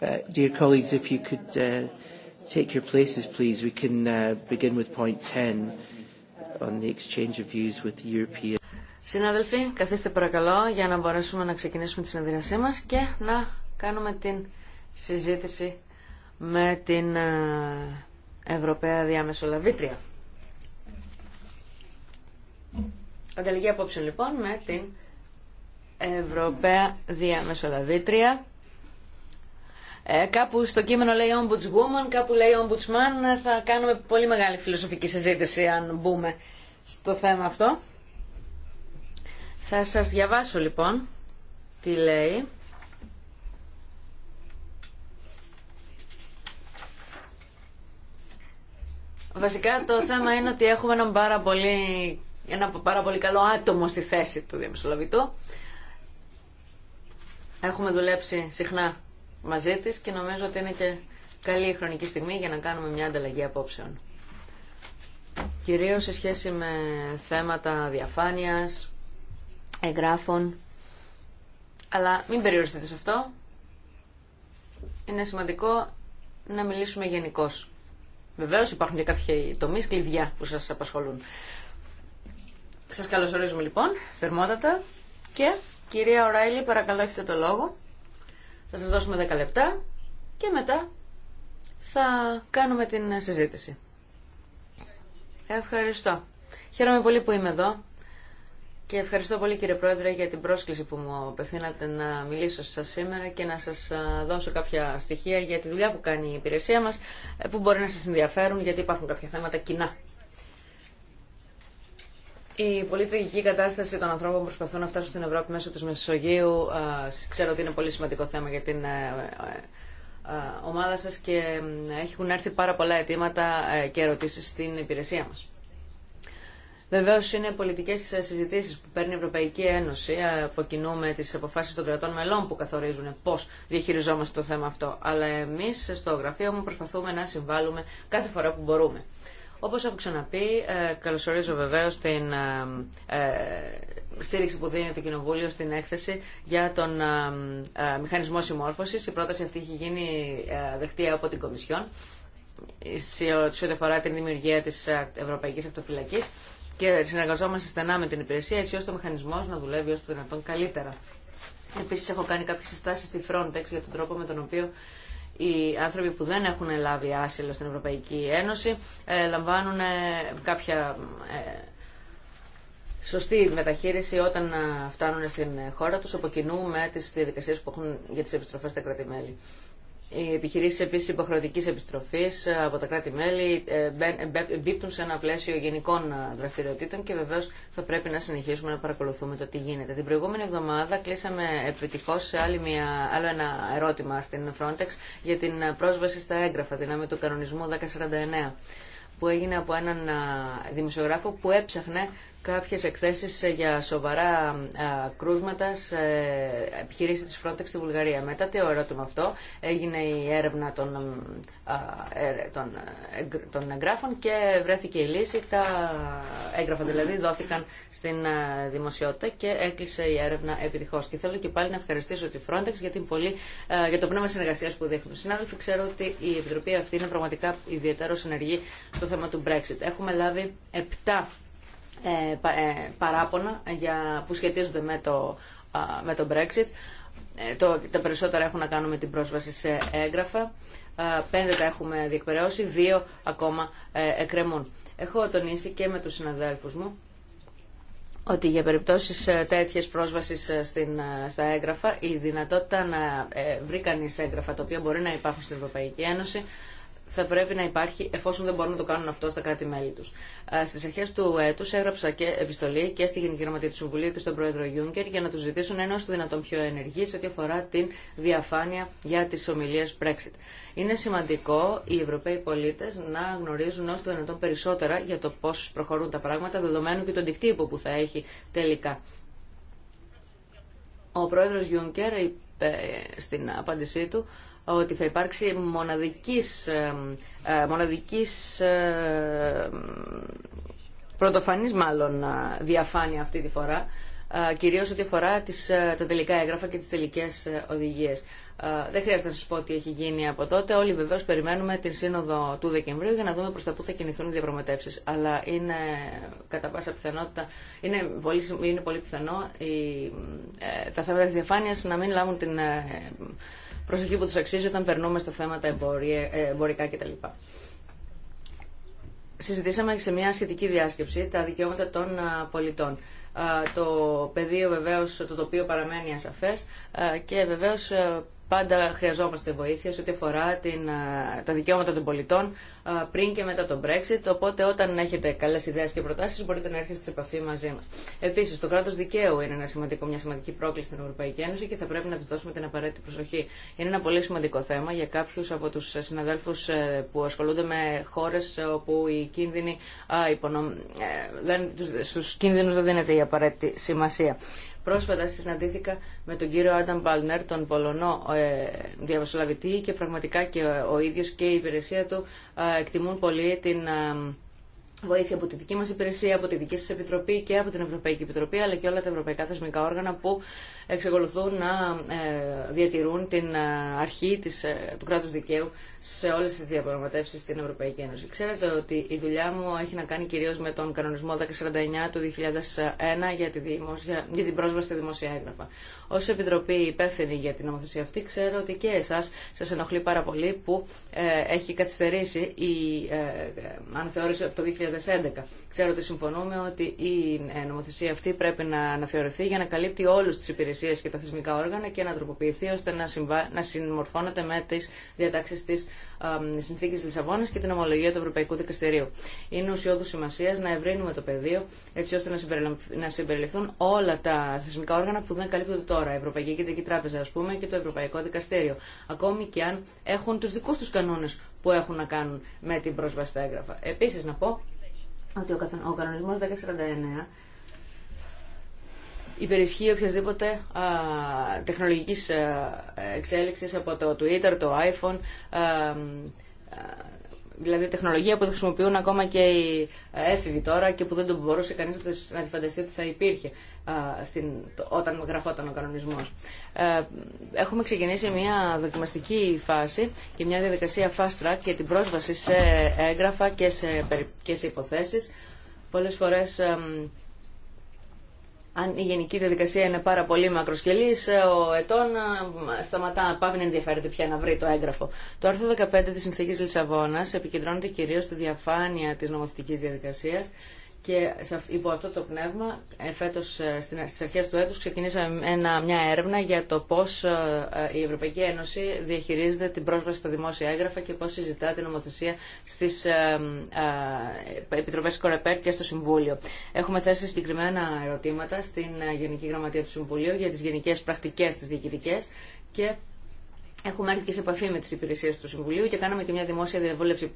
Uh, dear colleagues, if you could uh, take your places, please, we can uh, begin with point 10 on the exchange of views with the European. Συνάδελφοι, καθίστε παρακαλώ για να μπορέσουμε να ξεκινήσουμε τη συνεδρίασή μας και να κάνουμε την συζήτηση με την ε, Ευρωπαία Διαμεσολαβήτρια. Ανταλλαγή απόψεων λοιπόν με την Ευρωπαία Διαμεσολαβήτρια ε, κάπου στο κείμενο λέει ombudswoman, κάπου λέει ombudsman. Θα κάνουμε πολύ μεγάλη φιλοσοφική συζήτηση αν μπούμε στο θέμα αυτό. Θα σας διαβάσω λοιπόν τι λέει. Βασικά το θέμα είναι ότι έχουμε έναν πάρα πολύ, ένα πάρα πολύ καλό άτομο στη θέση του διαμεσολαβητού. Έχουμε δουλέψει συχνά μαζί τη και νομίζω ότι είναι και καλή η χρονική στιγμή για να κάνουμε μια ανταλλαγή απόψεων. Κυρίως σε σχέση με θέματα διαφάνειας, εγγράφων, αλλά μην περιοριστείτε σε αυτό. Είναι σημαντικό να μιλήσουμε γενικώ. Βεβαίω υπάρχουν και κάποιοι τομεί κλειδιά που σα απασχολούν. Σα καλωσορίζουμε λοιπόν θερμότατα και κυρία Οράιλη, παρακαλώ έχετε το λόγο. Θα σας δώσουμε 10 λεπτά και μετά θα κάνουμε την συζήτηση. Ευχαριστώ. Χαίρομαι πολύ που είμαι εδώ και ευχαριστώ πολύ κύριε Πρόεδρε για την πρόσκληση που μου απευθύνατε να μιλήσω σας σήμερα και να σας δώσω κάποια στοιχεία για τη δουλειά που κάνει η υπηρεσία μας ε, που μπορεί να σας ενδιαφέρουν γιατί υπάρχουν κάποια θέματα κοινά. Η πολύ τραγική κατάσταση των ανθρώπων που προσπαθούν να φτάσουν στην Ευρώπη μέσω της Μεσογείου ξέρω ότι είναι πολύ σημαντικό θέμα για την ε, ε, ε, ομάδα σας και έχουν έρθει πάρα πολλά αιτήματα και ερωτήσεις στην υπηρεσία μας. Βεβαίω είναι πολιτικέ συζητήσει που παίρνει η Ευρωπαϊκή Ένωση από κοινού με τι αποφάσει των κρατών μελών που καθορίζουν πώ διαχειριζόμαστε το θέμα αυτό. Αλλά εμεί στο γραφείο μου προσπαθούμε να συμβάλλουμε κάθε φορά που μπορούμε. Όπως έχω ξαναπεί, ε, καλωσορίζω βεβαίως την ε, ε, στήριξη που δίνει το Κοινοβούλιο στην έκθεση για τον μηχανισμό συμμόρφωσης. Η πρόταση αυτή έχει γίνει δεχτή από την Κομισιόν σε ό,τι αφορά την δημιουργία της Ευρωπαϊκής Αυτοφυλακής και συνεργαζόμαστε στενά με την υπηρεσία έτσι ώστε ο μηχανισμός να δουλεύει όσο το δυνατόν καλύτερα. Επίσης έχω κάνει κάποιες συστάσεις στη Frontex για τον τρόπο με τον οποίο οι άνθρωποι που δεν έχουν λάβει άσυλο στην Ευρωπαϊκή Ένωση ε, λαμβάνουν ε, κάποια ε, σωστή μεταχείριση όταν φτάνουν στην χώρα τους από κοινού με τις διαδικασίες που έχουν για τις επιστροφές στα κράτη-μέλη. Οι επιχειρήσει επίση υποχρεωτική επιστροφή ε, από τα κράτη-μέλη ε, ε, εμπίπτουν σε ένα πλαίσιο γενικών δραστηριοτήτων και βεβαίω θα πρέπει να συνεχίσουμε να παρακολουθούμε το τι γίνεται. Την προηγούμενη εβδομάδα κλείσαμε επιτυχώ σε άλλο ένα ερώτημα στην Frontex για την πρόσβαση στα έγγραφα δυνάμει του κανονισμού 1049 που έγινε από έναν δημοσιογράφο που έψαχνε κάποιες εκθέσεις για σοβαρά κρούσματα σε επιχειρήσεις της Frontex στη Βουλγαρία. Μετά το ερώτημα αυτό έγινε η έρευνα των, ε, των, ε, των εγγράφων και βρέθηκε η λύση. Τα έγγραφα δηλαδή δόθηκαν στην δημοσιότητα και έκλεισε η έρευνα επιτυχώς. Και θέλω και πάλι να ευχαριστήσω τη Frontex για, την πολύ, για το πνεύμα συνεργασίας που δείχνουν. Συνάδελφοι, ξέρω ότι η Επιτροπή αυτή είναι πραγματικά ιδιαίτερο συνεργή στο θέμα του Brexit. Έχουμε λάβει 7 ε, ε, παράπονα για, που σχετίζονται με το, με το Brexit. Ε, τα περισσότερα έχουν να κάνουν με την πρόσβαση σε έγγραφα. Πέντε τα έχουμε διεκπαιρεώσει, δύο ακόμα εκκρεμούν. Έχω τονίσει και με τους συναδέλφους μου ότι για περιπτώσεις τέτοιες πρόσβασης στην, στα έγγραφα η δυνατότητα να βρει κανείς έγγραφα τα οποία μπορεί να υπάρχουν στην Ευρωπαϊκή Ένωση θα πρέπει να υπάρχει εφόσον δεν μπορούν να το κάνουν αυτό στα κράτη-μέλη ε, του. Στι αρχέ του έτου έγραψα και επιστολή και στη Γενική Γραμματεία του Συμβουλίου και στον Πρόεδρο Γιούγκερ για να του ζητήσουν ένα το δυνατόν πιο ενεργή σε ό,τι αφορά την διαφάνεια για τι ομιλίε Brexit. Είναι σημαντικό οι Ευρωπαίοι πολίτε να γνωρίζουν όσο το δυνατόν περισσότερα για το πώ προχωρούν τα πράγματα, δεδομένου και τον δικτύπο που θα έχει τελικά. Ο Πρόεδρο Γιούγκερ ε, στην απάντησή του ότι θα υπάρξει μοναδικής, ε, μοναδικής ε, πρωτοφανής μάλλον ε, διαφάνεια αυτή τη φορά, κυρίως ό,τι αφορά τις, τα τελικά έγγραφα και τις τελικές οδηγίες. Δεν χρειάζεται να σας πω τι έχει γίνει από τότε. Όλοι βεβαίως περιμένουμε την σύνοδο του Δεκεμβρίου για να δούμε προς τα πού θα κινηθούν οι διαπραγματεύσεις. Αλλά είναι κατά πάσα πιθανότητα, είναι πολύ, είναι πολύ πιθανό τα θέματα της διαφάνειας να μην λάβουν την προσοχή που τους αξίζει όταν περνούμε στα θέματα ε, εμπορικά κτλ. Συζητήσαμε σε μια σχετική διάσκεψη τα δικαιώματα των πολιτών. Το πεδίο βεβαίως, το τοπίο παραμένει ασαφές και βεβαίως Πάντα χρειαζόμαστε βοήθεια σε ό,τι αφορά την, τα δικαιώματα των πολιτών πριν και μετά τον Brexit. Οπότε όταν έχετε καλές ιδέε και προτάσει μπορείτε να έρχεστε σε επαφή μαζί μα. Επίση, το κράτο δικαίου είναι ένα σημαντικό, μια σημαντική πρόκληση στην Ευρωπαϊκή Ένωση και θα πρέπει να τη δώσουμε την απαραίτητη προσοχή. Είναι ένα πολύ σημαντικό θέμα για κάποιου από του συναδέλφου ε, που ασχολούνται με χώρε όπου οι κίνδυνοι, υπονομ, ε, δεν δίνεται η απαραίτητη σημασία. Πρόσφατα συναντήθηκα με τον κύριο Άνταμ Μπαλνέρ, τον Πολωνό ε, διαβασολαβητή και πραγματικά και ο ίδιος και η υπηρεσία του ε, εκτιμούν πολύ την ε, βοήθεια από τη δική μας υπηρεσία, από τη δική σας επιτροπή και από την Ευρωπαϊκή Επιτροπή αλλά και όλα τα ευρωπαϊκά θεσμικά όργανα που εξεκολουθούν να ε, διατηρούν την ε, αρχή της, ε, του κράτους δικαίου σε όλες τις διαπραγματεύσεις στην Ευρωπαϊκή Ένωση. Ξέρετε ότι η δουλειά μου έχει να κάνει κυρίως με τον κανονισμό 1049 του 2001 για, τη δημοσια... για την πρόσβαση στη δημοσία έγγραφα. Ως Επιτροπή υπεύθυνη για την νομοθεσία αυτή ξέρω ότι και εσάς σας ενοχλεί πάρα πολύ που έχει καθυστερήσει η αναθεώρηση από το 2011. Ξέρω ότι συμφωνούμε ότι η νομοθεσία αυτή πρέπει να αναθεωρηθεί για να καλύπτει όλους τις υπηρεσίες υπηρεσίε και τα θεσμικά όργανα και να τροποποιηθεί ώστε να, συμβα... να συμμορφώνεται με τι διατάξει τη συνθήκη Λισαβόνα και την ομολογία του Ευρωπαϊκού Δικαστηρίου. Είναι ουσιώδου σημασία να ευρύνουμε το πεδίο έτσι ώστε να συμπεριληφθούν όλα τα θεσμικά όργανα που δεν καλύπτονται τώρα. Η Ευρωπαϊκή Κεντρική Τράπεζα, α πούμε, και το Ευρωπαϊκό Δικαστήριο. Ακόμη και αν έχουν του δικού του κανόνε που έχουν να κάνουν με την πρόσβαση στα έγγραφα. Επίση, να πω ότι ο κανονισμό 1049 υπερισχύει οποιασδήποτε α, τεχνολογικής ε, εξέλιξης από το Twitter, το iPhone, δηλαδή τεχνολογία που χρησιμοποιούν ακόμα και οι έφηβοι τώρα και που δεν το μπορούσε κανείς να τη φανταστεί ότι θα υπήρχε στην, όταν γραφόταν ο κανονισμός. Ε, έχουμε ξεκινήσει μια δοκιμαστική φάση και μια διαδικασία fast track για την πρόσβαση σε έγγραφα και σε, και σε υποθέσεις. Πολλές φορές αν η γενική διαδικασία είναι πάρα πολύ μακροσκελή, ο ετών ε, σταματά, πάβει να ενδιαφέρεται πια να βρει το έγγραφο. Το άρθρο 15 της Συνθήκης Λισαβόνα επικεντρώνεται κυρίως στη διαφάνεια της νομοθετική διαδικασίας και υπό αυτό το πνεύμα, ε, φέτος ε, στις αρχές του έτους ξεκινήσαμε μια έρευνα για το πώς ε, η Ευρωπαϊκή Ένωση διαχειρίζεται την πρόσβαση στα δημόσια έγγραφα και πώς συζητά την νομοθεσία στις Επιτροπές Κορεπέρ και στο Συμβούλιο. Έχουμε θέσει συγκεκριμένα ερωτήματα στην Γενική Γραμματεία του Συμβουλίου για τις γενικές πρακτικές της διοικητικές και Έχουμε έρθει και σε επαφή με τι υπηρεσίε του Συμβουλίου και κάναμε και μια δημόσια διαβούλευση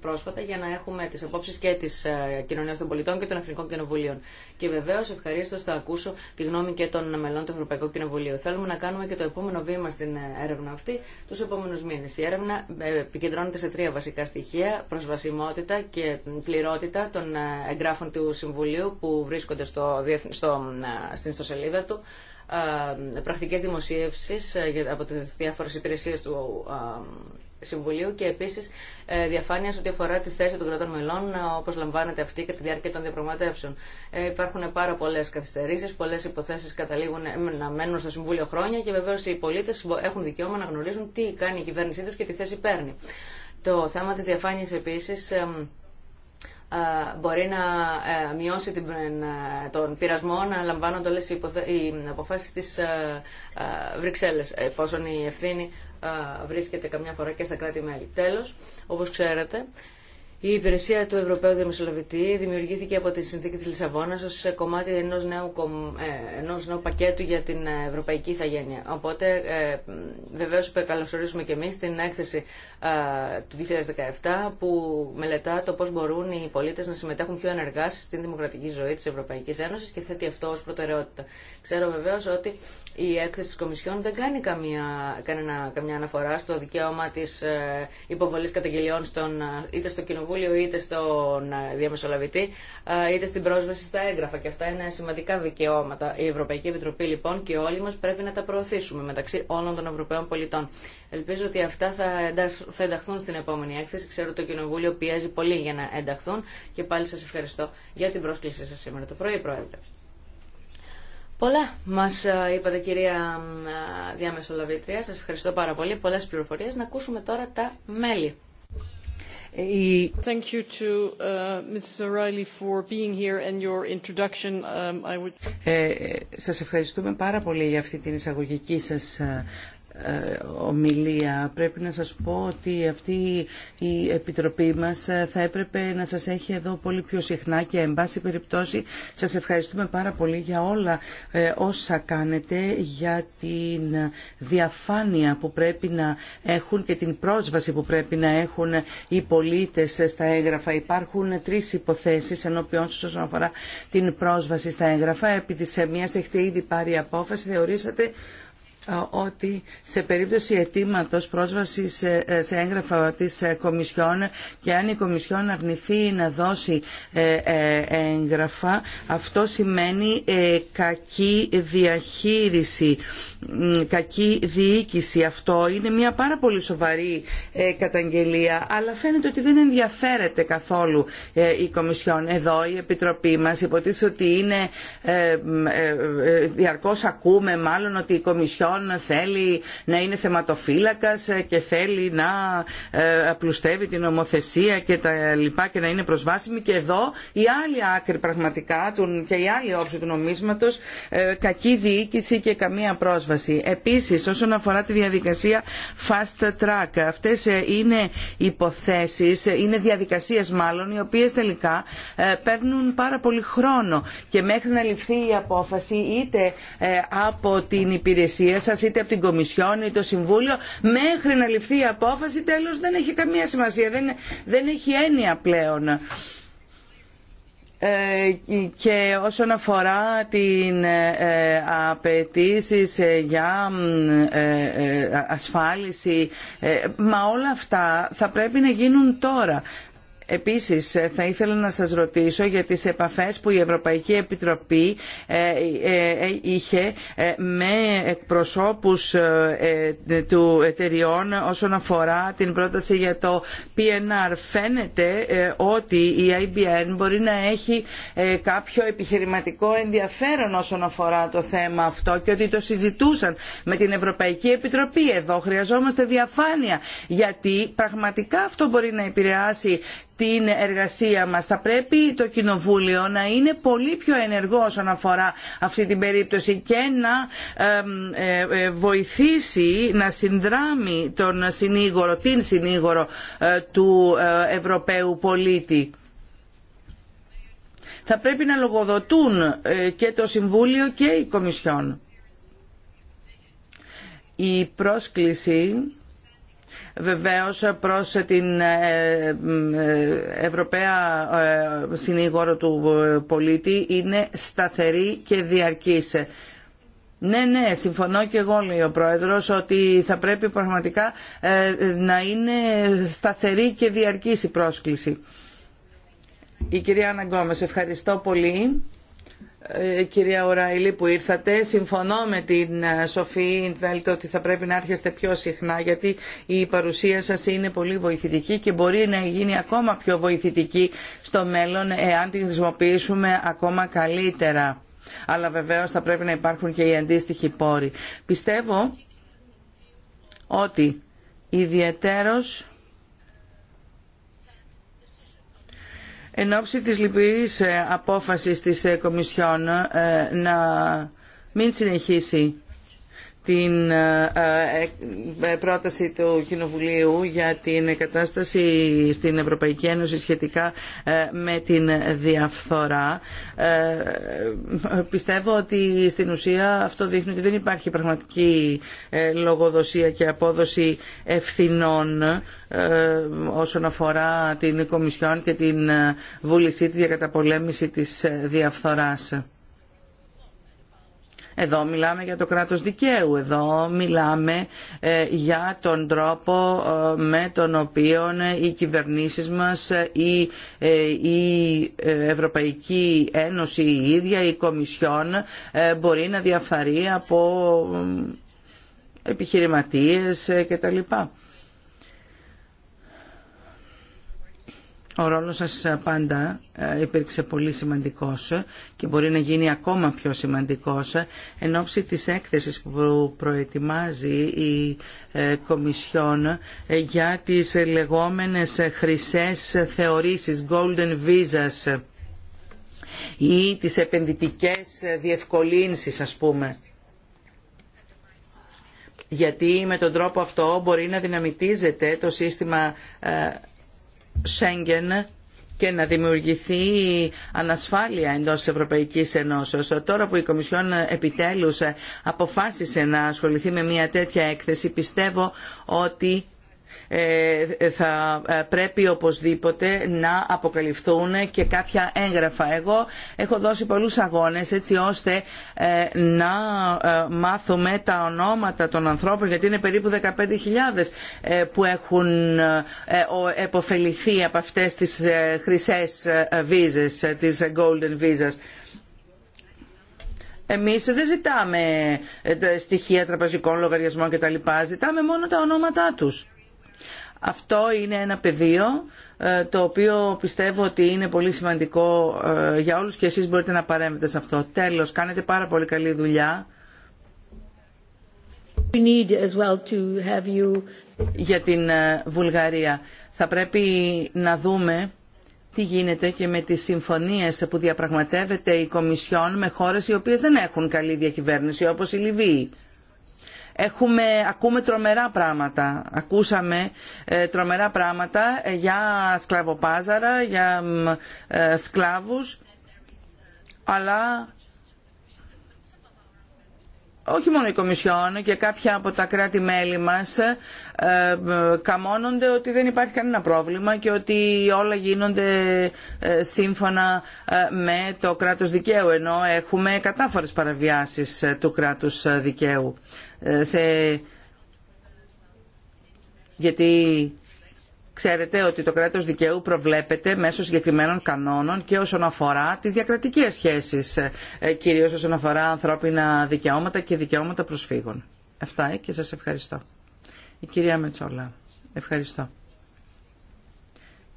πρόσφατα για να έχουμε τι απόψει και τη ε, Κοινωνία των πολιτών και των εθνικών κοινοβουλίων. Και βεβαίω ευχαρίστω θα ακούσω τη γνώμη και των μελών του Ευρωπαϊκού Κοινοβουλίου. Θέλουμε να κάνουμε και το επόμενο βήμα στην ε, έρευνα αυτή του επόμενου μήνε. Η έρευνα ε, επικεντρώνεται σε τρία βασικά στοιχεία, προσβασιμότητα και πληρότητα των εγγράφων του Συμβουλίου που βρίσκονται στο, στην ιστοσελίδα του ε, πρακτικές δημοσίευσεις ε, από τις διάφορες υπηρεσίες του ε, Συμβουλίου και επίσης διαφάνεια ό,τι αφορά τη θέση των κρατών μελών όπως λαμβάνεται αυτή κατά τη διάρκεια των διαπραγματεύσεων. Υπάρχουν πάρα πολλές καθυστερήσεις, πολλές υποθέσεις καταλήγουν να μένουν στο Συμβούλιο χρόνια και βεβαίως οι πολίτες έχουν δικαίωμα να γνωρίζουν τι κάνει η κυβέρνησή τους και τι θέση παίρνει. Το θέμα της διαφάνειας επίσης ε, μπορεί να ε, μειώσει την, ε, τον πειρασμό να λαμβάνονται όλες οι, αποφάσεις της Βρυξέλλες, εφόσον η ευθύνη βρίσκεται καμιά φορά και στα κράτη-μέλη. Τέλος, όπως ξέρετε, η υπηρεσία του Ευρωπαίου Δημοσιολογητή δημιουργήθηκε από τη συνθήκη της Λισαβόνας ως κομμάτι ενός νέου, ε, νέου πακέτου για την Ευρωπαϊκή Ιθαγένεια. Οπότε βεβαίω βεβαίως καλωσορίζουμε και εμείς την έκθεση ε, του 2017 που μελετά το πώς μπορούν οι πολίτες να συμμετέχουν πιο ενεργά στην δημοκρατική ζωή της Ευρωπαϊκής Ένωσης και θέτει αυτό ως προτεραιότητα. Ξέρω βεβαίως ότι η έκθεση της Κομισιόν δεν κάνει καμία, κανένα, καμία αναφορά στο δικαίωμα της υποβολή ε, υποβολής καταγγελιών στον, είτε στο Κοινοβούλιο Κοινοβούλιο είτε στον ε, διαμεσολαβητή ε, είτε στην πρόσβαση στα έγγραφα. Και αυτά είναι σημαντικά δικαιώματα. Η Ευρωπαϊκή Επιτροπή λοιπόν και όλοι μα πρέπει να τα προωθήσουμε μεταξύ όλων των Ευρωπαίων πολιτών. Ελπίζω ότι αυτά θα ενταχθούν στην επόμενη έκθεση. Ξέρω ότι το Κοινοβούλιο πιέζει πολύ για να ενταχθούν και πάλι σα ευχαριστώ για την πρόσκλησή σα σήμερα το πρωί, Πρόεδρε. Πολλά μας ε, είπατε κυρία Διαμεσολαβήτρια, σας ευχαριστώ πάρα πολύ, πολλές πληροφορίες. Να ακούσουμε τώρα τα μέλη. Thank you to Mrs. O'Reilly for being here and your introduction. I would... ε, σας ευχαριστούμε πάρα πολύ για αυτή την εισαγωγική σας ε, ομιλία. Πρέπει να σας πω ότι αυτή η Επιτροπή μας ε, θα έπρεπε να σας έχει εδώ πολύ πιο συχνά και εν πάση περιπτώσει σας ευχαριστούμε πάρα πολύ για όλα ε, όσα κάνετε για την διαφάνεια που πρέπει να έχουν και την πρόσβαση που πρέπει να έχουν οι πολίτες στα έγγραφα. Υπάρχουν τρεις υποθέσεις ενώπιον σας όσον αφορά την πρόσβαση στα έγγραφα. Επειδή σε μια έχετε ήδη πάρει απόφαση, θεωρήσατε ότι σε περίπτωση αιτήματο πρόσβασης ε, σε έγγραφα της ε, Κομισιόν και αν η Κομισιόν αρνηθεί να δώσει ε, έγγραφα, αυτό σημαίνει κακή διαχείριση, κακή διοίκηση. Αυτό είναι μια πάρα πολύ σοβαρή καταγγελία, αλλά φαίνεται ότι δεν ενδιαφέρεται καθόλου η Κομισιόν. Εδώ η Επιτροπή μας υποτίθεται ότι είναι διαρκώς ακούμε μάλλον ότι η Κομισιόν Λοιπόν θέλει να είναι θεματοφύλακας και θέλει να ε, απλουστεύει την νομοθεσία και τα λοιπά και να είναι προσβάσιμη και εδώ η άλλη άκρη πραγματικά και η άλλη όψη του νομίσματος ε, κακή διοίκηση και καμία πρόσβαση. Επίσης όσον αφορά τη διαδικασία fast track αυτές ε, είναι υποθέσεις, είναι διαδικασίες μάλλον οι οποίες τελικά παίρνουν πάρα πολύ χρόνο και μέχρι να ληφθεί η απόφαση είτε από την υπηρεσία σας είτε από την Κομισιόν είτε το Συμβούλιο μέχρι να ληφθεί η απόφαση τέλος δεν έχει καμία σημασία, δεν, δεν έχει έννοια πλέον ε, και όσον αφορά την ε, απαιτήσει για ε, ασφάλιση μα όλα αυτά θα πρέπει να γίνουν τώρα Επίσης θα ήθελα να σας ρωτήσω για τις επαφές που η Ευρωπαϊκή Επιτροπή ε, ε, ε, είχε με εκπροσώπους του εταιριών όσον αφορά την πρόταση για το PNR. Φαίνεται ότι η IBM μπορεί να έχει κάποιο επιχειρηματικό ενδιαφέρον όσον αφορά το θέμα αυτό και ότι το συζητούσαν με την Ευρωπαϊκή Επιτροπή. Εδώ χρειαζόμαστε διαφάνεια γιατί πραγματικά αυτό μπορεί να επηρεάσει την εργασία μας. Θα πρέπει το Κοινοβούλιο να είναι πολύ πιο ενεργό όσον αφορά αυτή την περίπτωση και να ε, ε, βοηθήσει να συνδράμει τον συνήγορο, την συνήγορο ε, του Ευρωπαίου πολίτη. Θα πρέπει να λογοδοτούν και το Συμβούλιο και η Κομισιόν. Η πρόσκληση βεβαίως προς την ε, ε, Ευρωπαία ε, συνήγορο του πολίτη είναι σταθερή και διαρκής. Ναι, ναι, συμφωνώ και εγώ, λέει ο Πρόεδρος, ότι θα πρέπει πραγματικά να είναι σταθερή και διαρκή η πρόσκληση. Η κυρία Αναγκόμες, ευχαριστώ πολύ. Ε, κυρία Οραϊλή που ήρθατε. Συμφωνώ με την ε, Σοφή Ιντβέλτ ότι θα πρέπει να έρχεστε πιο συχνά γιατί η παρουσία σας είναι πολύ βοηθητική και μπορεί να γίνει ακόμα πιο βοηθητική στο μέλλον εάν τη χρησιμοποιήσουμε ακόμα καλύτερα. Αλλά βεβαίως θα πρέπει να υπάρχουν και οι αντίστοιχοι πόροι. Πιστεύω ότι ιδιαίτερος Εν ώψη της λυπηρής ε, απόφασης της ε, Κομισιόν ε, να μην συνεχίσει την ε, ε, ε, πρόταση του Κοινοβουλίου για την κατάσταση στην Ευρωπαϊκή Ένωση σχετικά με την διαφθορά. Πιστεύω ότι στην ουσία αυτό δείχνει ότι δεν υπάρχει πραγματική λογοδοσία και απόδοση ευθυνών όσον αφορά την Κομισιόν και την βούλησή της για καταπολέμηση της διαφθοράς. Εδώ μιλάμε για το κράτος δικαίου, εδώ μιλάμε ε, για τον τρόπο ε, με τον οποίο ε, οι κυβερνήσεις μας, η, η Ευρωπαϊκή Ένωση η ίδια, η Κομισιόν μπορεί να διαφαρεί από επιχειρηματίες και τα Ο ρόλος σας πάντα ε, υπήρξε πολύ σημαντικός και μπορεί να γίνει ακόμα πιο σημαντικός εν ώψη της έκθεσης που προετοιμάζει η ε, Κομισιόν ε, για τις λεγόμενες χρυσές θεωρήσεις, golden visas ή τις επενδυτικές διευκολύνσεις ας πούμε γιατί με τον τρόπο αυτό μπορεί να δυναμητίζεται το σύστημα Σέγγεν και να δημιουργηθεί ανασφάλεια εντός της Ευρωπαϊκής Ενώσεως. Τώρα που η Κομισιόν επιτέλους αποφάσισε να ασχοληθεί με μια τέτοια έκθεση, πιστεύω ότι ε, θα ε, πρέπει οπωσδήποτε να αποκαλυφθούν και κάποια έγγραφα. Εγώ έχω δώσει πολλούς αγώνες έτσι ώστε ε, να μάθουμε τα ονόματα των ανθρώπων γιατί είναι περίπου 15.000 που έχουν επωφεληθεί από αυτές τις χρυσές βίζες, τις golden visas. Εμείς δεν ζητάμε στοιχεία τραπεζικών λογαριασμών κτλ. Ζητάμε μόνο τα ονόματά τους. Αυτό είναι ένα πεδίο ε, το οποίο πιστεύω ότι είναι πολύ σημαντικό ε, για όλους και εσείς μπορείτε να παρέμβετε σε αυτό. Τέλος, κάνετε πάρα πολύ καλή δουλειά. Για την ε, Βουλγαρία. Θα πρέπει να δούμε τι γίνεται και με τις συμφωνίες που διαπραγματεύεται η Κομισιόν με χώρες οι οποίες δεν έχουν καλή διακυβέρνηση, όπως η Λιβύη. Έχουμε, ακούμε τρομερά πράγματα. Ακούσαμε ε, τρομερά πράγματα ε, για σκλαβοπάζαρα, για ε, σκλάβους, αλλά όχι μόνο η Κομισιόν και κάποια από τα κράτη-μέλη μας ε, καμώνονται ότι δεν υπάρχει κανένα πρόβλημα και ότι όλα γίνονται σύμφωνα με το κράτος δικαίου, ενώ έχουμε κατάφορες παραβιάσεις του κράτους δικαίου. Ε, σε... γιατί Ξέρετε ότι το κράτος δικαίου προβλέπεται μέσω συγκεκριμένων κανόνων και όσον αφορά τις διακρατικές σχέσεις, ε, κυρίως όσον αφορά ανθρώπινα δικαιώματα και δικαιώματα προσφύγων. Αυτά ε, και σας ευχαριστώ. Η κυρία Μετσόλα. Ευχαριστώ.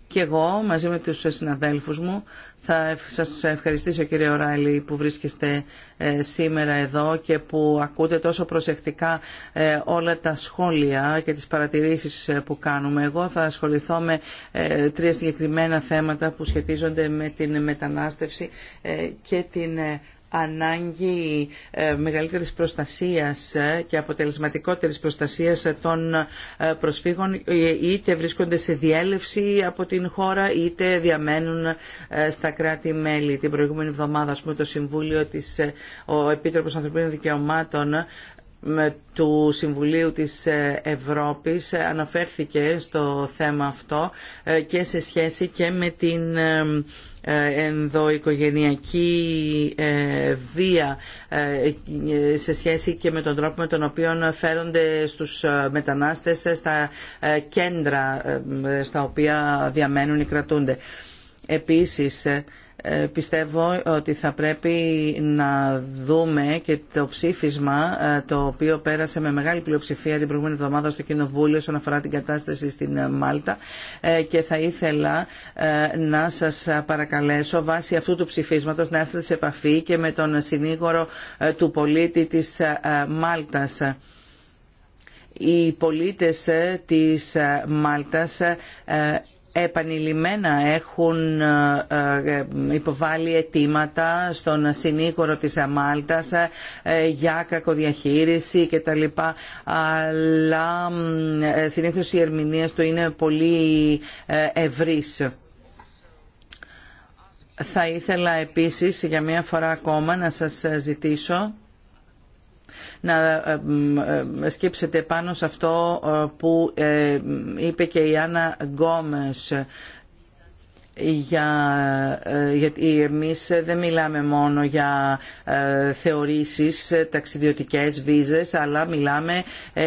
Και εγώ μαζί με τους συναδέλφους μου θα σας ευχαριστήσω κύριε Ράιλι που βρίσκεστε ε, σήμερα εδώ και που ακούτε τόσο προσεκτικά ε, όλα τα σχόλια και τις παρατηρήσεις ε, που κάνουμε. Εγώ θα ασχοληθώ με τρία συγκεκριμένα θέματα που σχετίζονται με την μετανάστευση και την ανάγκη ε, μεγαλύτερης προστασίας ε, και αποτελεσματικότερης προστασίας ε, των προσφύγων είτε βρίσκονται σε διέλευση από την χώρα είτε διαμένουν στα κράτη-μέλη. Την προηγούμενη εβδομάδα, ας πούμε, το Συμβούλιο της ο Επίτροπος Ανθρωπίνων Δικαιωμάτων του Συμβουλίου της ε, Ευρώπης ε, αναφέρθηκε στο θέμα αυτό ε, και σε σχέση και με την ενδοοικογενειακή βία σε σχέση και με τον τρόπο με τον οποίο φέρονται στους μετανάστες στα κέντρα στα οποία διαμένουν ή κρατούνται. Επίσης, ε, πιστεύω ότι θα πρέπει να δούμε και το ψήφισμα ε, το οποίο πέρασε με μεγάλη πλειοψηφία την προηγούμενη εβδομάδα στο Κοινοβούλιο όσον αφορά την κατάσταση στην ε, Μάλτα και θα ήθελα να σας παρακαλέσω βάσει αυτού του ψηφίσματος να έρθετε σε επαφή και με τον συνήγορο του πολίτη της Μάλτας οι πολίτες της Μάλτας επανειλημμένα έχουν ε, ε, υποβάλει αιτήματα στον συνήγορο της Αμάλτας ε, για κακοδιαχείριση κτλ. Αλλά συνήθως η ερμηνείες του είναι πολύ ευρύς. Θα ήθελα επίσης για μία φορά ακόμα να σας ζητήσω να ε, ε, σκέψετε πάνω σε αυτό ε, που είπε και η Άννα Γκόμες για, γιατί εμείς δεν μιλάμε μόνο για θεωρήσεις ταξιδιωτικές βίζες αλλά μιλάμε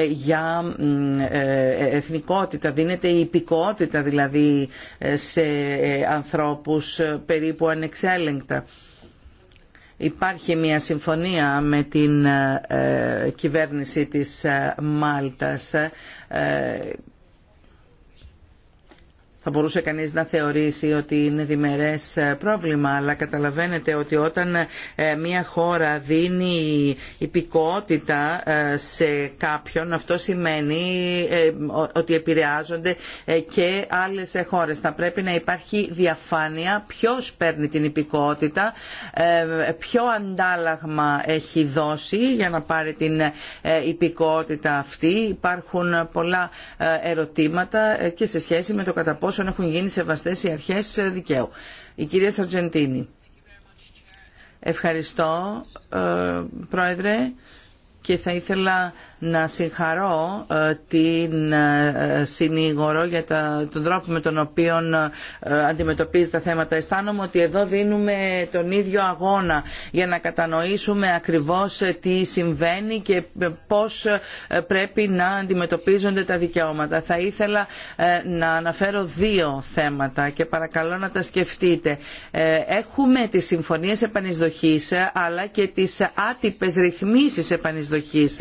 για εθνικότητα δίνεται η υπηκότητα δηλαδή σε ανθρώπους περίπου ανεξέλεγκτα. Υπάρχει μια συμφωνία με την ε, ε, κυβέρνηση της ε, Μάλτας θα μπορούσε κανείς να θεωρήσει ότι είναι διμερές ε, πρόβλημα, αλλά καταλαβαίνετε ότι όταν ε, μια χώρα δίνει υπηκότητα ε, σε κάποιον, αυτό σημαίνει ότι επηρεάζονται και άλλες χώρες. Θα πρέπει να υπάρχει διαφάνεια ποιος παίρνει την υπηκότητα, ποιο αντάλλαγμα έχει δώσει για να πάρει την υπηκότητα αυτή. Υπάρχουν πολλά ερωτήματα και σε σχέση με το κατά εφόσον έχουν γίνει σεβαστές οι αρχές δικαίου. Η κυρία Σαρτζεντίνη. Ευχαριστώ, ε, Πρόεδρε, και θα ήθελα να συγχαρώ ε, την ε, συνήγορο για τον τρόπο με τον οποίο ε, αντιμετωπίζει τα θέματα. Αισθάνομαι ότι εδώ δίνουμε τον ίδιο αγώνα για να κατανοήσουμε ακριβώς τι συμβαίνει και πώς πρέπει να αντιμετωπίζονται τα δικαιώματα. Θα ήθελα να αναφέρω δύο θέματα και παρακαλώ να τα σκεφτείτε. Έχουμε τις συμφωνίες επανεισδοχής αλλά και τις άτυπες ρυθμίσεις επανεισδοχής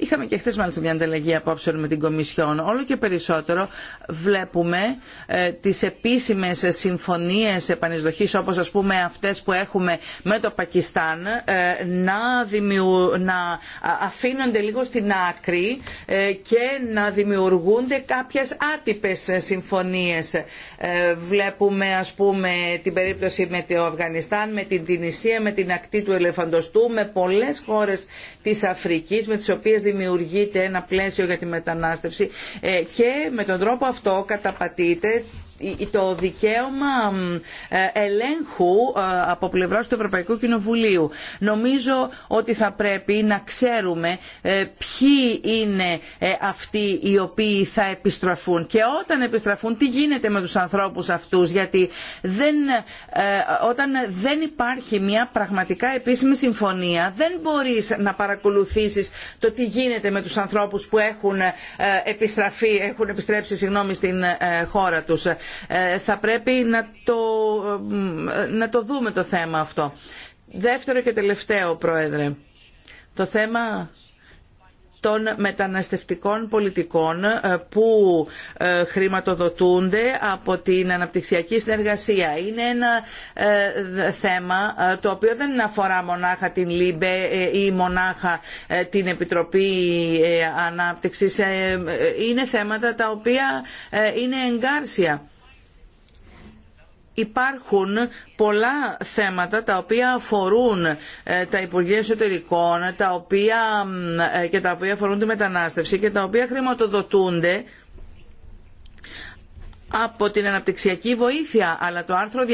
Είχαμε και χθε μάλιστα μια ανταλλαγή απόψεων με την Κομισιόν. Όλο και περισσότερο βλέπουμε ε, τις επίσημες συμφωνίες επανεισδοχής όπως ας πούμε αυτές που έχουμε με το Πακιστάν ε, να, δημιου... να αφήνονται λίγο στην άκρη ε, και να δημιουργούνται κάποιες άτυπες συμφωνίες. Ε, βλέπουμε ας πούμε την περίπτωση με το Αφγανιστάν, με την Τινησία, με την ακτή του Ελεφαντοστού, με πολλές χώρες της Αφρική, με τις οποίες δημιουργείται ένα πλαίσιο για τη μετανάστευση ε, και με τον τρόπο αυτό καταπατείται το δικαίωμα ε, ελέγχου ε, από πλευράς του Ευρωπαϊκού Κοινοβουλίου. Νομίζω ότι θα πρέπει να ξέρουμε ε, ποιοι είναι αυτοί οι οποίοι θα επιστραφούν και όταν επιστραφούν τι γίνεται με τους ανθρώπους αυτούς γιατί δεν, όταν δεν υπάρχει μια πραγματικά επίσημη συμφωνία δεν μπορείς να παρακολουθήσεις το τι γίνεται με τους ανθρώπους που έχουν επιστραφεί, έχουν επιστρέψει συγγνώμη, στην χώρα τους ε, θα πρέπει να το, ε, να το δούμε το θέμα αυτό. Δεύτερο και τελευταίο, Πρόεδρε, το θέμα των μεταναστευτικών πολιτικών ε, που χρηματοδοτούνται από την αναπτυξιακή συνεργασία. Είναι ένα θέμα το οποίο δεν αφορά μονάχα την ΛΥΜΠΕ ή μονάχα την Επιτροπή Ανάπτυξης. Είναι θέματα τα οποία είναι εγκάρσια υπάρχουν πολλά θέματα τα οποία αφορούν ε, τα Υπουργεία Εσωτερικών οποία, ε, και τα οποία αφορούν τη μετανάστευση και τα οποία χρηματοδοτούνται από την αναπτυξιακή βοήθεια αλλά το άρθρο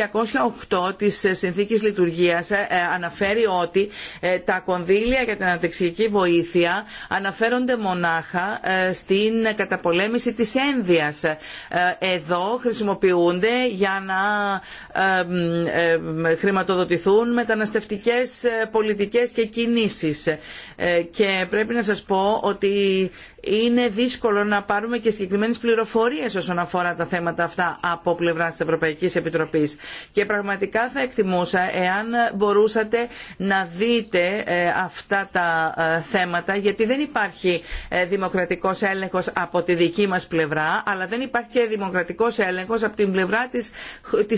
208 της συνθήκης λειτουργίας ε, ε, αναφέρει ότι ε, τα κονδύλια για την αναπτυξιακή βοήθεια αναφέρονται μονάχα στην καταπολέμηση της ένδυας. Εδώ χρησιμοποιούνται για να χρηματοδοτηθούν μεταναστευτικές πολιτικές και κινήσεις και πρέπει να σας πω ότι είναι δύσκολο να πάρουμε και συγκεκριμένες πληροφορίες όσον αφορά τα θέματα αυτά από πλευρά της Ευρωπαϊκής Επιτροπής. Και πραγματικά θα εκτιμούσα εάν μπορούσατε να δείτε ε, αυτά τα ε, θέματα γιατί δεν υπάρχει ε, δημοκρατικός έλεγχος από τη δική μας πλευρά αλλά δεν υπάρχει και δημοκρατικός έλεγχος από την πλευρά της,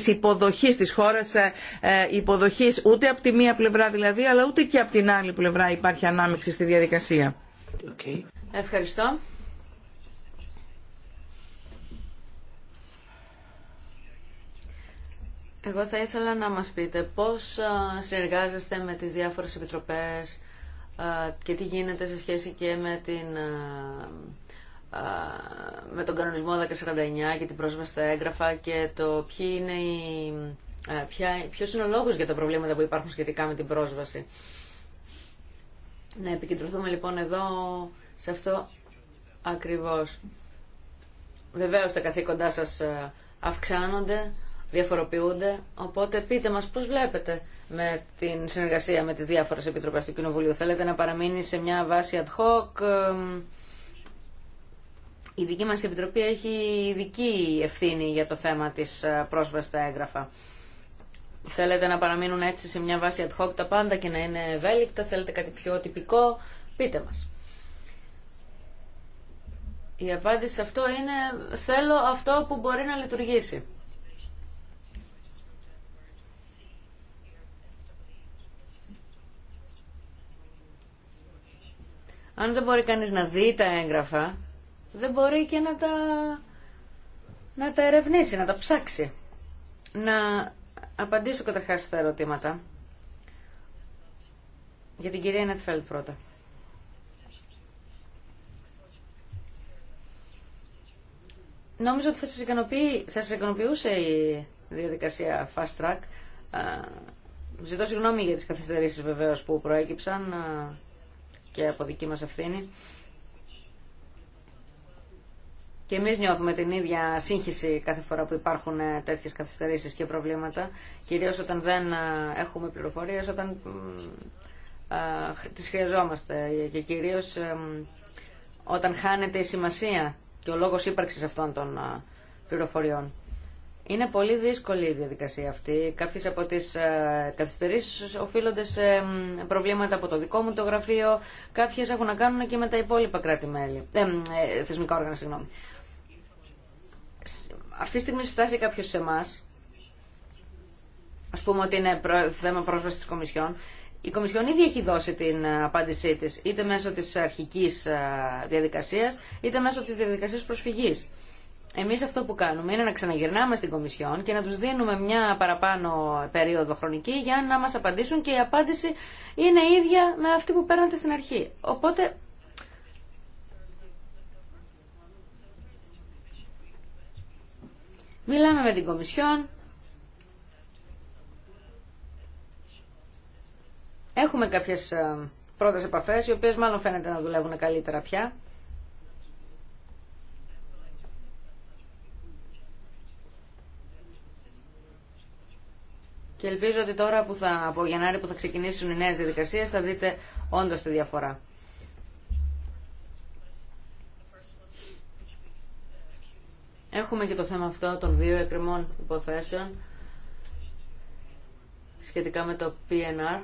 υποδοχής, της χώρας ούτε από τη μία πλευρά δηλαδή αλλά ούτε και από την άλλη πλευρά υπάρχει ανάμεξη στη διαδικασία. Okay. Ευχαριστώ. Εγώ θα ήθελα να μας πείτε πώς συνεργάζεστε με τις διάφορες επιτροπές και τι γίνεται σε σχέση και με, την, με τον κανονισμό 1049 και την πρόσβαση στα έγγραφα και το ποιοι είναι οι, ποια, ποιος είναι ο λόγος για τα προβλήματα που υπάρχουν σχετικά με την πρόσβαση. Να επικεντρωθούμε λοιπόν εδώ σε αυτό ακριβώς. Βεβαίως τα καθήκοντά σας ε, αυξάνονται, διαφοροποιούνται, οπότε πείτε μας πώς βλέπετε με την συνεργασία με τις διάφορες επιτροπές του Κοινοβουλίου. Θέλετε να παραμείνει σε μια βάση ad hoc. Ε, η δική μας επιτροπή έχει ειδική ευθύνη για το θέμα της ε, πρόσβασης στα έγγραφα. Θέλετε να παραμείνουν έτσι σε μια βάση ad hoc τα πάντα και να είναι ευέλικτα, θέλετε κάτι πιο τυπικό, πείτε μας. Η απάντηση σε αυτό είναι θέλω αυτό που μπορεί να λειτουργήσει. Αν δεν μπορεί κανείς να δει τα έγγραφα, δεν μπορεί και να τα, να τα ερευνήσει, να τα ψάξει. Να απαντήσω καταρχάς στα ερωτήματα. Για την κυρία Νέτφελτ πρώτα. Νόμιζα ότι θα σας, ικανοποιεί, θα σας ικανοποιούσε η διαδικασία fast track. Ζητώ συγγνώμη για τις καθυστερήσεις βεβαίως που προέκυψαν και από δική μας ευθύνη. Και εμείς νιώθουμε την ίδια σύγχυση κάθε φορά που υπάρχουν ε, τέτοιες καθυστερήσεις και προβλήματα, κυρίως όταν δεν έχουμε πληροφορίες, όταν τις χρειαζόμαστε και κυρίως όταν χάνεται η σημασία και ο λόγος ύπαρξης αυτών των πληροφοριών. Είναι πολύ δύσκολη η διαδικασία αυτή. Κάποιες από τις καθυστερήσεις οφείλονται σε προβλήματα από το δικό μου το γραφείο. Κάποιες έχουν να κάνουν και με τα υπόλοιπα κράτη-μέλη. Ε, ε, θεσμικά όργανα, συγγνώμη. Αυτή τη στιγμή φτάσει κάποιος σε εμά. ας πούμε ότι είναι θέμα πρόσβαση τη Κομισιόν. Η Κομισιόν ήδη έχει δώσει την ε, απάντησή τη, είτε μέσω τη αρχική ε, διαδικασία, είτε μέσω τη διαδικασία προσφυγής. Εμείς αυτό που κάνουμε είναι να ξαναγυρνάμε στην Κομισιόν και να τους δίνουμε μια παραπάνω περίοδο χρονική για να μας απαντήσουν και η απάντηση είναι ίδια με αυτή που παίρνατε στην αρχή. Οπότε Μιλάμε με την Κομισιόν, Έχουμε κάποιες ε, πρώτες επαφές, οι οποίες μάλλον φαίνεται να δουλεύουν καλύτερα πια. Και ελπίζω ότι τώρα που θα, από Γενάρη που θα ξεκινήσουν οι νέες διαδικασίες θα δείτε όντως τη διαφορά. Έχουμε και το θέμα αυτό των δύο εκκρεμών υποθέσεων σχετικά με το PNR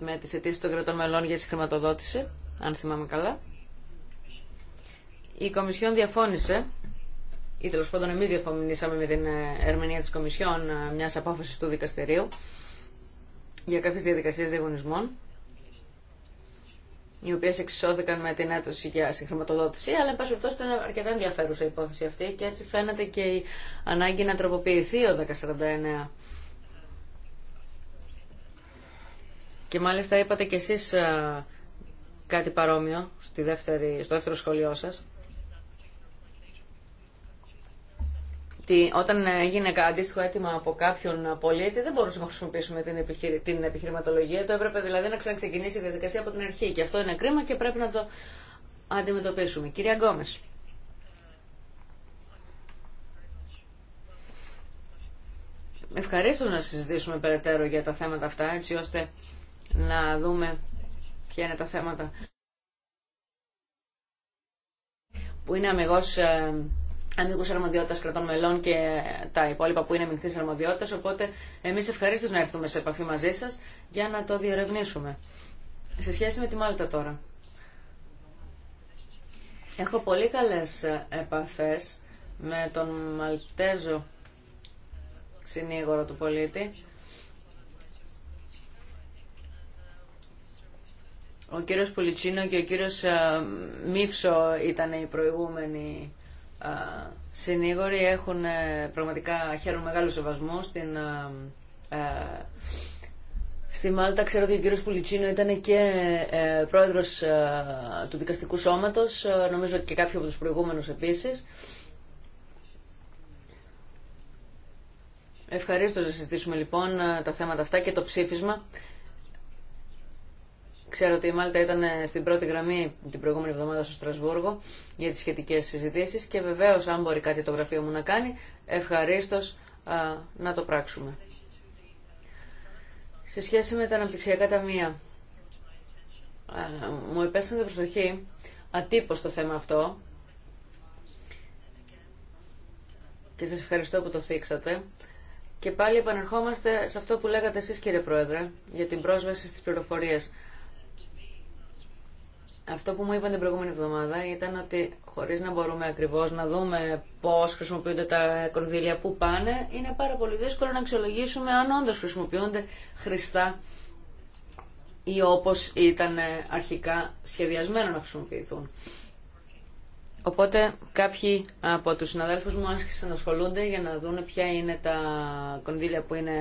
με τις αιτήσει των κρατών μελών για συγχρηματοδότηση, αν θυμάμαι καλά. Η Κομισιόν διαφώνησε, ή τέλο πάντων εμείς διαφωνήσαμε με την ε, ερμηνεία της Κομισιόν ε, μιας απόφασης του δικαστηρίου για κάποιες διαδικασίες διαγωνισμών, οι οποίε εξισώθηκαν με την έτωση για συγχρηματοδότηση, αλλά εν πάση περιπτώσει ήταν αρκετά ενδιαφέρουσα η υπόθεση αυτή και έτσι φαίνεται και η ανάγκη να τροποποιηθεί ο 1049 Και μάλιστα είπατε κι εσείς ε, κάτι παρόμοιο στη δεύτερη, στο δεύτερο σχολείο σας. Τι, όταν έγινε αντίστοιχο αίτημα από κάποιον πολίτη δεν μπορούσαμε να χρησιμοποιήσουμε την, την επιχειρηματολογία. Το έπρεπε δηλαδή να ξαναξεκινήσει η διαδικασία από την αρχή. Και αυτό είναι κρίμα και πρέπει να το αντιμετωπίσουμε. Κυρία Γκόμες. Ευχαρίστω να συζητήσουμε περαιτέρω για τα θέματα αυτά, έτσι ώστε να δούμε ποια είναι τα θέματα που είναι αμυγός ε, αμυγού αρμοδιότητα κρατών μελών και τα υπόλοιπα που είναι αμυγθείς αρμοδιότητα. Οπότε, εμείς ευχαρίστως να έρθουμε σε επαφή μαζί σα για να το διερευνήσουμε. Σε σχέση με τη Μάλτα τώρα. Έχω πολύ καλές επαφές με τον Μαλτέζο συνήγορο του πολίτη Ο κύριος Πουλιτσίνο και ο κύριος ε, Μίψο ήταν οι προηγούμενοι ε, συνήγοροι. Έχουν ε, πραγματικά χαίρον μεγάλο σεβασμό στην, στη Μάλτα. Ξέρω ότι ο κύριος Πουλιτσίνο ήταν και πρόεδρος του δικαστικού σώματος. Νομίζω ότι και κάποιοι από τους προηγούμενους επίσης. Ευχαρίστω να συζητήσουμε λοιπόν τα θέματα αυτά και το ψήφισμα. Ξέρω ότι η Μάλτα ήταν ε, στην πρώτη γραμμή την προηγούμενη εβδομάδα στο Στρασβούργο για τις σχετικές συζητήσεις και βεβαίως αν μπορεί κάτι το γραφείο μου να κάνει, ευχαρίστως να το πράξουμε. Σε σχέση με τα αναπτυξιακά ταμεία, μου επέσανε προσοχή ατύπως το θέμα αυτό και σας ευχαριστώ που το θίξατε. Και πάλι επανερχόμαστε σε αυτό που λέγατε εσείς κύριε Πρόεδρε για την πρόσβαση στις πληροφορίες. Αυτό που μου είπαν την προηγούμενη εβδομάδα ήταν ότι χωρίς να μπορούμε ακριβώς να δούμε πώς χρησιμοποιούνται τα κονδύλια, που πάνε, είναι πάρα πολύ δύσκολο να αξιολογήσουμε αν όντω χρησιμοποιούνται χρηστά ή όπως ήταν αρχικά σχεδιασμένο να χρησιμοποιηθούν. Οπότε κάποιοι από τους συναδέλφους μου άρχισαν να ασχολούνται για να δουν ποια είναι τα κονδύλια που είναι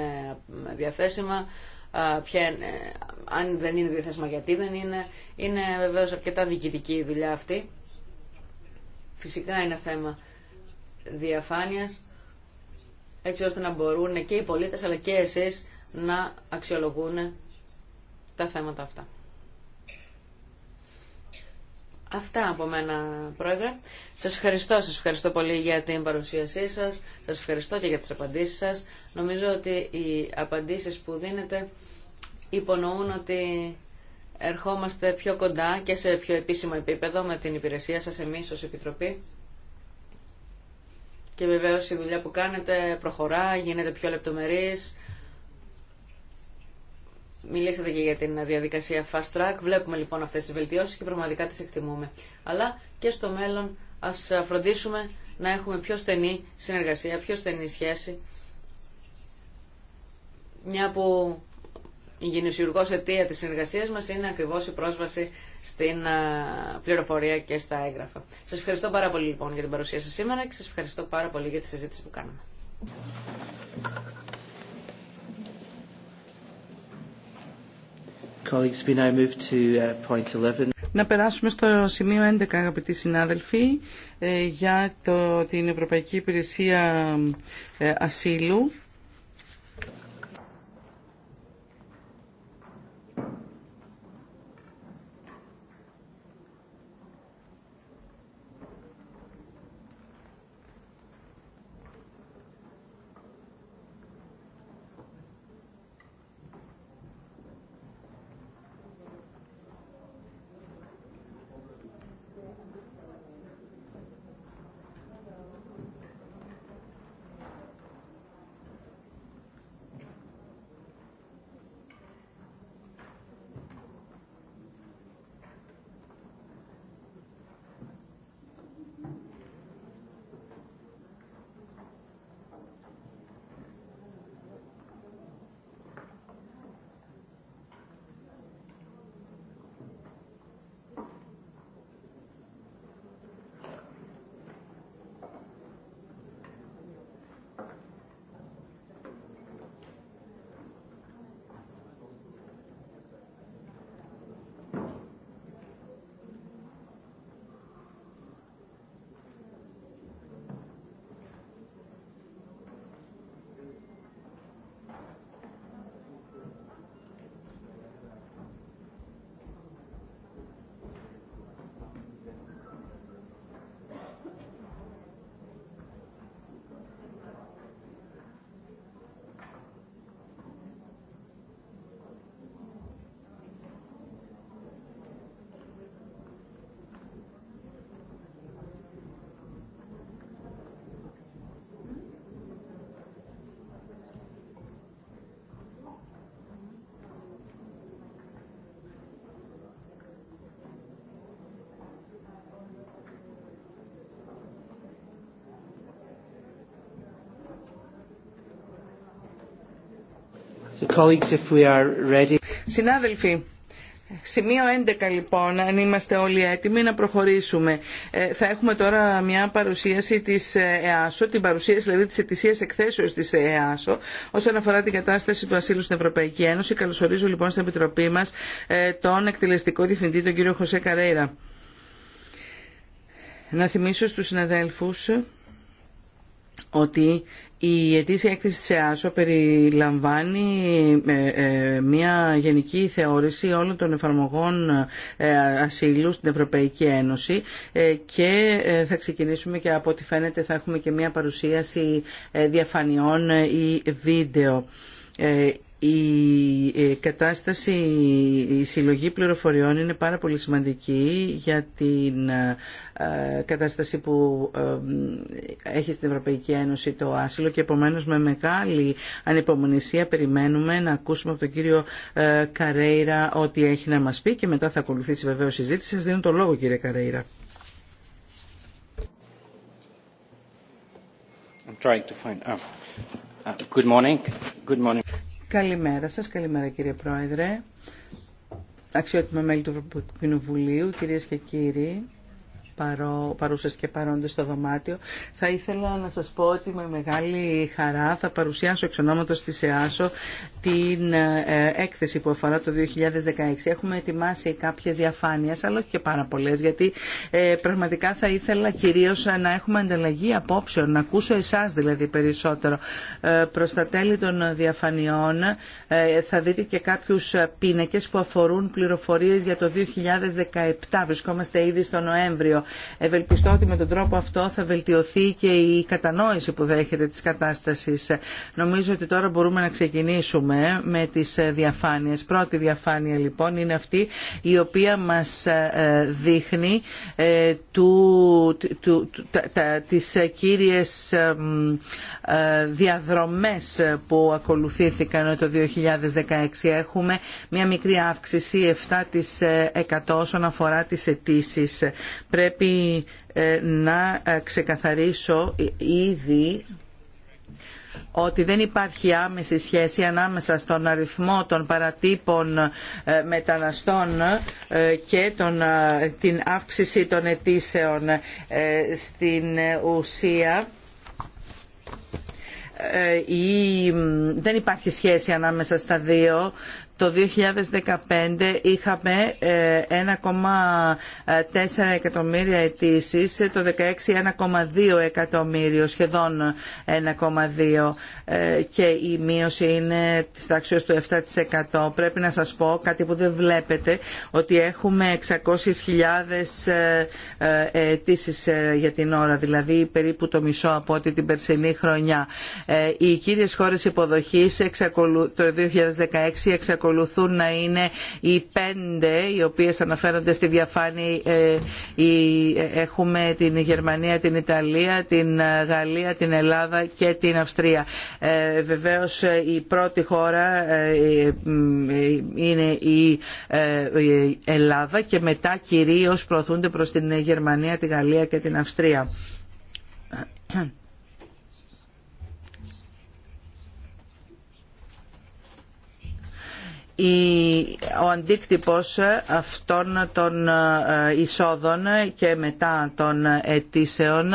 διαθέσιμα, ποια, αν δεν είναι διαθέσιμα γιατί δεν είναι. Είναι βεβαίως αρκετά διοικητική η δουλειά αυτή. Φυσικά είναι θέμα διαφάνειας έτσι ώστε να μπορούν και οι πολίτες αλλά και εσείς να αξιολογούν τα θέματα αυτά. Αυτά από μένα, Πρόεδρε. Σας ευχαριστώ, σας ευχαριστώ πολύ για την παρουσίασή σας, σας ευχαριστώ και για τις απαντήσεις σας. Νομίζω ότι οι απαντήσεις που δίνετε υπονοούν ότι ερχόμαστε πιο κοντά και σε πιο επίσημο επίπεδο με την υπηρεσία σας εμείς ως Επιτροπή. Και βεβαίως η δουλειά που κάνετε προχωρά, γίνεται πιο λεπτομερής Μιλήσατε και για την διαδικασία fast track. Βλέπουμε λοιπόν αυτές τις βελτιώσεις και πραγματικά τις εκτιμούμε. Αλλά και στο μέλλον ας φροντίσουμε να έχουμε πιο στενή συνεργασία, πιο στενή σχέση. Μια που η αιτία τη συνεργασίας μας είναι ακριβώς η πρόσβαση στην πληροφορία και στα έγγραφα. Σας ευχαριστώ πάρα πολύ λοιπόν για την παρουσία σα σήμερα και σα ευχαριστώ πάρα πολύ για τη συζήτηση που κάναμε. Uh, Να περάσουμε στο σημείο 11, αγαπητοί συνάδελφοι, ε, για το, την Ευρωπαϊκή Υπηρεσία ε, Ασύλου. Συνάδελφοι, σημείο 11 λοιπόν, αν είμαστε όλοι έτοιμοι να προχωρήσουμε. Ε, θα έχουμε τώρα μια παρουσίαση της ε, ΕΑΣΟ, την παρουσίαση δηλαδή της ετησίας εκθέσεως της ΕΑΣΟ, όσον αφορά την κατάσταση του ασύλου στην Ευρωπαϊκή Ένωση. Καλωσορίζω λοιπόν στην Επιτροπή μας ε, τον εκτελεστικό διευθυντή, τον κύριο Χωσέ Καρέιρα. Να θυμίσω στους συναδέλφους ότι η ετήσια έκθεση της ΕΑΣΟ περιλαμβάνει ε, ε, μια γενική θεώρηση όλων των εφαρμογών ε, ασύλου στην Ευρωπαϊκή Ένωση και θα ξεκινήσουμε και από ό,τι φαίνεται θα έχουμε και μια παρουσίαση διαφανειών ή βίντεο η ε, κατάσταση, η συλλογή πληροφοριών είναι πάρα πολύ σημαντική για την ε, ε, κατάσταση που έχει στην Ευρωπαϊκή Ένωση το άσυλο και επομένως με μεγάλη ανυπομονησία περιμένουμε να ακούσουμε από τον κύριο Καρέιρα ό,τι έχει να μας πει και μετά θα ακολουθήσει βεβαίως συζήτηση. Σας δίνω το λόγο κύριε Καρέιρα. I'm trying to find... Oh, uh, good morning. Good Καλημέρα σας, καλημέρα κύριε Πρόεδρε, αξιότιμα μέλη του Ευρωπαϊκού Κοινοβουλίου, κυρίες και κύριοι παρό, παρούσες και παρόντες στο δωμάτιο. Θα ήθελα να σας πω ότι με μεγάλη χαρά θα παρουσιάσω εξ ονόματος της ΕΑΣΟ την ε, έκθεση που αφορά το 2016. Έχουμε ετοιμάσει κάποιες διαφάνειες, αλλά όχι και πάρα πολλές, γιατί ε, πραγματικά θα ήθελα κυρίως να έχουμε ανταλλαγή απόψεων, να ακούσω εσάς δηλαδή περισσότερο. Ε, προς τα τέλη των διαφανειών θα δείτε και κάποιους πίνακε που αφορούν πληροφορίες για το 2017. Βρισκόμαστε ήδη στο Νοέμβριο. Ευελπιστώ ότι με τον τρόπο αυτό θα βελτιωθεί και η κατανόηση που δέχεται της κατάστασης. Νομίζω ότι τώρα μπορούμε να ξεκινήσουμε με τις διαφάνειες. Πρώτη διαφάνεια λοιπόν είναι αυτή η οποία μας ε, δείχνει ε, του, του, τα, τις κύριες ε, διαδρομές που ακολουθήθηκαν το 2016. Έχουμε μια μικρή αύξηση 7% όσον αφορά τις αιτήσει. Πρέπει πρέπει ε, να ε, ξεκαθαρίσω ήδη ότι δεν υπάρχει άμεση σχέση ανάμεσα στον αριθμό των παρατύπων ε, μεταναστών και την αύξηση των αιτήσεων στην ουσία. Η... δεν υπάρχει σχέση ανάμεσα στα δύο το 2015 είχαμε 1,4 ε, εκατομμύρια αιτήσει, το 2016 1,2 εκατομμύριο, σχεδόν 1,2 ε, και η μείωση είναι της τάξης του 7%. Πρέπει να σας πω κάτι που δεν βλέπετε, ότι έχουμε 600.000 ε, αιτήσει για την ώρα, δηλαδή περίπου το μισό από ό,τι την περσινή χρονιά. Οι κύριες χώρες υποδοχής το 2016 εξακολουθούν εξακολουθούν να είναι οι πέντε οι οποίες αναφέρονται στη διαφάνεια. Ε, ε, έχουμε την Γερμανία, την Ιταλία, την ε, Γαλλία, την Ελλάδα και την Αυστρία. Βεβαίως η πρώτη χώρα είναι η Ελλάδα και μετά κυρίως προωθούνται προς την Γερμανία, τη Γαλλία και την Αυστρία. ο αντίκτυπος αυτών των ε, εισόδων και μετά των αιτήσεων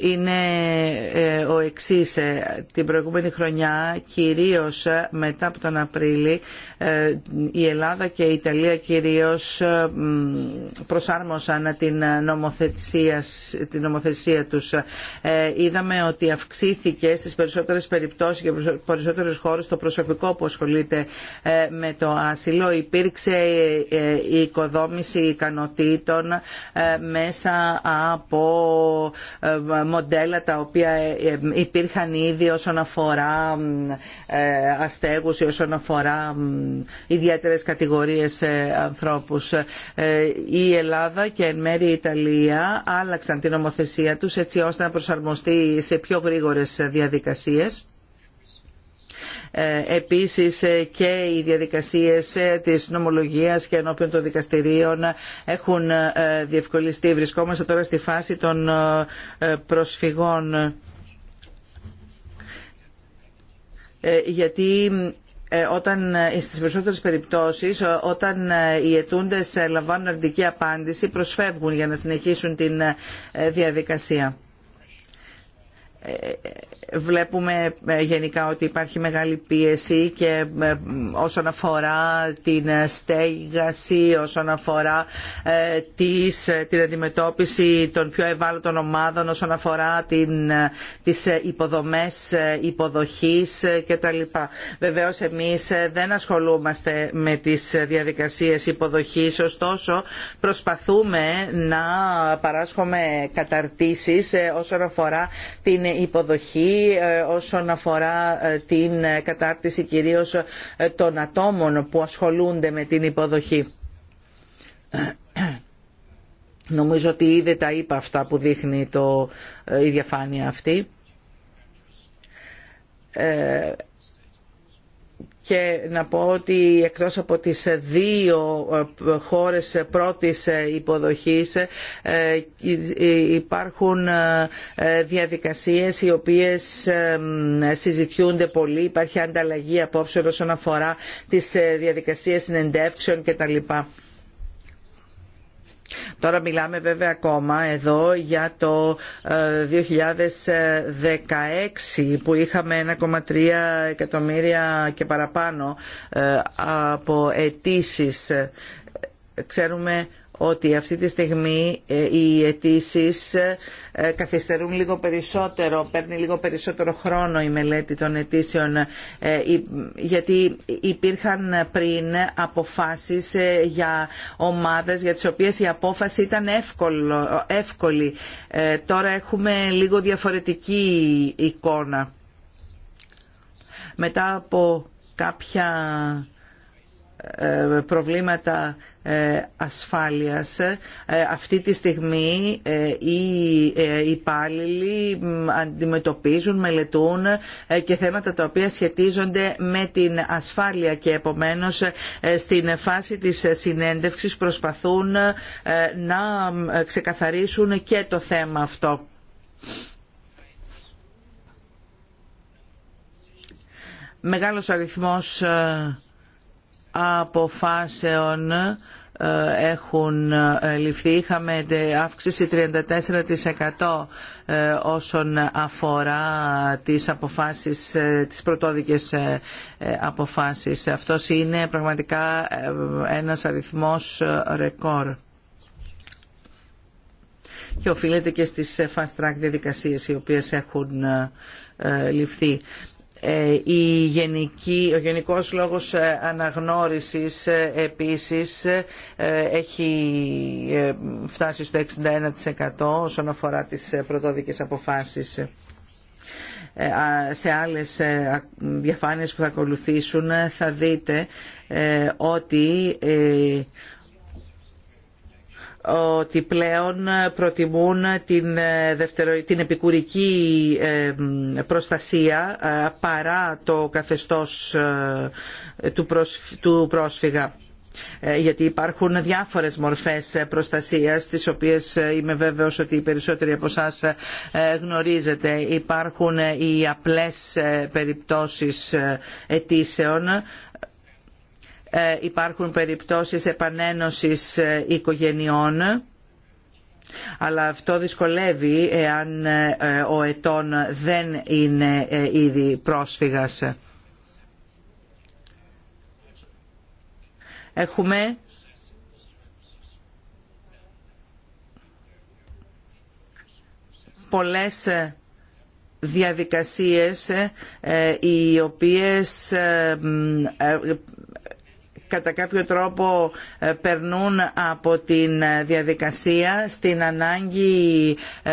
είναι ε, ο εξής. Ε, την προηγούμενη χρονιά, κυρίως ε, μετά από τον Απρίλη, η Ελλάδα και η Ιταλία κυρίως προσάρμοσαν την νομοθεσία, την νομοθεσία τους. Είδαμε ότι αυξήθηκε στις περισσότερες περιπτώσεις και περισσότερους χώρους το προσωπικό που ασχολείται με το άσυλο. Υπήρξε η οικοδόμηση ικανοτήτων μέσα από μοντέλα τα οποία ε, ε, υπήρχαν ήδη όσον αφορά ε, αστέγους ή όσον αφορά ιδιαίτερες κατηγορίες ανθρώπους. Η Ελλάδα και εν μέρη η Ιταλία άλλαξαν την νομοθεσία τους έτσι ώστε να προσαρμοστεί σε πιο γρήγορες διαδικασίες ε, επίσης ε, και οι διαδικασίες ε, της νομολογίας και ενώπιον των δικαστηρίων έχουν διευκολυστεί. Βρισκόμαστε τώρα στη φάση των προσφυγών γιατί όταν στις περισσότερες περιπτώσεις όταν οι αιτούντες λαμβάνουν αρνητική απάντηση προσφεύγουν για να συνεχίσουν την διαδικασία Βλέπουμε ε, γενικά ότι υπάρχει μεγάλη πίεση και ε, όσον αφορά την ε, στέγαση, όσον αφορά τις την αντιμετώπιση των πιο ευάλωτων ομάδων, όσον αφορά την, τις υποδομές υποδοχής κτλ. Βεβαίως εμείς δεν ασχολούμαστε με τις διαδικασίες υποδοχής, ωστόσο προσπαθούμε να παράσχουμε καταρτήσεις όσον αφορά την υποδοχή ε, όσον αφορά ε, την ε, κατάρτιση κυρίως των ατόμων που ασχολούνται με την υποδοχή. Νομίζω ότι ήδη τα είπα αυτά που δείχνει το, η διαφάνεια αυτή και να πω ότι εκτός από τις δύο ε, χώρες πρώτης ε, υποδοχής ε, υπάρχουν διαδικασίες οι οποίες συζητιούνται πολύ, υπάρχει ανταλλαγή απόψε όσον αφορά τις διαδικασίες συνεντεύξεων κτλ. Τώρα μιλάμε βέβαια ακόμα εδώ για το 2016 ε, που είχαμε 1,3 εκατομμύρια και παραπάνω ε, από αιτήσει. Ξέρουμε ότι αυτή τη στιγμή ε, οι αιτήσει ε, καθυστερούν λίγο περισσότερο, παίρνει λίγο περισσότερο χρόνο η μελέτη των αιτήσεων ε, γιατί υπήρχαν πριν αποφάσεις για ομάδες για τις οποίες η απόφαση ήταν εύκολο, εύκολη. Τώρα έχουμε λίγο διαφορετική εικόνα. Μετά από κάποια προβλήματα ε, ασφάλειας. Ε, αυτή τη στιγμή ε, οι υπάλληλοι αντιμετωπίζουν, μελετούν και θέματα τα οποία σχετίζονται με την ασφάλεια και επομένως στην φάση της συνέντευξης προσπαθούν να ξεκαθαρίσουν και το θέμα αυτό. Μεγάλος αριθμός αποφάσεων ε, έχουν ε, ληφθεί. Είχαμε αύξηση 34% ε, όσον αφορά τις αποφάσεις, τις πρωτόδικες αποφάσεις. Αυτός είναι πραγματικά ένας αριθμός ρεκόρ και οφείλεται και στις fast track διαδικασίες οι οποίες έχουν ληφθεί. Ε, γενική, ο γενικός λόγος ε, αναγνώρισης ε, επίσης έχει φτάσει στο 61% όσον αφορά τις πρωτόδικες αποφάσεις. Σε άλλες διαφάνειες που θα ακολουθήσουν θα δείτε ότι ότι πλέον προτιμούν την, την επικουρική ε, προστασία ε, παρά το καθεστώς ε, του πρόσφυγα γιατί υπάρχουν διάφορες μορφές προστασίας τις οποίες είμαι βέβαιος ότι οι περισσότεροι από εσά γνωρίζετε. Υπάρχουν οι απλές περιπτώσεις αιτήσεων ε, υπάρχουν περιπτώσεις επανένωσης ε, οικογενειών αλλά αυτό δυσκολεύει εάν ε, ο ετών δεν είναι ήδη πρόσφυγας. Έχουμε πολλές διαδικασίες οι οποίες κατά κάποιο τρόπο ε, περνούν από την ε, διαδικασία στην ανάγκη ε,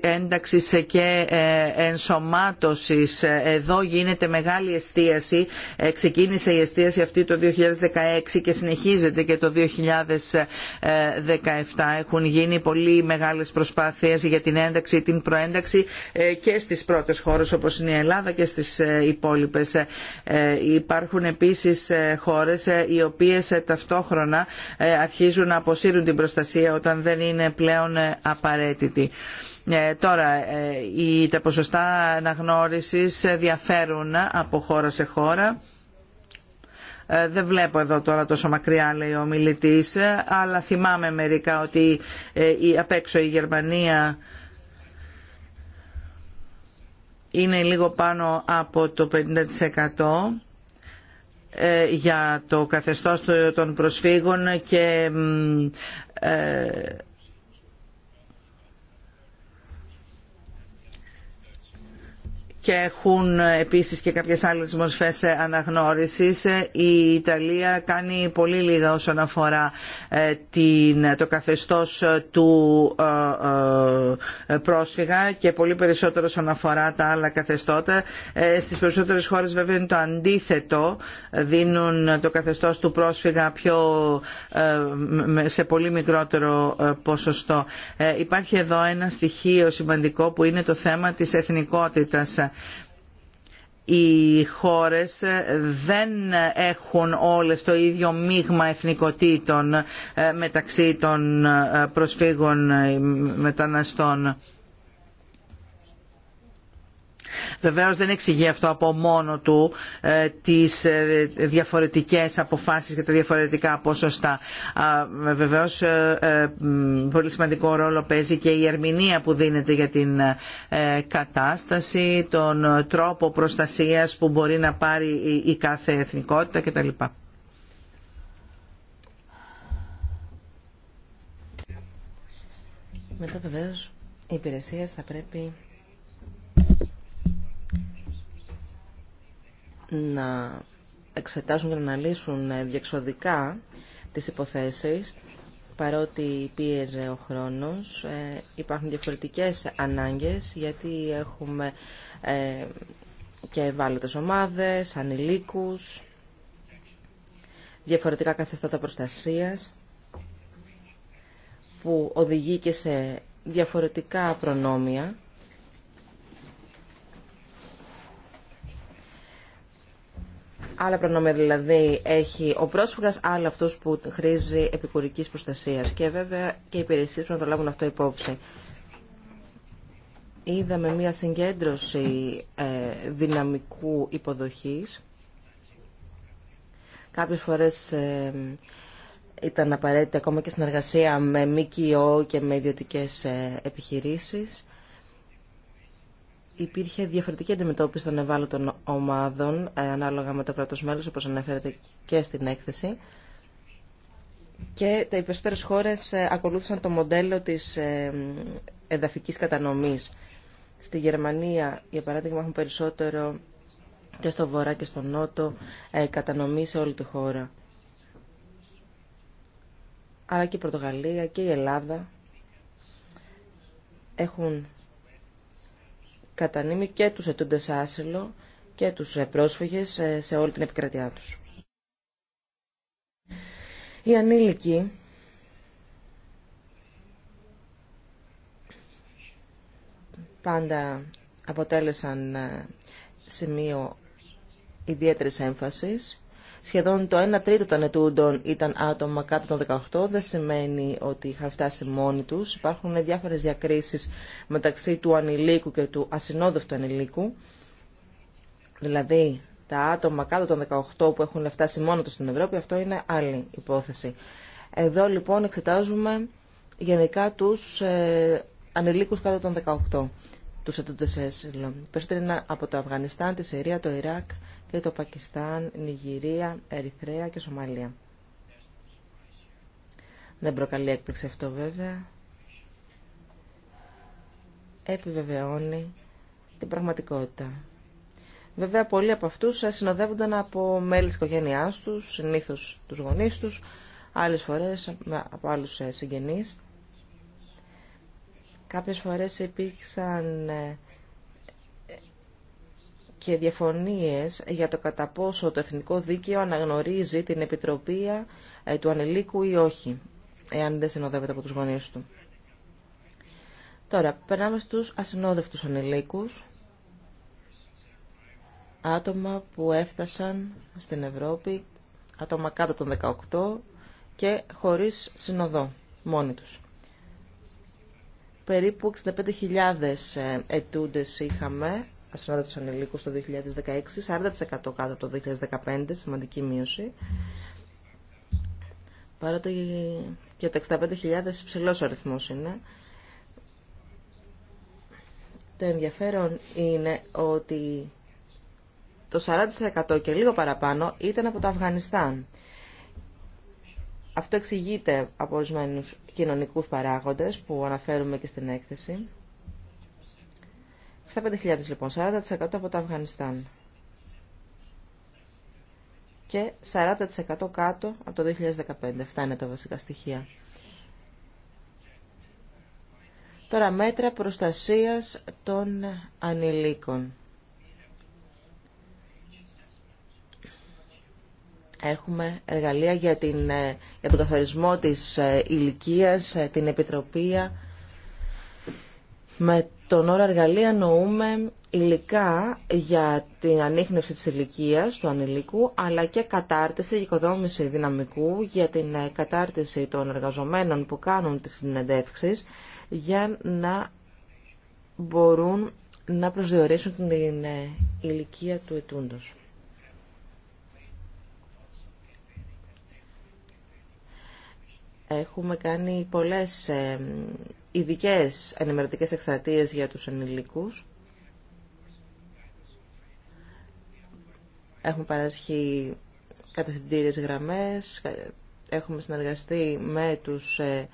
ένταξης και ενσωμάτωσης. Εδώ γίνεται μεγάλη εστίαση. Ξεκίνησε η εστίαση αυτή το 2016 και συνεχίζεται και το 2017. Έχουν γίνει πολύ μεγάλες προσπάθειες για την ένταξη, την προένταξη και στις πρώτες χώρες όπως είναι η Ελλάδα και στις υπόλοιπες. Υπάρχουν επίσης χώρες χώρες ε, οι οποίες ε, ταυτόχρονα ε, αρχίζουν να αποσύρουν την προστασία όταν δεν είναι πλέον απαραίτητη. Τώρα, τα ποσοστά αναγνώρισης διαφέρουν από χώρα σε χώρα. Δεν βλέπω εδώ τώρα τόσο μακριά, λέει ο μιλητής, αλλά θυμάμαι μερικά ότι απ' έξω η Γερμανία είναι λίγο πάνω από το 50%. Ε, για το καθεστώς των προσφύγων και ε, και έχουν επίσης και κάποιες άλλες μορφές αναγνώρισης. Η Ιταλία κάνει πολύ λίγα όσον αφορά ε, το καθεστώς του ε, ε, πρόσφυγα και πολύ περισσότερο όσον αφορά τα άλλα καθεστώτα. Στις περισσότερες χώρες βέβαια είναι το αντίθετο. Δίνουν το καθεστώς του πρόσφυγα πιο, σε πολύ μικρότερο ποσοστό. Υπάρχει εδώ ένα στοιχείο σημαντικό που είναι το θέμα της εθνικότητας οι χώρες δεν έχουν όλες το ίδιο μείγμα εθνικοτήτων ε, μεταξύ των ε, προσφύγων ε, μεταναστών. Βεβαίως δεν εξηγεί αυτό από μόνο του ε, τις ε, διαφορετικές αποφάσεις και τα διαφορετικά ποσοστά. Ε, βεβαίως πολύ σημαντικό ρόλο παίζει και η ερμηνεία που δίνεται για την κατάσταση, τον τρόπο προστασίας που μπορεί να πάρει η κάθε εθνικότητα κτλ. Μετά βεβαίως η υπηρεσία θα πρέπει να εξετάσουν και να αναλύσουν ε, διεξοδικά τις υποθέσεις παρότι πίεζε ο χρόνος ε, υπάρχουν διαφορετικές ανάγκες γιατί έχουμε ε, και ευάλωτες ομάδες, ανηλίκους διαφορετικά καθεστώτα προστασίας που οδηγεί και σε διαφορετικά προνόμια άλλα προνόμια δηλαδή έχει ο πρόσφυγας, άλλο αυτούς που χρήζει επικουρικής προστασίας. Και βέβαια και οι υπηρεσίε πρέπει να το λάβουν αυτό υπόψη. Είδαμε μια συγκέντρωση ε, δυναμικού υποδοχής. Κάποιες φορές ε, ήταν απαραίτητη ακόμα και συνεργασία με ΜΚΟ και με ιδιωτικές ε, επιχειρήσεις υπήρχε διαφορετική αντιμετώπιση των ευάλωτων ομάδων ε, ανάλογα με το κράτος μέλος, όπως αναφέρεται και στην έκθεση. Και τα χώρε χώρες ε, ακολούθησαν το μοντέλο της ε, εδαφικής κατανομής. Στη Γερμανία, για παράδειγμα, έχουν περισσότερο και στο βορρά και στο νότο κατανομή σε όλη τη χώρα. Αλλά και η Πορτογαλία και η Ελλάδα έχουν κατανείμει και τους ετούντες άσυλο και τους ε, πρόσφυγες ε, σε όλη την επικρατειά τους. Οι ανήλικοι πάντα αποτέλεσαν ε, σημείο ιδιαίτερης έμφασης σχεδόν το 1 τρίτο των ετούντων ήταν άτομα κάτω των 18, δεν σημαίνει ότι είχαν φτάσει μόνοι του. Υπάρχουν διάφορε διακρίσει μεταξύ του ανηλίκου και του ασυνόδευτου ανηλίκου. Δηλαδή, τα άτομα κάτω των 18 που έχουν φτάσει μόνο του στην Ευρώπη, αυτό είναι άλλη υπόθεση. Εδώ λοιπόν εξετάζουμε γενικά του ε, ανηλίκους κάτω των 18, του ετούντε έσυλο. Περισσότεροι είναι από το Αφγανιστάν, τη Συρία, το Ιράκ, και το Πακιστάν, Νιγηρία, Ερυθρέα και Σομαλία. Δεν προκαλεί έκπληξη αυτό βέβαια. Επιβεβαιώνει την πραγματικότητα. Βέβαια, πολλοί από αυτούς συνοδεύονταν από μέλη της οικογένειάς τους, συνήθως τους γονείς τους, άλλες φορές από άλλους ε, συγγενείς. Κάποιες φορές υπήρξαν ε, και διαφωνίες για το κατά πόσο το εθνικό δίκαιο αναγνωρίζει την επιτροπή ε, του ανηλίκου ή όχι, εάν δεν συνοδεύεται από τους γονείς του. Τώρα, περνάμε στους ασυνόδευτους ανηλίκους, άτομα που έφτασαν στην Ευρώπη, άτομα κάτω των 18 και χωρίς συνοδό, μόνοι τους. Περίπου 65.000 ε, ετούντες είχαμε ασυνόδευτους ανηλίκους το 2016, 40% κάτω από το 2015, σημαντική μείωση. Παρά το και τα 65.000 υψηλό αριθμός είναι. Το ενδιαφέρον είναι ότι το 40% και λίγο παραπάνω ήταν από το Αφγανιστάν. Αυτό εξηγείται από ορισμένου κοινωνικούς παράγοντες που αναφέρουμε και στην έκθεση. Στα 5.000 λοιπόν, 40% από το Αφγανιστάν και 40% κάτω από το 2015. Αυτά είναι τα βασικά στοιχεία. Τώρα μέτρα προστασίας των ανηλίκων. Έχουμε εργαλεία για, την, ε, για τον καθορισμό της ε, ηλικίας, ε, την επιτροπή με τον όρο εργαλεία νοούμε υλικά για την ανείχνευση της ηλικία του ανηλίκου, αλλά και κατάρτιση οικοδόμηση δυναμικού για την ε, κατάρτιση των εργαζομένων που κάνουν τις συνεντεύξεις για να μπορούν να προσδιορίσουν την ε, ηλικία του ετούντος. Έχουμε κάνει πολλές ε, ειδικέ ενημερωτικέ εκστρατείε για τους ενηλίκους. Έχουμε παράσχει κατευθυντήριες γραμμές, έχουμε συνεργαστεί με τους ε,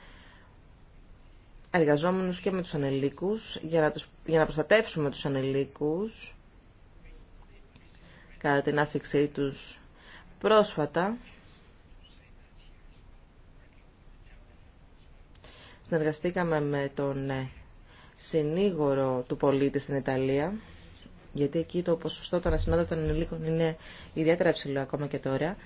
εργαζόμενους και με τους ανελίκους για να, τους, για να προστατεύσουμε τους ανελίκους κατά την άφηξή τους πρόσφατα. Συνεργαστήκαμε με τον ε, συνήγορο του πολίτη στην Ιταλία, γιατί εκεί το ποσοστό των ασυνόδευτων ενηλίκων είναι ιδιαίτερα υψηλό ακόμα και τώρα.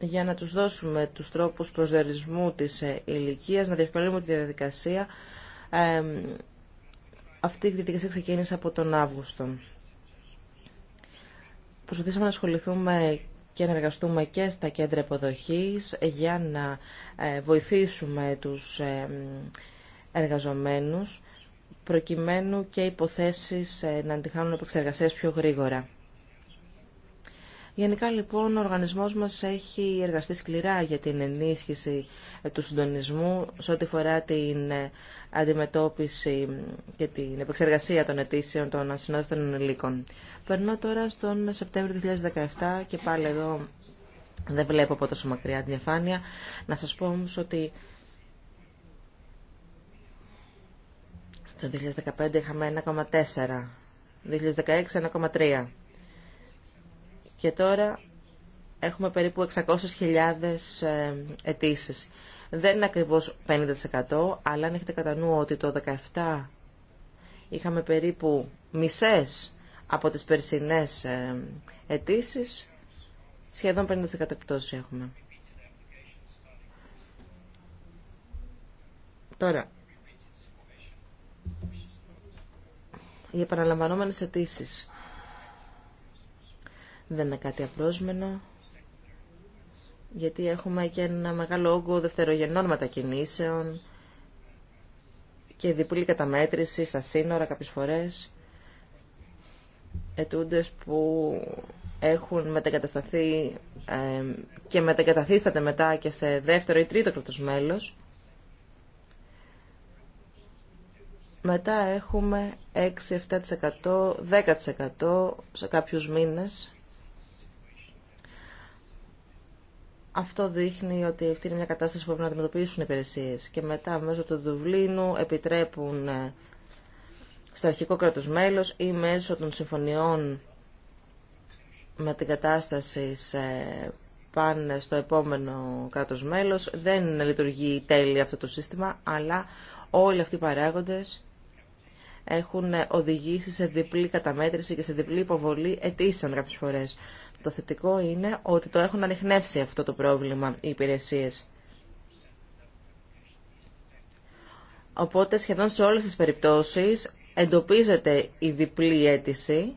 για να τους δώσουμε τους τρόπους προσδιορισμού της ε, ηλικία, να διευκολύνουμε τη διαδικασία. αυτή η διαδικασία ξεκίνησε από τον Αύγουστο. Προσπαθήσαμε να ασχοληθούμε και να εργαστούμε και στα κέντρα υποδοχής για να ε, βοηθήσουμε τους ε, εργαζομένους προκειμένου και υποθέσεις ε, να αντιχάνουν επεξεργασίες πιο γρήγορα. Γενικά λοιπόν ο οργανισμός μας έχει εργαστεί σκληρά για την ενίσχυση ε, του συντονισμού σε ό,τι φορά την ε, αντιμετώπιση και την επεξεργασία των αιτήσεων των ασυνόδευτων ενηλίκων. Περνώ τώρα στον Σεπτέμβριο 2017 και πάλι εδώ δεν βλέπω από τόσο μακριά την διαφάνεια. Να σας πω όμως ότι το 2015 είχαμε 1,4, 2016 1,3. Και τώρα έχουμε περίπου 600.000 ε, αιτήσει. Δεν είναι ακριβώς 50%, αλλά αν έχετε κατά νου ότι το 2017 είχαμε περίπου μισές από τις περσινές ε, αιτήσει, σχεδόν 50% πτώση έχουμε. Τώρα, οι επαναλαμβανόμενες αιτήσει. Δεν είναι κάτι απρόσμενο, γιατί έχουμε και ένα μεγάλο όγκο δευτερογενών μετακινήσεων και διπλή καταμέτρηση στα σύνορα κάποιες φορές. Ετούντες που έχουν μετακατασταθεί και μετακαταθίσταται μετά και σε δεύτερο ή τρίτο κράτος μέλος. Μετά έχουμε 6-7%, 10% σε κάποιους μήνες Αυτό δείχνει ότι αυτή είναι μια κατάσταση που πρέπει να αντιμετωπίσουν οι υπηρεσίε. Και μετά, μέσω του Δουβλίνου, επιτρέπουν ε, στο αρχικό κράτο μέλο ή μέσω των συμφωνιών με την κατάσταση σε πάνε στο επόμενο κράτο μέλο. Δεν λειτουργεί τέλεια αυτό το σύστημα, αλλά όλοι αυτοί οι παράγοντε έχουν ε, οδηγήσει σε διπλή καταμέτρηση και σε διπλή υποβολή αιτήσεων κάποιε φορέ. Το θετικό είναι ότι το έχουν ανοιχνεύσει αυτό το πρόβλημα οι υπηρεσίες. Οπότε σχεδόν σε όλες τις περιπτώσεις εντοπίζεται η διπλή αίτηση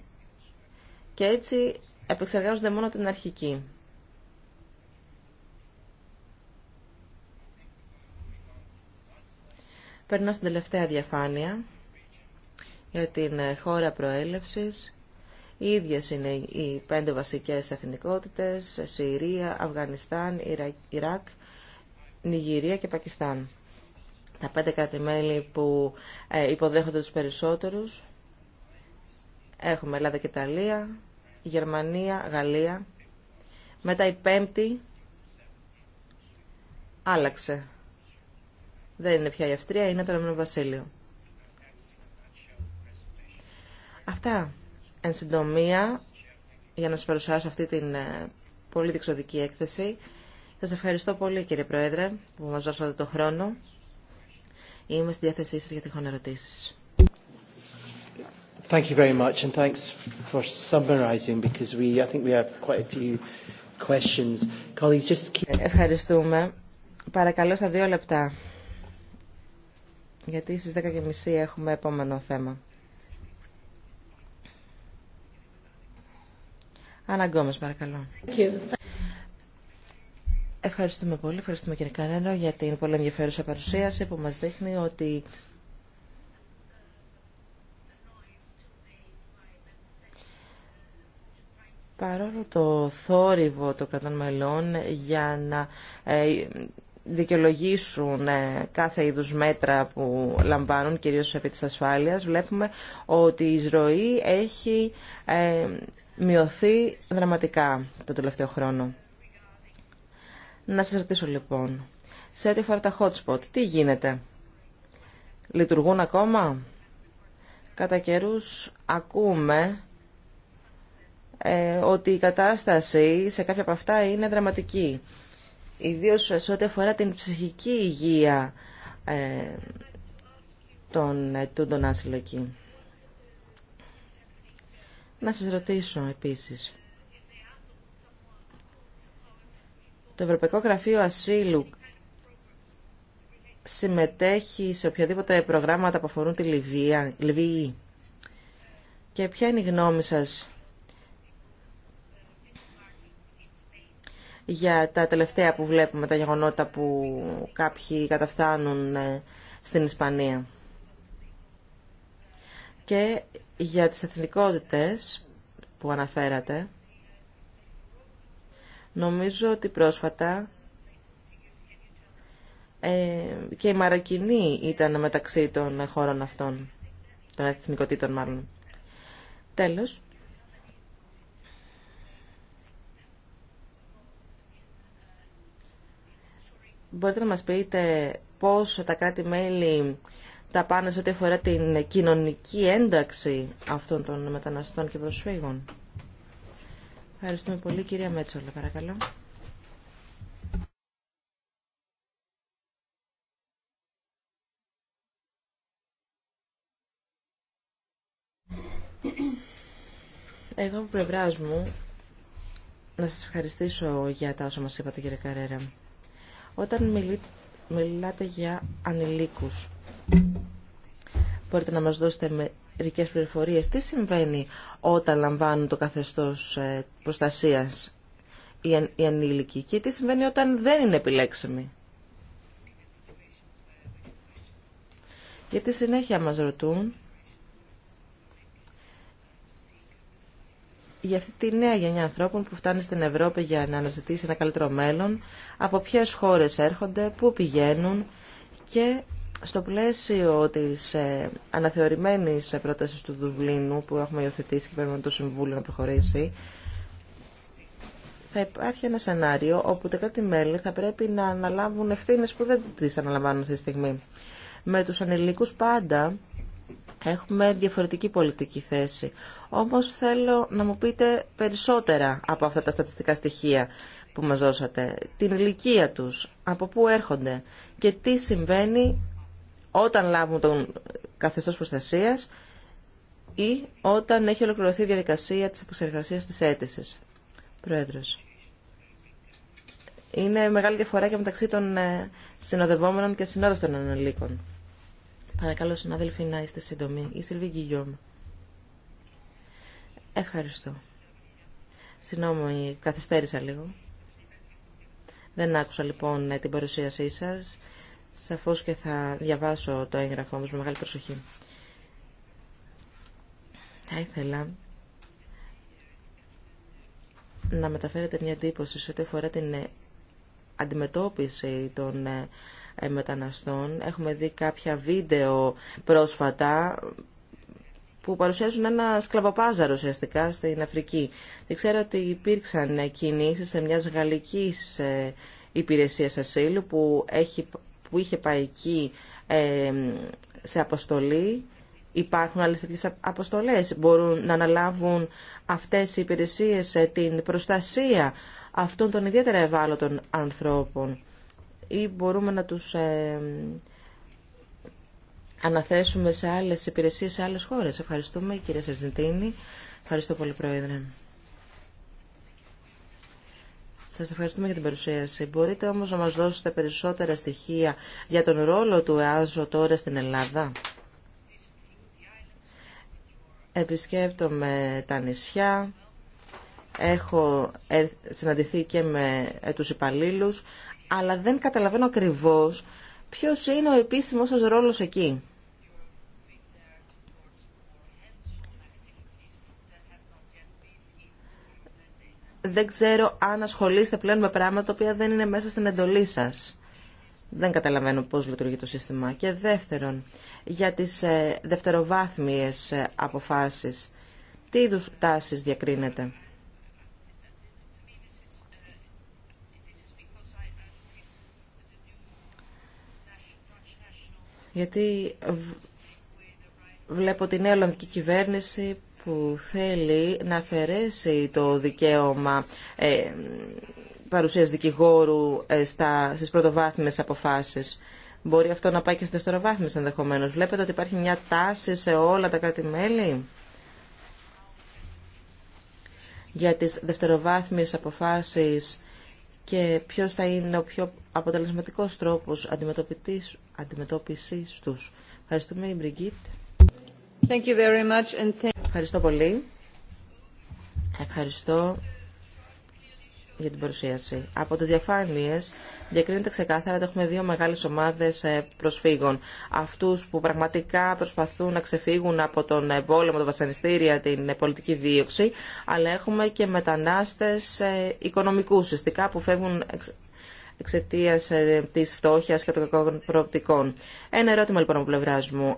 και έτσι επεξεργάζονται μόνο την αρχική. Περνώ στην τελευταία διαφάνεια για την χώρα προέλευσης. Οι ίδιες είναι οι πέντε βασικές εθνικότητες, Συρία, Αφγανιστάν, Ιρακ, Νιγηρία και Πακιστάν. Τα πέντε κράτη-μέλη που ε, υποδέχονται τους περισσότερους έχουμε Ελλάδα και Ιταλία, Γερμανία, Γαλλία. Μετά η πέμπτη άλλαξε. Δεν είναι πια η Αυστρία, είναι το Ηνωμένο Βασίλειο. Αυτά Εν συντομία, για να σας παρουσιάσω αυτή την ε, πολύ διεξοδική έκθεση, σας ευχαριστώ πολύ κύριε Πρόεδρε που μας δώσατε το χρόνο. Είμαι στη διάθεσή σας για τυχόν ερωτήσεις. Thank you very much and thanks for summarizing because we, I think we have quite a few questions. Colleagues, just keep... Ευχαριστούμε. Παρακαλώ στα δύο λεπτά. Γιατί στις 10.30 έχουμε επόμενο θέμα. Αναγκόμες παρακαλώ. Ευχαριστούμε πολύ, ευχαριστούμε κύριε Κανένο για την πολύ ενδιαφέρουσα παρουσίαση που μας δείχνει ότι παρόλο το θόρυβο των κρατών μελών για να ε, δικαιολογήσουν ε, κάθε είδους μέτρα που λαμβάνουν, κυρίως επί της ασφάλειας, βλέπουμε ότι η εισρωή έχει ε, μειωθεί δραματικά το τελευταίο χρόνο. Να σας ρωτήσω λοιπόν, σε ό,τι αφορά τα hotspot, τι γίνεται. Λειτουργούν ακόμα. Κατά καιρού ακούμε ε, ότι η κατάσταση σε κάποια από αυτά είναι δραματική. Ιδίως σε ό,τι αφορά την ψυχική υγεία ε, των ετούντων άσυλο να σας ρωτήσω επίσης. Το Ευρωπαϊκό Γραφείο Ασύλου συμμετέχει σε οποιαδήποτε προγράμματα που αφορούν τη Λιβύη. Λιβύη. Και ποια είναι η γνώμη σας για τα τελευταία που βλέπουμε, τα γεγονότα που κάποιοι καταφτάνουν ε, στην Ισπανία. Και για τις εθνικότητες που αναφέρατε, νομίζω ότι πρόσφατα ε, και η Μαρακινή ήταν μεταξύ των χώρων αυτών, των εθνικότητων μάλλον. Τέλος. Μπορείτε να μας πείτε πώς τα κράτη-μέλη τα πάνε σε ό,τι αφορά την κοινωνική ένταξη αυτών των μεταναστών και προσφύγων. Ευχαριστούμε πολύ κυρία Μέτσολα, παρακαλώ. Εγώ από πλευρά μου να σας ευχαριστήσω για τα όσα μας είπατε κύριε Καρέρα. Όταν μιλείτε μιλάτε για ανηλίκους. Μπορείτε να μας δώσετε μερικές πληροφορίες. Τι συμβαίνει όταν λαμβάνουν το καθεστώς ε, προστασίας οι ανήλικοι και τι συμβαίνει όταν δεν είναι επιλέξιμοι. Γιατί συνέχεια μας ρωτούν για αυτή τη νέα γενιά ανθρώπων που φτάνει στην Ευρώπη για να αναζητήσει ένα καλύτερο μέλλον, από ποιες χώρες έρχονται, πού πηγαίνουν και στο πλαίσιο της ε, αναθεωρημένης ε, πρόταση του Δουβλίνου που έχουμε υιοθετήσει και πρέπει το Συμβούλιο να προχωρήσει, θα υπάρχει ένα σενάριο όπου τα κράτη-μέλη θα πρέπει να αναλάβουν ευθύνε που δεν τι αναλαμβάνουν αυτή τη στιγμή. Με του ανηλίκου πάντα Έχουμε διαφορετική πολιτική θέση. Όμως θέλω να μου πείτε περισσότερα από αυτά τα στατιστικά στοιχεία που μας δώσατε. Την ηλικία τους, από πού έρχονται και τι συμβαίνει όταν λάβουν τον καθεστώς προστασία ή όταν έχει ολοκληρωθεί η διαδικασία της επεξεργασίας της αίτησης. Πρόεδρος. Είναι μεγάλη διαφορά και μεταξύ των ε, συνοδευόμενων και συνόδευτων ανελίκων. Παρακαλώ, συνάδελφοι, να είστε σύντομοι. Η Σιλβίκη Γκυγιόμ. Ευχαριστώ. Συγγνώμη, καθυστέρησα λίγο. Δεν άκουσα λοιπόν ε, την παρουσίασή σας. Σαφώς και θα διαβάσω το έγγραφό όμως με μεγάλη προσοχή. Θα ήθελα να μεταφέρετε μια εντύπωση σε ό,τι αφορά την ε, αντιμετώπιση των ε, ε, μεταναστών. Έχουμε δει κάποια βίντεο πρόσφατα που παρουσιάζουν ένα σκλαβοπάζαρο ουσιαστικά στην Αφρική. Δεν ξέρω ότι υπήρξαν κινήσεις σε μιας γαλλικής ε, υπηρεσίας ασύλου που, έχει, είχε πάει εκεί ε, σε αποστολή. Υπάρχουν άλλες τέτοιες αποστολές. Μπορούν να αναλάβουν αυτές οι υπηρεσίες την προστασία αυτών των ιδιαίτερα ευάλωτων ανθρώπων ή μπορούμε να τους ε, αναθέσουμε σε άλλες υπηρεσίες, σε άλλες χώρες. Ευχαριστούμε, κυρία Σερζιντίνη. Ευχαριστώ πολύ, Πρόεδρε. Σας ευχαριστούμε για την παρουσίαση. Μπορείτε όμως να μας δώσετε περισσότερα στοιχεία για τον ρόλο του ΕΑΖΟ τώρα στην Ελλάδα. Επισκέπτομαι τα νησιά. Έχω συναντηθεί και με ε, τους υπαλλήλους αλλά δεν καταλαβαίνω ακριβώς ποιος είναι ο επίσημος σας ρόλος εκεί. Δεν ξέρω αν ασχολείστε πλέον με πράγματα τα οποία δεν είναι μέσα στην εντολή σας. Δεν καταλαβαίνω πώς λειτουργεί το σύστημα. Και δεύτερον, για τις ε, δευτεροβάθμιες ε, αποφάσεις, τι είδους τάσεις διακρίνεται. γιατί βλέπω την νέα κυβέρνηση που θέλει να αφαιρέσει το δικαίωμα ε, παρουσίας δικηγόρου ε, στα, στις πρωτοβάθμιες αποφάσεις. Μπορεί αυτό να πάει και στις δευτεροβάθμιες ενδεχομένω. Βλέπετε ότι υπάρχει μια τάση σε όλα τα κράτη-μέλη για τις δευτεροβάθμιες αποφάσεις και ποιος θα είναι ο πιο αποτελεσματικός τρόπος Αντιμετώπιση του. Ευχαριστούμε, Μπριγκίτ. Thank Ευχαριστώ πολύ. Ευχαριστώ για την παρουσίαση. Από τις διαφάνειες διακρίνεται ξεκάθαρα ότι έχουμε δύο μεγάλες ομάδες ε, προσφύγων. Αυτούς που πραγματικά προσπαθούν να ξεφύγουν από τον πόλεμο, το βασανιστήρια, την πολιτική δίωξη, αλλά έχουμε και μετανάστε οικονομικού, ουσιαστικά που φεύγουν εξαιτία ε, τη φτώχεια και των κακών προοπτικών. Ένα ερώτημα λοιπόν από πλευρά μου.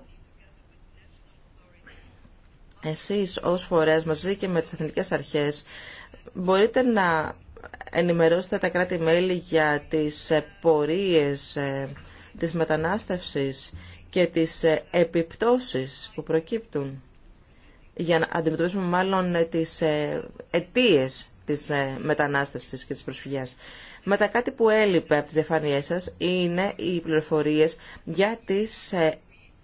Εσείς ω μαζί και με τις εθνικέ αρχές μπορείτε να ενημερώσετε τα κράτη-μέλη για τις ε, πορείες ε, της μετανάστευσης και τις επιπτώσεις που προκύπτουν για να αντιμετωπίσουμε μάλλον τις αιτίες της μετανάστευσης και της προσφυγιάς. Μετά κάτι που έλειπε από τις σας είναι οι πληροφορίες για τις ε,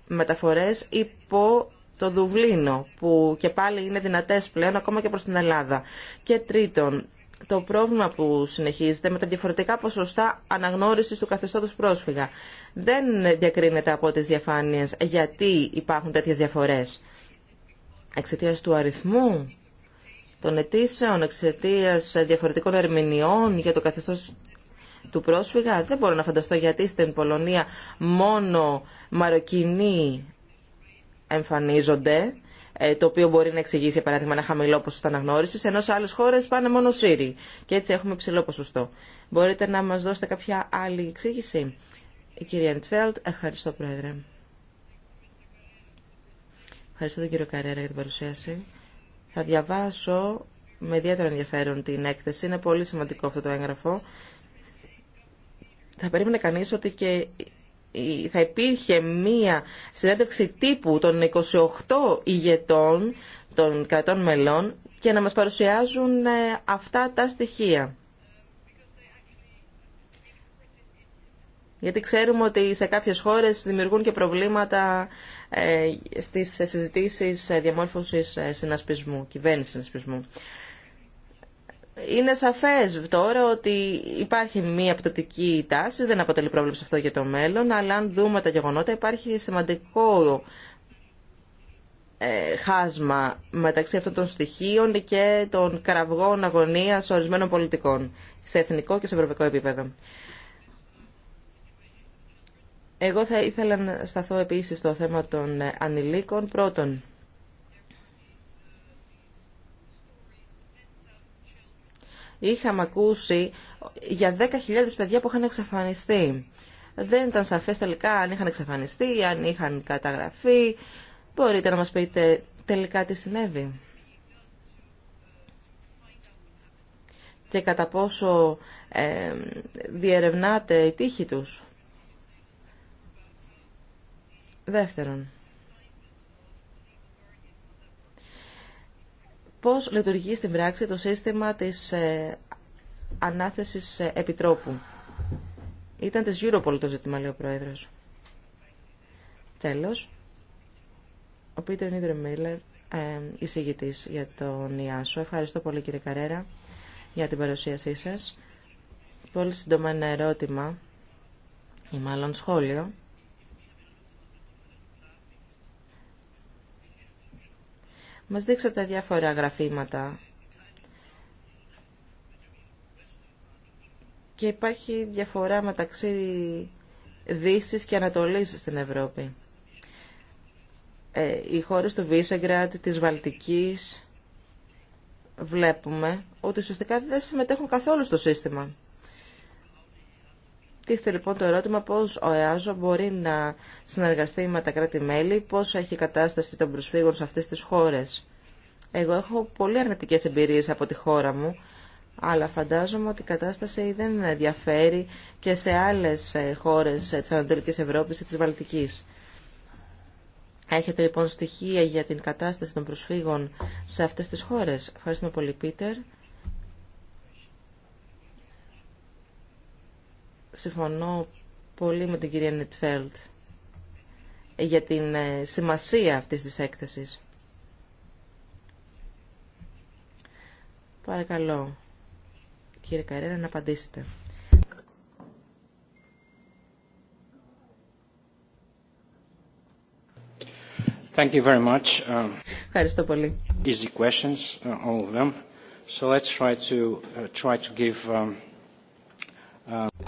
μεταφορές υπό το Δουβλίνο, που και πάλι είναι δυνατές πλέον ακόμα και προς την Ελλάδα. Και τρίτον, το πρόβλημα που συνεχίζεται με τα διαφορετικά ποσοστά αναγνώρισης του καθεστώτος πρόσφυγα. Δεν διακρίνεται από τις διαφάνειες γιατί υπάρχουν τέτοιες διαφορές. Εξαιτία του αριθμού των αιτήσεων εξαιτία διαφορετικών ερμηνεών για το καθεστώς του πρόσφυγα. Δεν μπορώ να φανταστώ γιατί στην Πολωνία μόνο Μαροκινοί εμφανίζονται, ε, το οποίο μπορεί να εξηγήσει, για παράδειγμα, ένα χαμηλό ποσοστό αναγνώριση, ενώ σε άλλε χώρε πάνε μόνο Σύριοι. Και έτσι έχουμε ψηλό ποσοστό. Μπορείτε να μα δώσετε κάποια άλλη εξήγηση. Η κυρία Ντφέλτ, ευχαριστώ, Πρόεδρε. Ευχαριστώ τον κύριο Καρέρα για την παρουσίαση. Θα διαβάσω με ιδιαίτερο ενδιαφέρον την έκθεση. Είναι πολύ σημαντικό αυτό το έγγραφο. Θα περίμενε κανείς ότι και θα υπήρχε μία συνέντευξη τύπου των 28 ηγετών των κρατών μελών και να μας παρουσιάζουν ε, αυτά τα στοιχεία. Γιατί ξέρουμε ότι σε κάποιες χώρες δημιουργούν και προβλήματα ε, στις συζητήσεις ε, διαμόρφωσης ε, συνασπισμού, κυβέρνηση συνασπισμού. Είναι σαφές τώρα ότι υπάρχει μία πτωτική τάση, δεν αποτελεί πρόβλημα σε αυτό για το μέλλον, αλλά αν δούμε τα γεγονότα υπάρχει σημαντικό χάσμα μεταξύ αυτών των στοιχείων και των κραυγών αγωνίας ορισμένων πολιτικών σε εθνικό και σε ευρωπαϊκό επίπεδο. Εγώ θα ήθελα να σταθώ επίσης στο θέμα των ε, ανηλίκων. Πρώτον, είχαμε ακούσει για 10.000 παιδιά που είχαν εξαφανιστεί. Δεν ήταν σαφές τελικά αν είχαν εξαφανιστεί, αν είχαν καταγραφεί. Μπορείτε να μας πείτε τελικά τι συνέβη. Και κατά πόσο ε, διερευνάτε η τύχη τους. Δεύτερον, πώς λειτουργεί στην πράξη το σύστημα της ε, ανάθεσης ε, επιτρόπου. Ήταν της Europol το ζήτημα, λέει ο Πρόεδρος. Τέλος, ο Πίτερ Νίδρε Μίλλερ, ε, εισηγητής για τον Ιάσο. Ευχαριστώ πολύ κύριε Καρέρα για την παρουσίασή σας. Πολύ σύντομα ένα ερώτημα ή μάλλον σχόλιο Μας δείξατε διάφορα γραφήματα και υπάρχει διαφορά μεταξύ Δύσης και Ανατολής στην Ευρώπη. Ε, οι χώρες του Βίσεγκρατ, της Βαλτικής, βλέπουμε ότι ουσιαστικά δεν συμμετέχουν καθόλου στο σύστημα. Τίθεται λοιπόν το ερώτημα πώς ο ΕΑΖΟ μπορεί να συνεργαστεί με τα κράτη-μέλη, πώς έχει η κατάσταση των προσφύγων σε αυτές τις χώρες. Εγώ έχω πολύ αρνητικές εμπειρίες από τη χώρα μου, αλλά φαντάζομαι ότι η κατάσταση δεν διαφέρει και σε άλλες ε, χώρες ε, της Ανατολικής Ευρώπης και της Βαλτικής. Έχετε λοιπόν στοιχεία για την κατάσταση των προσφύγων σε αυτές τις χώρες. Ευχαριστούμε πολύ, Πίτερ. συμφωνώ πολύ με την κυρία Νιτφέλτ για την ε, σημασία αυτής της έκθεσης. Παρακαλώ, κύριε Καρέρα, να απαντήσετε. Thank you very much. Um, Ευχαριστώ πολύ. Easy questions, uh, all of them. So let's try to, uh, try to give um,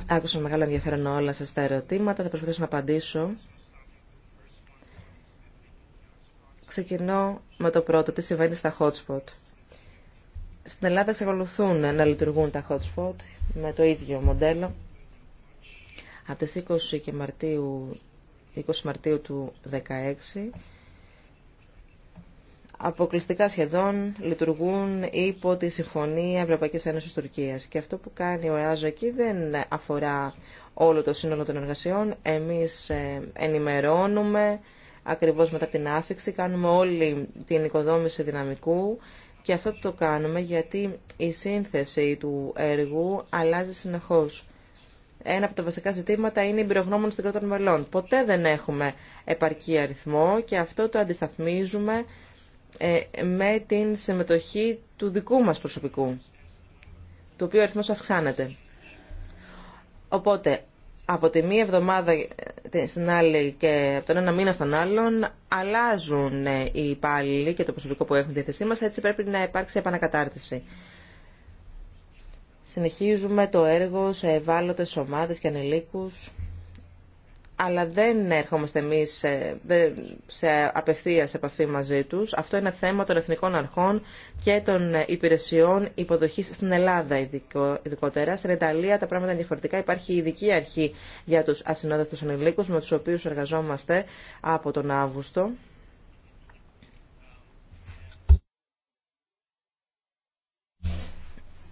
Άκουσα με μεγάλο ενδιαφέρον όλα σας τα ερωτήματα. Θα προσπαθήσω να απαντήσω. Ξεκινώ με το πρώτο. Τι συμβαίνει στα hotspot. Στην Ελλάδα εξακολουθούν να λειτουργούν τα hotspot με το ίδιο μοντέλο. Από τις 20 Μαρτίου, 20 Μαρτίου του 2016 αποκλειστικά σχεδόν λειτουργούν υπό τη Συμφωνία Ευρωπαϊκή Ένωση Τουρκία. Και αυτό που κάνει ο ΕΑΖΟ εκεί δεν αφορά όλο το σύνολο των εργασιών. Εμείς ε, ενημερώνουμε ακριβώς μετά την άφηξη, κάνουμε όλη την οικοδόμηση δυναμικού και αυτό το κάνουμε γιατί η σύνθεση του έργου αλλάζει συνεχώς. Ένα από τα βασικά ζητήματα είναι η εμπειρογνώμονε των κρατών μελών. Ποτέ δεν έχουμε επαρκή αριθμό και αυτό το αντισταθμίζουμε ε, με την συμμετοχή του δικού μας προσωπικού, το οποίο αριθμός αυξάνεται. Οπότε, από τη μία εβδομάδα ε, στην άλλη και από τον ένα μήνα στον άλλον αλλάζουν ε, οι υπάλληλοι και το προσωπικό που έχουν διαθεσή μας, έτσι πρέπει να υπάρξει επανακατάρτιση. Συνεχίζουμε το έργο σε ευάλωτες ομάδες και ανελίκους αλλά δεν έρχομαστε εμεί σε απευθείας επαφή μαζί του. Αυτό είναι θέμα των εθνικών αρχών και των υπηρεσιών υποδοχής στην Ελλάδα ειδικότερα. Στην Ιταλία τα πράγματα είναι διαφορετικά. Υπάρχει ειδική αρχή για τους ασυνόδευτους ανηλίκου, με τους οποίους εργαζόμαστε από τον Αύγουστο.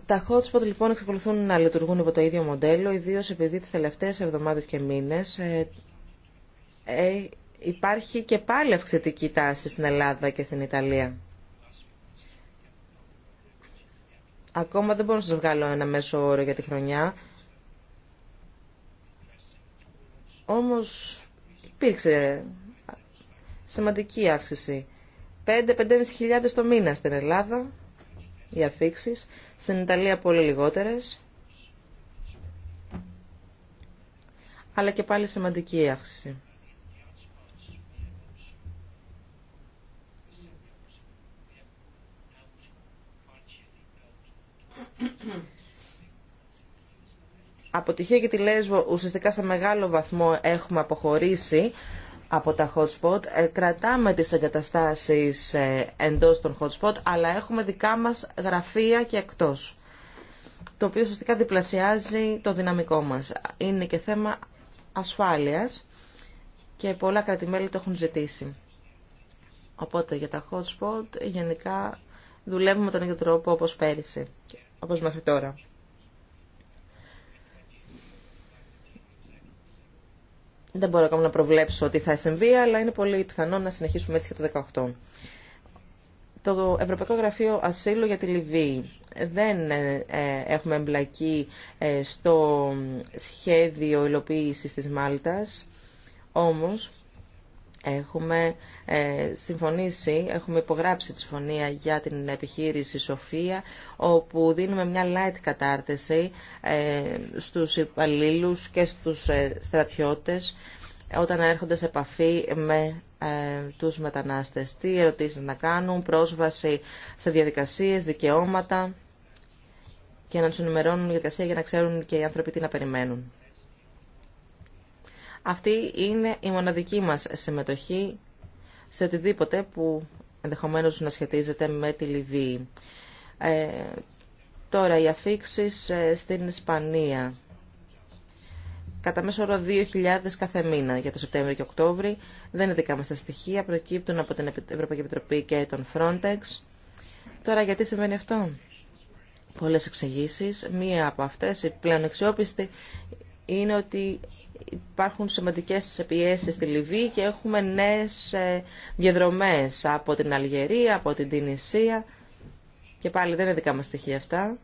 Τα hotspot λοιπόν εξακολουθούν να λειτουργούν υπό το ίδιο μοντέλο, ιδίως επειδή τις τελευταίες εβδομάδες και μήνες ε, ε, υπάρχει και πάλι αυξητική τάση στην Ελλάδα και στην Ιταλία. Ακόμα δεν μπορώ να σας βγάλω ένα μέσο όρο για τη χρονιά. Όμως υπήρξε σημαντική αύξηση. 5-5.500 το μήνα στην Ελλάδα οι αφήξεις στην Ιταλία πολύ λιγότερες. Αλλά και πάλι σημαντική η αύξηση. Αποτυχία για τη Λέσβο ουσιαστικά σε μεγάλο βαθμό έχουμε αποχωρήσει από τα hot spot. Ε, κρατάμε τις εγκαταστάσεις ε, εντός των hot spot, αλλά έχουμε δικά μας γραφεία και εκτός, το οποίο ουσιαστικά διπλασιάζει το δυναμικό μας. Είναι και θέμα ασφάλειας και πολλά κρατημέλη το έχουν ζητήσει. Οπότε για τα hot spot γενικά δουλεύουμε τον ίδιο τρόπο όπως πέρυσι, όπως μέχρι τώρα. Δεν μπορώ ακόμα να προβλέψω ότι θα συμβεί, αλλά είναι πολύ πιθανό να συνεχίσουμε έτσι και το 2018. Το Ευρωπαϊκό Γραφείο Ασύλου για τη Λιβύη. Δεν ε, ε, έχουμε εμπλακεί ε, στο σχέδιο υλοποίησης της Μάλτας, όμως Έχουμε ε, συμφωνήσει, έχουμε υπογράψει τη συμφωνία για την επιχείρηση Σοφία, όπου δίνουμε μια light κατάρτιση ε, στους υπαλλήλου και στους ε, στρατιώτες όταν έρχονται σε επαφή με τους μετανάστες. Τι ερωτήσεις να κάνουν, πρόσβαση σε διαδικασίες, δικαιώματα και να τους ενημερώνουν διαδικασία για να ξέρουν και οι άνθρωποι τι να περιμένουν. Αυτή είναι η μοναδική μας συμμετοχή σε οτιδήποτε που ενδεχομένως να σχετίζεται με τη Λιβύη. Ε, τώρα, οι αφήξει ε, στην Ισπανία. Κατά μέσο όρο 2.000 κάθε μήνα για το Σεπτέμβριο και Οκτώβριο. Δεν είναι δικά μας τα στοιχεία, προκύπτουν από την Ευρωπαϊκή Επιτροπή και τον Frontex. Τώρα, γιατί συμβαίνει αυτό. Πολλές εξηγήσει. Μία από αυτές, η πλέον αξιόπιστη, είναι ότι υπάρχουν σημαντικές πιέσεις στη Λιβύη και έχουμε νέες ε, διαδρομές από την Αλγερία, από την Τινησία και πάλι δεν είναι δικά μας στοιχεία αυτά.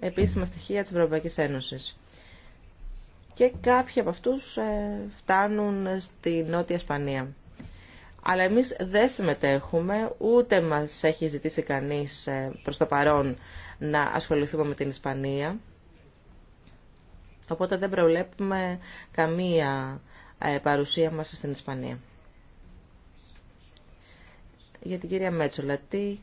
Επίσημα στοιχεία της Ευρωπαϊκής Ένωσης. Και κάποιοι από αυτούς ε, φτάνουν στη Νότια Ισπανία. Αλλά εμείς δεν συμμετέχουμε, ούτε μας έχει ζητήσει κανείς ε, προς το παρόν να ασχοληθούμε με την Ισπανία. Οπότε δεν προβλέπουμε καμία ε, παρουσία μας στην Ισπανία. Για την κυρία Μέτσολα, τι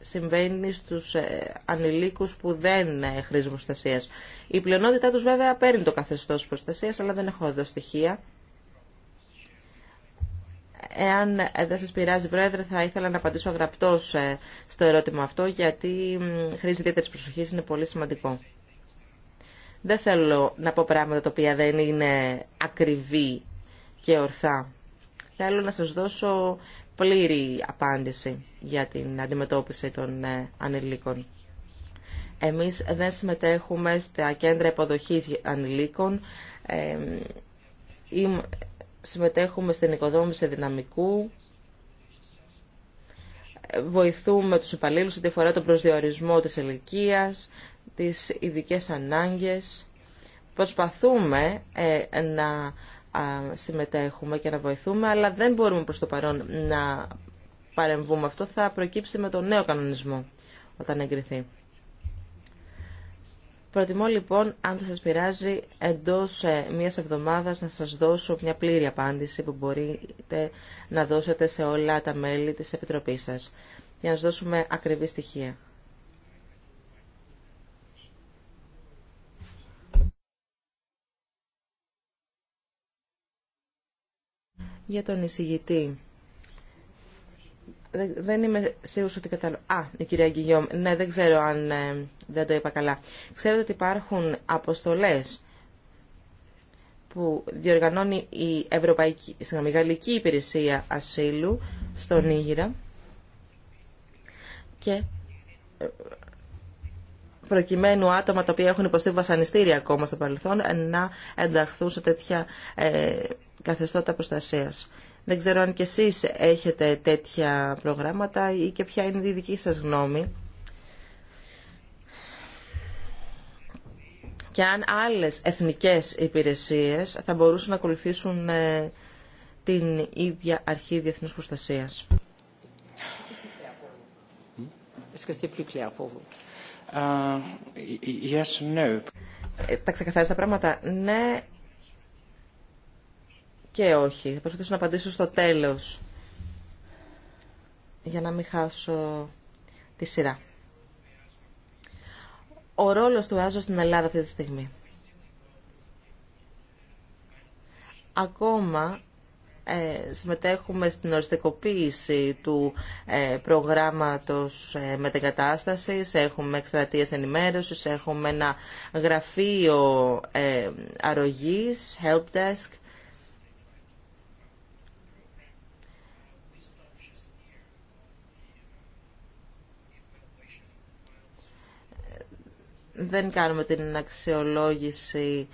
συμβαίνει στους ε, ανηλίκους που δεν ε, χρήζουν προστασία. Η πλειονότητά τους βέβαια παίρνει το καθεστώς προστασίας, αλλά δεν έχω εδώ στοιχεία. Εάν δεν σας πειράζει, Πρόεδρε, θα ήθελα να απαντήσω γραπτός στο ερώτημα αυτό, γιατί χρήζει ιδιαίτερη προσοχής, είναι πολύ σημαντικό. Δεν θέλω να πω πράγματα τα οποία δεν είναι ακριβή και ορθά. Θέλω να σας δώσω πλήρη απάντηση για την αντιμετώπιση των ε, ανηλίκων. Εμείς δεν συμμετέχουμε στα κέντρα υποδοχής ανηλίκων. συμμετέχουμε στην οικοδόμηση δυναμικού. Βοηθούμε τους υπαλλήλους ότι αφορά τον προσδιορισμό της ηλικία, τις ειδικέ ανάγκες. Προσπαθούμε ε, να συμμετέχουμε και να βοηθούμε, αλλά δεν μπορούμε προς το παρόν να παρεμβούμε. Αυτό θα προκύψει με τον νέο κανονισμό όταν εγκριθεί. Προτιμώ λοιπόν, αν δεν σας πειράζει, εντός ε, μιας εβδομάδας να σας δώσω μια πλήρη απάντηση που μπορείτε να δώσετε σε όλα τα μέλη της Επιτροπής σας, για να σας δώσουμε ακριβή στοιχεία. για τον εισηγητή. Δεν είμαι σίγουρη ότι κατάλαβα. Α, η κυρία Γκυγιόμ. Ναι, δεν ξέρω αν ε, δεν το είπα καλά. Ξέρετε ότι υπάρχουν αποστολές που διοργανώνει η Ευρωπαϊκή, συγγνώμη, Γαλλική Υπηρεσία Ασύλου στον Ήγηρα και ε, προκειμένου άτομα τα οποία έχουν υποστεί βασανιστήρια ακόμα στο παρελθόν να ενταχθούν σε τέτοια ε, καθεστώτα προστασίας. Δεν ξέρω αν και εσείς έχετε τέτοια προγράμματα ή και ποια είναι η δική σας γνώμη. Και αν άλλες εθνικές υπηρεσίες θα μπορούσαν να ακολουθήσουν ε, την ίδια αρχή διεθνούς προστασίας. Uh, ε, τα ξεκαθάρισα τα πράγματα. Ναι και όχι. Θα προσπαθήσω να απαντήσω στο τέλος για να μην χάσω τη σειρά. Ο ρόλος του Άζος στην Ελλάδα αυτή τη στιγμή. Ακόμα ε, συμμετέχουμε στην οριστικοποίηση του ε, προγράμματος ε, μετεγκατάστασης, έχουμε εκστρατείες ενημέρωσης, έχουμε ένα γραφείο αρρωγής, help Δεν κάνουμε την αξιολόγηση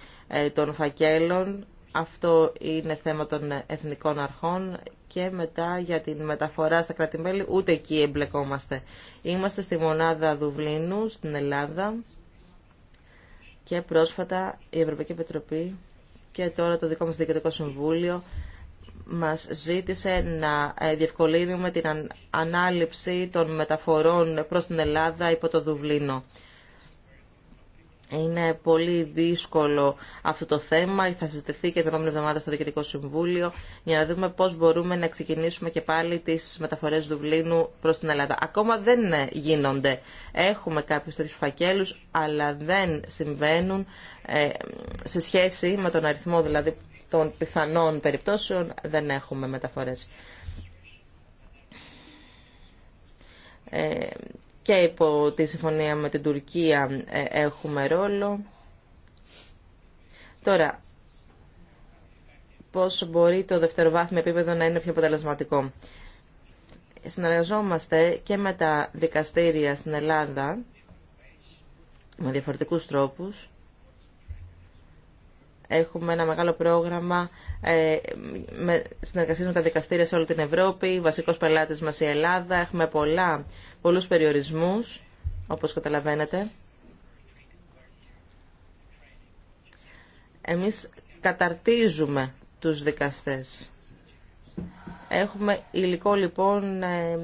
των φακέλων αυτό είναι θέμα των εθνικών αρχών και μετά για την μεταφορά στα κράτη-μέλη ούτε εκεί εμπλεκόμαστε. Είμαστε στη μονάδα Δουβλίνου στην Ελλάδα και πρόσφατα η Ευρωπαϊκή Επιτροπή και τώρα το δικό μας Διοικητικό Συμβούλιο μας ζήτησε να ε, διευκολύνουμε την ανάληψη των μεταφορών προς την Ελλάδα υπό το Δουβλίνο. Είναι πολύ δύσκολο αυτό το θέμα. Θα συζητηθεί και την επόμενη εβδομάδα στο Διοικητικό Συμβούλιο για να δούμε πώ μπορούμε να ξεκινήσουμε και πάλι τι μεταφορέ Δουβλίνου προ την Ελλάδα. Ακόμα δεν γίνονται. Έχουμε κάποιου τέτοιου φακέλου, αλλά δεν συμβαίνουν ε, σε σχέση με τον αριθμό δηλαδή των πιθανών περιπτώσεων. Δεν έχουμε μεταφορέ. Ε, και υπό τη συμφωνία με την Τουρκία ε, έχουμε ρόλο. Τώρα, πώς μπορεί το δευτεροβάθμιο επίπεδο να είναι πιο αποτελεσματικό. Συνεργαζόμαστε και με τα δικαστήρια στην Ελλάδα με διαφορετικούς τρόπους. Έχουμε ένα μεγάλο πρόγραμμα ε, με, τα δικαστήρια σε όλη την Ευρώπη. Βασικός πελάτης μας η Ελλάδα. Έχουμε πολλά πολλούς περιορισμούς, όπως καταλαβαίνετε. Εμείς καταρτίζουμε τους δικαστές. Έχουμε υλικό λοιπόν ε,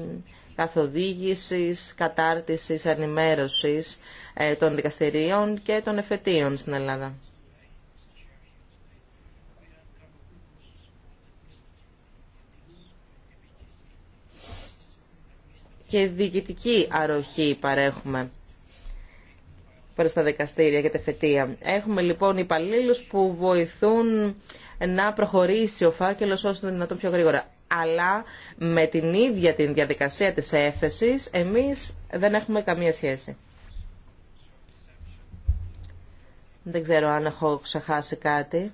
καθοδήγησης, κατάρτισης, ενημέρωσης ε, των δικαστηρίων και των εφετείων στην Ελλάδα. και διοικητική αροχή παρέχουμε προς τα δικαστήρια και τα φετία. Έχουμε λοιπόν υπαλλήλους που βοηθούν να προχωρήσει ο φάκελος όσο το δυνατόν πιο γρήγορα. Αλλά με την ίδια την διαδικασία της έφεσης εμείς δεν έχουμε καμία σχέση. Δεν ξέρω αν έχω ξεχάσει κάτι.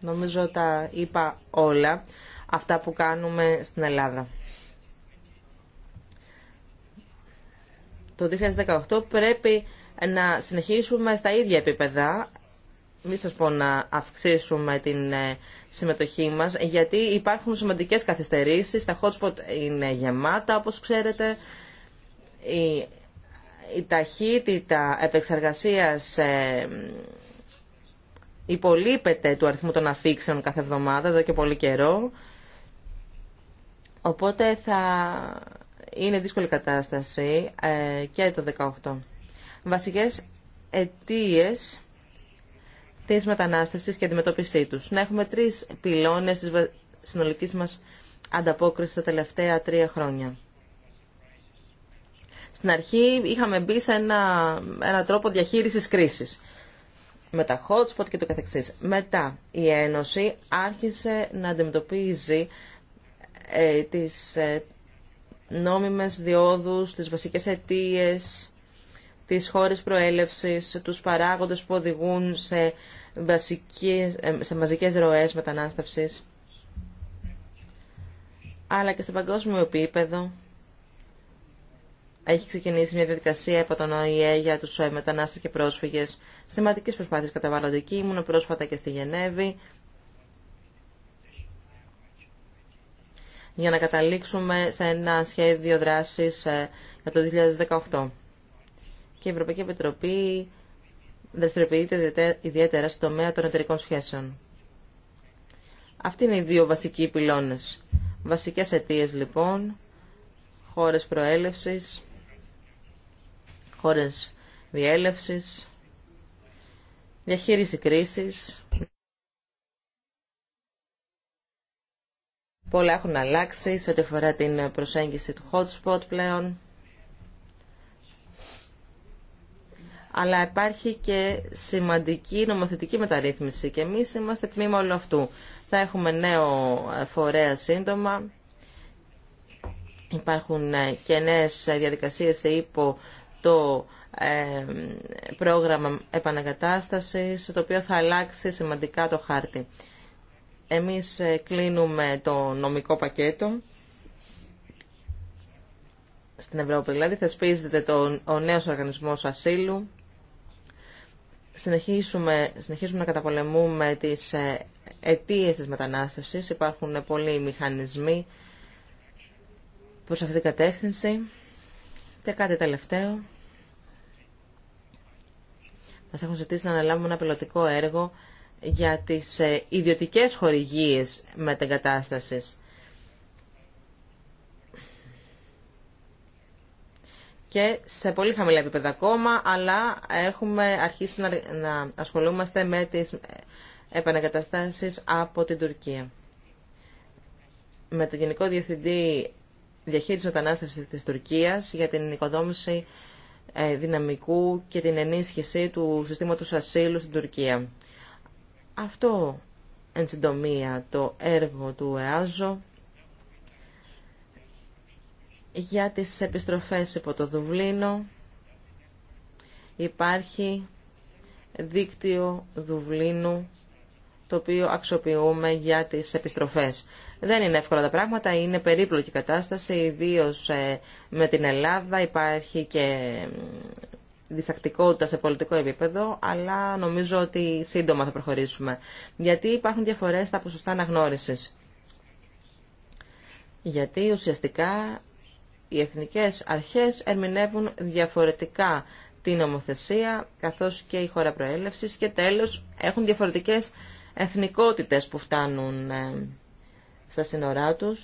Νομίζω τα είπα όλα αυτά που κάνουμε στην Ελλάδα. Το 2018 πρέπει να συνεχίσουμε στα ίδια επίπεδα, μην σας πω να αυξήσουμε την ε, συμμετοχή μας, γιατί υπάρχουν σημαντικές καθυστερήσεις, τα hotspot είναι γεμάτα όπως ξέρετε, η, η ταχύτητα επεξεργασίας ε, υπολείπεται του αριθμού των αφήξεων κάθε εβδομάδα, εδώ και πολύ καιρό. Οπότε θα είναι δύσκολη κατάσταση ε, και το 18. Βασικές αιτίες της μετανάστευσης και αντιμετώπιση τους. Να έχουμε τρεις πυλώνες της συνολικής μας ανταπόκρισης τα τελευταία τρία χρόνια. Στην αρχή είχαμε μπει σε ένα, ένα τρόπο διαχείρισης κρίσης με τα hotspot και το καθεξής. Μετά η Ένωση άρχισε να αντιμετωπίζει ε, τις ε, νόμιμες διόδους, τις βασικές αιτίες, τις χώρες προέλευσης, τους παράγοντες που οδηγούν σε, βασικές, ε, σε μαζικές ροές μετανάστευσης, αλλά και σε παγκόσμιο επίπεδο έχει ξεκινήσει μια διαδικασία από τον ΟΗΕ για του ε, μετανάστε και πρόσφυγες. Σημαντικές προσπάθειες καταβάλλονται εκεί. Ήμουν πρόσφατα και στη Γενέβη. για να καταλήξουμε σε ένα σχέδιο δράσης ε, για το 2018. Και η Ευρωπαϊκή Επιτροπή δραστηριοποιείται ιδιαίτερα στο τομέα των εταιρικών σχέσεων. Αυτοί είναι οι δύο βασικοί πυλώνες. Βασικές αιτίες λοιπόν, χώρες προέλευσης, χώρες διέλευσης, διαχείριση κρίσης. Πολλά έχουν αλλάξει σε ό,τι αφορά την προσέγγιση του hotspot πλέον. αλλά υπάρχει και σημαντική νομοθετική μεταρρύθμιση και εμείς είμαστε τμήμα όλου αυτού. Θα έχουμε νέο φορέα σύντομα, υπάρχουν και νέες διαδικασίες σε υπό το πρόγραμμα επανακατάστασης, το οποίο θα αλλάξει σημαντικά το χάρτη. Εμείς ε, κλείνουμε το νομικό πακέτο. Στην Ευρώπη δηλαδή θεσπίζεται το, ο νέος οργανισμός ασύλου. Συνεχίσουμε, συνεχίζουμε να καταπολεμούμε τις ε, αιτίες της μετανάστευσης. Υπάρχουν πολλοί μηχανισμοί προς αυτή την κατεύθυνση. Και κάτι τελευταίο. Μας έχουν ζητήσει να αναλάβουμε ένα πιλωτικό έργο για τις ε, ιδιωτικές χορηγίες μετεγκατάστασης. και σε πολύ χαμηλά επίπεδα ακόμα, αλλά έχουμε αρχίσει να, ασχολούμαστε με τις επαναγκαταστάσεις από την Τουρκία. Με τον Γενικό Διευθυντή διαχείριση μετανάστευσης της Τουρκίας για την οικοδόμηση ε, δυναμικού και την ενίσχυση του συστήματος ασύλου στην Τουρκία. Αυτό εν συντομία το έργο του ΕΑΖΟ για τις επιστροφές υπό το Δουβλίνο υπάρχει δίκτυο Δουβλίνου το οποίο αξιοποιούμε για τις επιστροφές. Δεν είναι εύκολα τα πράγματα, είναι περίπλοκη κατάσταση, ιδίω ε, με την Ελλάδα υπάρχει και διστακτικότητα σε πολιτικό επίπεδο, αλλά νομίζω ότι σύντομα θα προχωρήσουμε. Γιατί υπάρχουν διαφορές στα ποσοστά αναγνώρισης. Γιατί ουσιαστικά οι εθνικές αρχές ερμηνεύουν διαφορετικά την νομοθεσία, καθώς και η χώρα προέλευσης και τέλος έχουν διαφορετικές εθνικότητες που φτάνουν ε, στα σύνορά του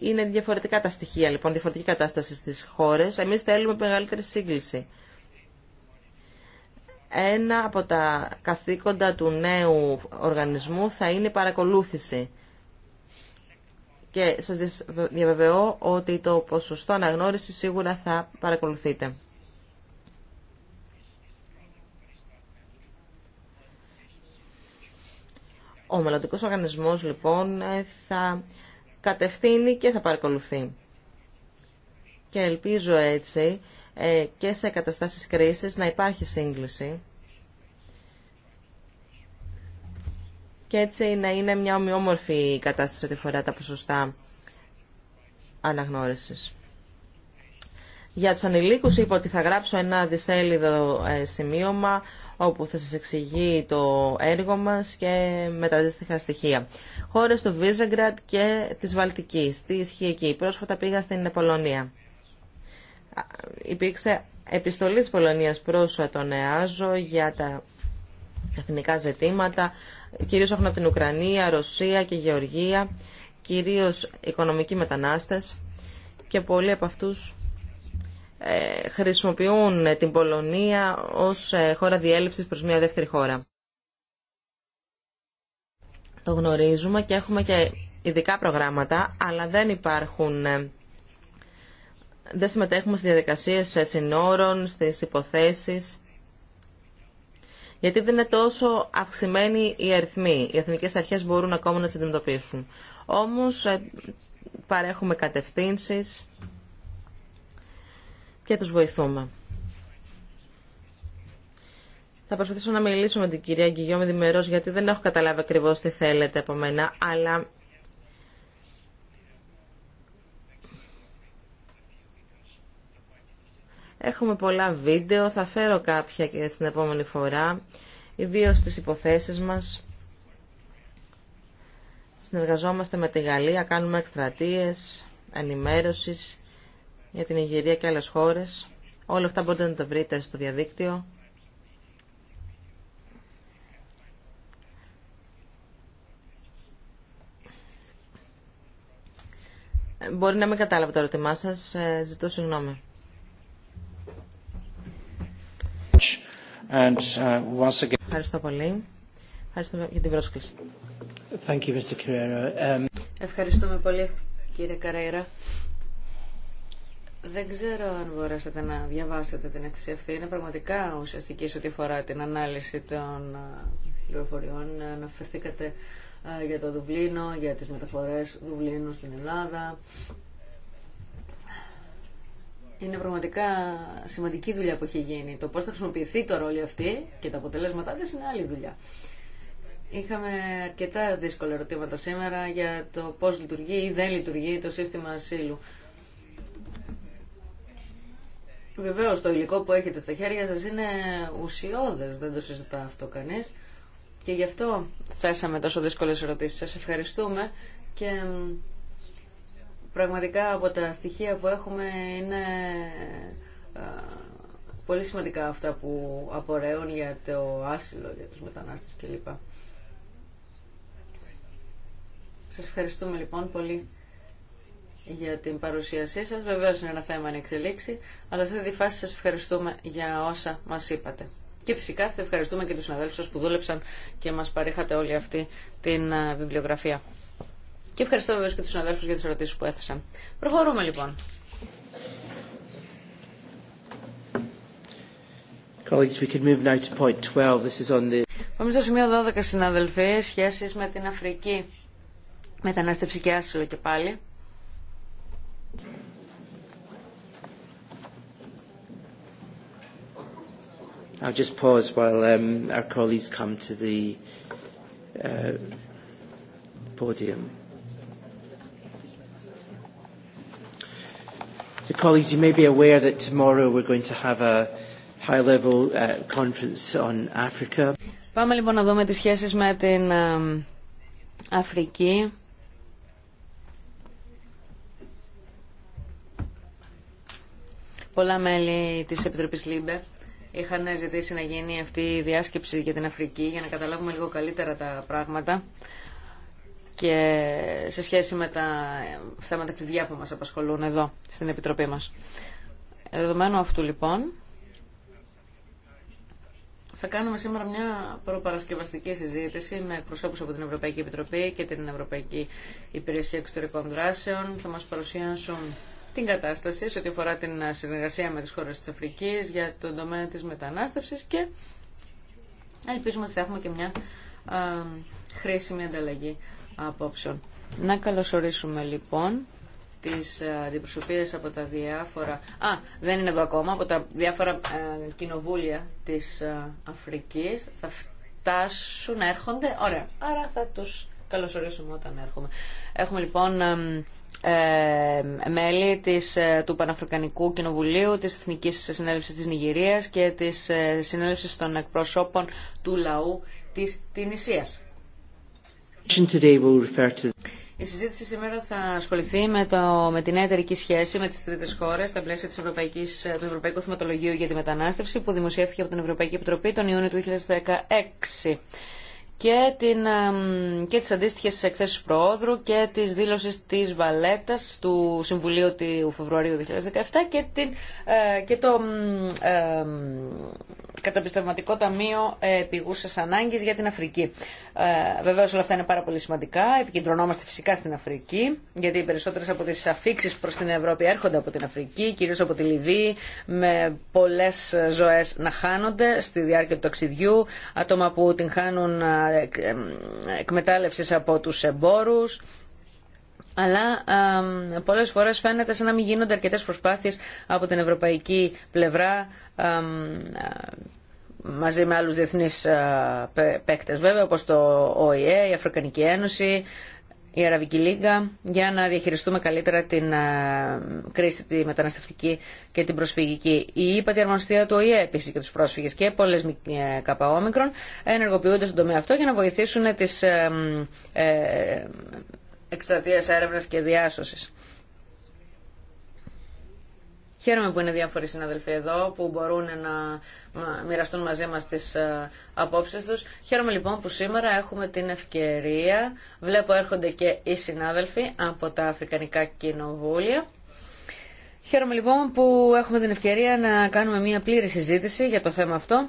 Είναι διαφορετικά τα στοιχεία, λοιπόν, διαφορετική κατάσταση στι χώρες. Εμεί θέλουμε μεγαλύτερη σύγκληση. Ένα από τα καθήκοντα του νέου οργανισμού θα είναι η παρακολούθηση. Και σας διαβεβαιώ ότι το ποσοστό αναγνώριση σίγουρα θα παρακολουθείτε. Ο μελλοντικό οργανισμός λοιπόν ε, θα κατευθύνει και θα παρακολουθεί. Και ελπίζω έτσι ε, και σε καταστάσεις κρίσης να υπάρχει σύγκληση. Και έτσι να είναι μια ομοιόμορφη κατάσταση ό,τι φορά τα ποσοστά αναγνώρισης. Για τους ανηλίκους είπα ότι θα γράψω ένα δισέλιδο ε, σημείωμα όπου θα σας εξηγεί το έργο μας και με τα αντίστοιχα στοιχεία. Χώρες του Βίζεγκρατ και της Βαλτικής. Τι ισχύει εκεί. Πρόσφατα πήγα στην Πολωνία. Υπήρξε επιστολή της Πολωνίας προς τον ΕΑΖΟ για τα εθνικά ζητήματα, κυρίως έχουν από την Ουκρανία, Ρωσία και Γεωργία, κυρίως οικονομικοί μετανάστες και πολλοί από αυτούς ε, χρησιμοποιούν την Πολωνία ως ε, χώρα διέλευσης προς μια δεύτερη χώρα. Το γνωρίζουμε και έχουμε και ειδικά προγράμματα, αλλά δεν υπάρχουν, ε, δεν συμμετέχουμε στις διαδικασίες συνόρων, στις υποθέσεις, γιατί δεν είναι τόσο αυξημένοι οι αριθμοί. Οι εθνικές αρχές μπορούν ακόμα να τις αντιμετωπίσουν. Όμως παρέχουμε κατευθύνσεις και τους βοηθούμε. Θα προσπαθήσω να μιλήσω με την κυρία Γκυγιώμη Δημερός γιατί δεν έχω καταλάβει ακριβώς τι θέλετε από μένα, αλλά Έχουμε πολλά βίντεο, θα φέρω κάποια και στην επόμενη φορά, ιδίως στις υποθέσεις μας. Συνεργαζόμαστε με τη Γαλλία, κάνουμε εκστρατείες, ενημέρωσης για την Ιγυρία και άλλες χώρες. Όλα αυτά μπορείτε να τα βρείτε στο διαδίκτυο. Μπορεί να μην κατάλαβα το ερώτημά σας. Ε, ζητώ συγγνώμη. And, uh, once again... Ευχαριστώ πολύ. Ευχαριστώ για την πρόσκληση. Thank you, Mr. Um, Ευχαριστούμε πολύ, κύριε Καραϊρά. Δεν ξέρω αν μπορέσατε να διαβάσετε την έκθεση αυτή. Είναι πραγματικά ουσιαστική σε ό,τι αφορά την ανάλυση των ε, πληροφοριών. Αναφερθήκατε ε, για το Δουβλίνο, για τις μεταφορές Δουβλίνου στην Ελλάδα. Είναι πραγματικά σημαντική δουλειά που έχει γίνει. Το πώς θα χρησιμοποιηθεί το ρόλο αυτή και τα αποτελέσματά της είναι άλλη δουλειά. Είχαμε αρκετά δύσκολα ερωτήματα σήμερα για το πώς λειτουργεί ή δεν λειτουργεί το σύστημα ασύλου. Βεβαίω το υλικό που έχετε στα χέρια σας είναι ουσιώδες, δεν το συζητά αυτό κανείς. Και γι' αυτό θέσαμε τόσο δύσκολε ερωτήσεις. Σας ευχαριστούμε και πραγματικά από τα στοιχεία που έχουμε είναι ε, πολύ σημαντικά αυτά που απορρέουν για το άσυλο, για τους μετανάστες κλπ. Σας ευχαριστούμε λοιπόν πολύ για την παρουσίασή σας. Βεβαίως είναι ένα θέμα ανεξελίξη, αλλά σε αυτή τη φάση σας ευχαριστούμε για όσα μας είπατε. Και φυσικά θα ευχαριστούμε και τους συναδέλφους σας που δούλεψαν και μας παρέχατε όλη αυτή την ε, βιβλιογραφία. Και ευχαριστώ βεβαίως και τους συναδέλφους για τις ερωτήσεις που έθεσαν. Προχωρούμε λοιπόν. Πάμε στο σημείο 12, συναδελφοί, σχέσεις με την Αφρική. Μετανάστευση και άσυλο και πάλι. I'll just pause while um, our colleagues come to the uh, podium. So colleagues, you may be aware that tomorrow we're going to have a high-level uh, conference on Africa. Πάμε λοιπόν να δούμε τις σχέσεις με την Αφρική. Πολλά μέλη της Επιτροπής Λίμπερ είχαν ζητήσει να γίνει αυτή η διάσκεψη για την Αφρική για να καταλάβουμε λίγο καλύτερα τα πράγματα και σε σχέση με τα θέματα κλειδιά που μας απασχολούν εδώ στην Επιτροπή μας. Δεδομένου αυτού λοιπόν, θα κάνουμε σήμερα μια προπαρασκευαστική συζήτηση με εκπροσώπους από την Ευρωπαϊκή Επιτροπή και την Ευρωπαϊκή Υπηρεσία Εξωτερικών Δράσεων. Θα μας παρουσιάσουν την κατάσταση σε ό,τι αφορά την συνεργασία με τις χώρες της Αφρικής για τον τομέα της μετανάστευσης και ελπίζουμε ότι θα έχουμε και μια χρήσιμη ανταλλαγή απόψεων. Να καλωσορίσουμε λοιπόν τις αντιπροσωπίες από τα διάφορα... Α, δεν είναι εδώ από τα διάφορα κοινοβούλια της Αφρικής. Θα φτάσουν, έρχονται. Ωραία. Άρα θα τους καλωσορίσουμε όταν έρχομαι. Έχουμε λοιπόν ε, μέλη της, ε, του Παναφρικανικού Κοινοβουλίου, της Εθνικής Συνέλευσης της Νιγηρίας και της ε, Συνέλευσης των Εκπροσώπων του Λαού της Τινησίας. Η συζήτηση σήμερα θα ασχοληθεί με, το, με την εταιρική σχέση με τις τρίτες χώρες στα πλαίσια της Ευρωπαϊκής, του Ευρωπαϊκού Θεματολογίου για τη Μετανάστευση που δημοσιεύθηκε από την Ευρωπαϊκή Επιτροπή τον Ιούνιο του 2016 και, την, και τις αντίστοιχες εκθέσεις προόδρου και τις δήλωσεις της Βαλέτας του Συμβουλίου του Φεβρουαρίου 2017 και, την, ε, και το καταπιστευματικό ταμείο ε, επιγούσε ανάγκη για την Αφρική. Ε, Βεβαίω όλα αυτά είναι πάρα πολύ σημαντικά. Επικεντρωνόμαστε φυσικά στην Αφρική, γιατί οι περισσότερε από τι αφήξει προ την Ευρώπη έρχονται από την Αφρική, κυρίω από τη Λιβύη, με πολλέ ζωέ να χάνονται στη διάρκεια του ταξιδιού, άτομα που την χάνουν ε, ε, εκμετάλλευση από του εμπόρου αλλά πολλέ πολλές φορές φαίνεται σαν να μην γίνονται αρκετές προσπάθειες από την ευρωπαϊκή πλευρά μαζί με άλλους διεθνείς παίκτες βέβαια όπως το ΟΗΕ, η Αφρικανική Ένωση, η Αραβική Λίγκα για να διαχειριστούμε καλύτερα την κρίση τη μεταναστευτική και την προσφυγική. Η τη αρμοστία του ΟΗΕ επίσης και του πρόσφυγε και πολλέ ε, ΚΟ ενεργοποιούνται στον τομέα αυτό για να βοηθήσουν τι εκστρατείας έρευνας και διάσωσης. Χαίρομαι που είναι διάφοροι συναδελφοί εδώ που μπορούν να μοιραστούν μαζί μας τις ε, απόψεις τους. Χαίρομαι λοιπόν που σήμερα έχουμε την ευκαιρία, βλέπω έρχονται και οι συνάδελφοι από τα Αφρικανικά Κοινοβούλια. Χαίρομαι λοιπόν που έχουμε την ευκαιρία να κάνουμε μια πλήρη συζήτηση για το θέμα αυτό.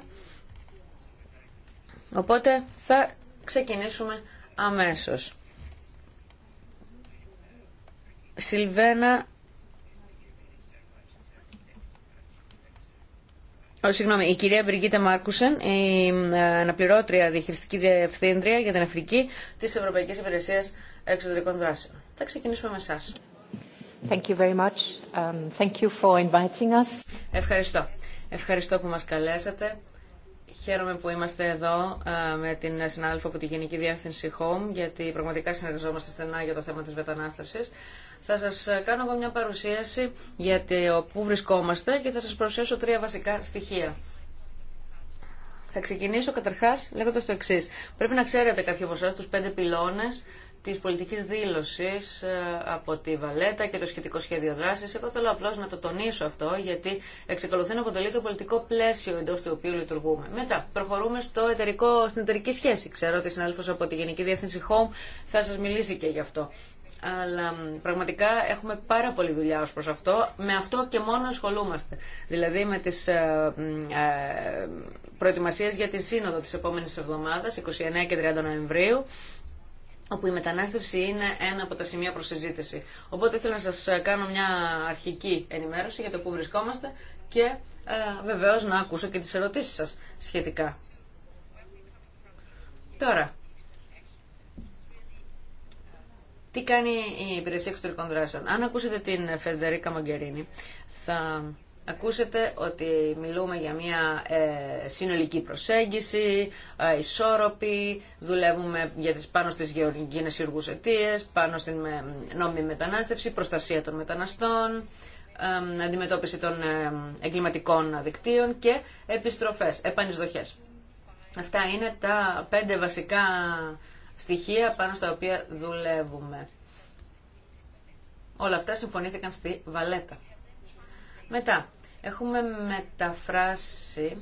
Οπότε θα ξεκινήσουμε αμέσως. Σιλβένα... η κυρία Μπριγκίτα Μάρκουσεν, η ε, αναπληρώτρια διαχειριστική διευθύντρια για την Αφρική τη Ευρωπαϊκή Υπηρεσία Εξωτερικών Δράσεων. Θα ξεκινήσουμε με εσά. Um, Ευχαριστώ. Ευχαριστώ που μας καλέσατε. Χαίρομαι που είμαστε εδώ ε, με την συνάδελφο από τη Γενική Διεύθυνση Home, γιατί πραγματικά συνεργαζόμαστε στενά για το θέμα της μετανάστευσης. Θα σας κάνω εγώ μια παρουσίαση για το πού βρισκόμαστε και θα σας παρουσιάσω τρία βασικά στοιχεία. Θα ξεκινήσω καταρχάς λέγοντας το εξή. Πρέπει να ξέρετε κάποιοι από εσάς τους πέντε πυλώνες της πολιτικής δήλωσης ε, από τη Βαλέτα και το σχετικό σχέδιο δράσης. Εγώ θέλω απλώς να το τονίσω αυτό, γιατί εξεκολουθεί να αποτελεί το πολιτικό πλαίσιο εντός του οποίου λειτουργούμε. Μετά, προχωρούμε στο εταιρικό, στην εταιρική σχέση. Ξέρω ότι συνάδελφος από τη Γενική Διεύθυνση Home θα σας μιλήσει και γι' αυτό. Αλλά πραγματικά έχουμε πάρα πολύ δουλειά ως προς αυτό. Με αυτό και μόνο ασχολούμαστε. Δηλαδή με τις ε, ε προετοιμασίες για τη σύνοδο τη επόμενη εβδομάδα, 29 και 30 Νοεμβρίου όπου η μετανάστευση είναι ένα από τα σημεία προς συζήτηση. Οπότε θέλω να σας κάνω μια αρχική ενημέρωση για το που βρισκόμαστε και ε, βεβαίως να ακούσω και τις ερωτήσεις σας σχετικά. Τώρα, τι κάνει η Υπηρεσία Εξωτερικών Δράσεων. Αν ακούσετε την Φεντερίκα Μαγκερίνη, θα ακούσετε ότι μιλούμε για μια ε, συνολική προσέγγιση, ε, ισόρροπη, δουλεύουμε για τις, πάνω στις γεωργικές αιτίε, αιτίες, πάνω στην νόμιμη μετανάστευση, προστασία των μεταναστών, αντιμετώπιση των ε, εγκληματικών δικτύων και επιστροφές, επανεισδοχές. Αυτά είναι τα πέντε βασικά στοιχεία πάνω στα οποία δουλεύουμε. Όλα αυτά συμφωνήθηκαν στη Βαλέτα. Μετά, Έχουμε μεταφράσει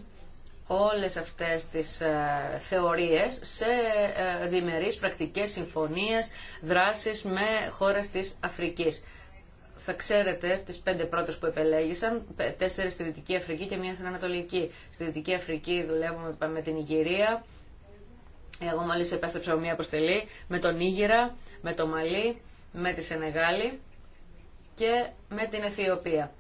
όλες αυτές τις ε, θεωρίες σε ε, διμερείς πρακτικές συμφωνίες, δράσεις με χώρες της Αφρικής. Θα ξέρετε τις πέντε πρώτες που επελέγησαν, τέσσερις στη Δυτική Αφρική και μία στην Ανατολική. Στη Δυτική Αφρική δουλεύουμε με την Ιγυρία, εγώ μόλις επέστρεψα μία αποστελή, με τον Ήγυρα, με το Μαλί, με τη Σενεγάλη και με την Αιθιοπία.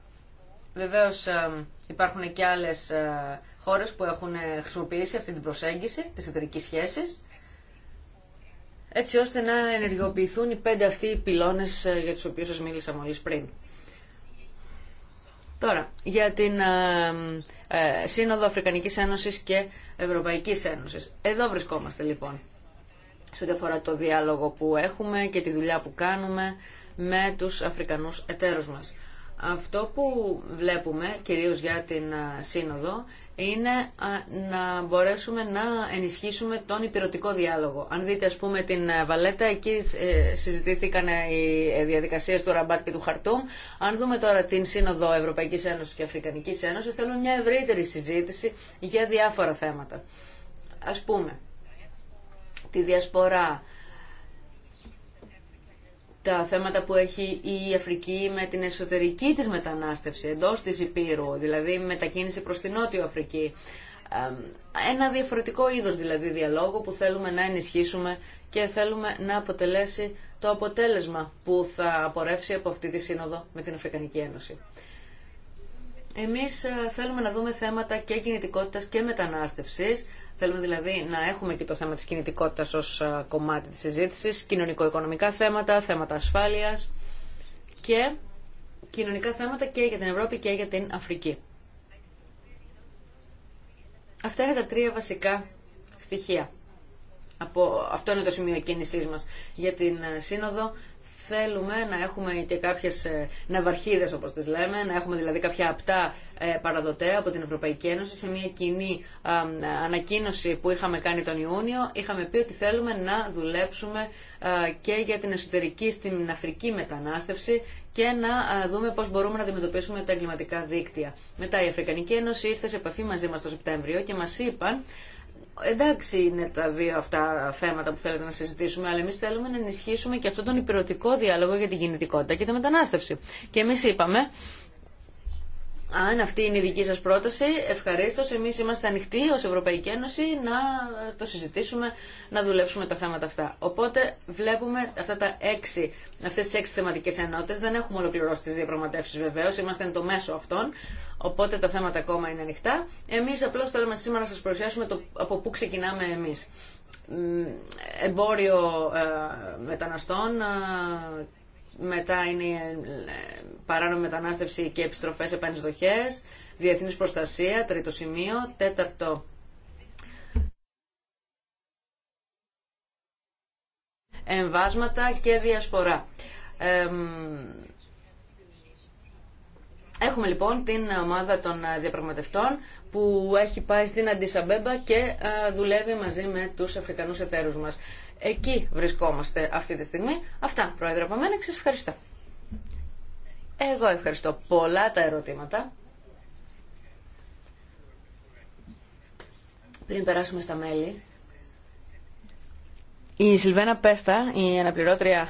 Βεβαίως ε, υπάρχουν και άλλες ε, χώρες που έχουν ε, χρησιμοποιήσει αυτή την προσέγγιση τις εταιρική σχέση, έτσι ώστε να ενεργοποιηθούν οι πέντε αυτοί οι πυλώνες για τους οποίους σας μίλησα μόλις πριν. Τώρα, για την Σύνοδο Αφρικανικής Ένωσης και Ευρωπαϊκής Ένωσης. Εδώ βρισκόμαστε λοιπόν, σε ό,τι αφορά το διάλογο που έχουμε και τη δουλειά που κάνουμε με τους Αφρικανούς εταίρους μας. Αυτό που βλέπουμε, κυρίως για την Σύνοδο, είναι να μπορέσουμε να ενισχύσουμε τον υπηρετικό διάλογο. Αν δείτε, ας πούμε, την Βαλέτα, εκεί ε, συζητήθηκαν ε, οι ε, διαδικασίες του Ραμπάτ και του Χαρτούμ. Αν δούμε τώρα την Σύνοδο Ευρωπαϊκής Ένωσης και Αφρικανικής Ένωσης, θέλουν μια ευρύτερη συζήτηση για διάφορα θέματα. Ας πούμε, τη διασπορά, τα θέματα που έχει η Αφρική με την εσωτερική της μετανάστευση εντός της Υπήρου, δηλαδή μετακίνηση προς την Νότιο Αφρική. Ένα διαφορετικό είδος δηλαδή διαλόγου που θέλουμε να ενισχύσουμε και θέλουμε να αποτελέσει το αποτέλεσμα που θα απορρεύσει από αυτή τη σύνοδο με την Αφρικανική Ένωση. Εμείς ε, θέλουμε να δούμε θέματα και κινητικότητας και μετανάστευσης Θέλουμε δηλαδή να έχουμε και το θέμα της κινητικότητας ως ε, κομμάτι της συζήτησης, κοινωνικο-οικονομικά θέματα, θέματα ασφάλειας και κοινωνικά θέματα και για την Ευρώπη και για την Αφρική. Αυτά είναι τα τρία βασικά στοιχεία. Από, αυτό είναι το σημείο κίνησή μας για την ε, Σύνοδο θέλουμε να έχουμε και κάποιες ε, ναυαρχίδες όπως τις λέμε, να έχουμε δηλαδή κάποια απτά ε, παραδοτέα από την Ευρωπαϊκή Ένωση σε μια κοινή ανακοίνωση που είχαμε κάνει τον Ιούνιο είχαμε πει ότι θέλουμε να δουλέψουμε ε, και για την εσωτερική στην Αφρική μετανάστευση και να δούμε πώς μπορούμε να αντιμετωπίσουμε τα εγκληματικά δίκτυα. Μετά η Αφρικανική Ένωση ήρθε σε επαφή μαζί μας το Σεπτέμβριο και μας είπαν εντάξει είναι τα δύο αυτά θέματα που θέλετε να συζητήσουμε, αλλά εμεί θέλουμε να ενισχύσουμε και αυτόν τον υπηρετικό διάλογο για την κινητικότητα και τη μετανάστευση. Και εμεί είπαμε αν αυτή είναι η δική σας πρόταση, ευχαρίστως. Εμείς είμαστε ανοιχτοί ως Ευρωπαϊκή Ένωση να το συζητήσουμε, να δουλέψουμε τα θέματα αυτά. Οπότε βλέπουμε αυτά τα έξι, αυτές τις έξι θεματικές ενότητες. Δεν έχουμε ολοκληρώσει τις διαπραγματεύσεις βεβαίως, είμαστε το μέσο αυτών. Οπότε τα θέματα ακόμα είναι ανοιχτά. Εμείς απλώς θέλουμε σήμερα να σας παρουσιάσουμε το, από πού ξεκινάμε εμείς εμπόριο ε, μεταναστών ε, μετά είναι ε, παράνομη μετανάστευση και επιστροφές επανεισδοχές, διεθνή προστασία, τρίτο σημείο, τέταρτο εμβάσματα και διασπορά. Έχουμε λοιπόν την ομάδα των ε, διαπραγματευτών που έχει πάει στην Αντισαμπέμπα και ε, δουλεύει μαζί με τους Αφρικανούς εταίρους μας. Εκεί βρισκόμαστε αυτή τη στιγμή. Αυτά, Πρόεδρε, από μένα. Σας ευχαριστώ. Εγώ ευχαριστώ πολλά τα ερωτήματα. Πριν περάσουμε στα μέλη, η Σιλβένα Πέστα, η αναπληρώτρια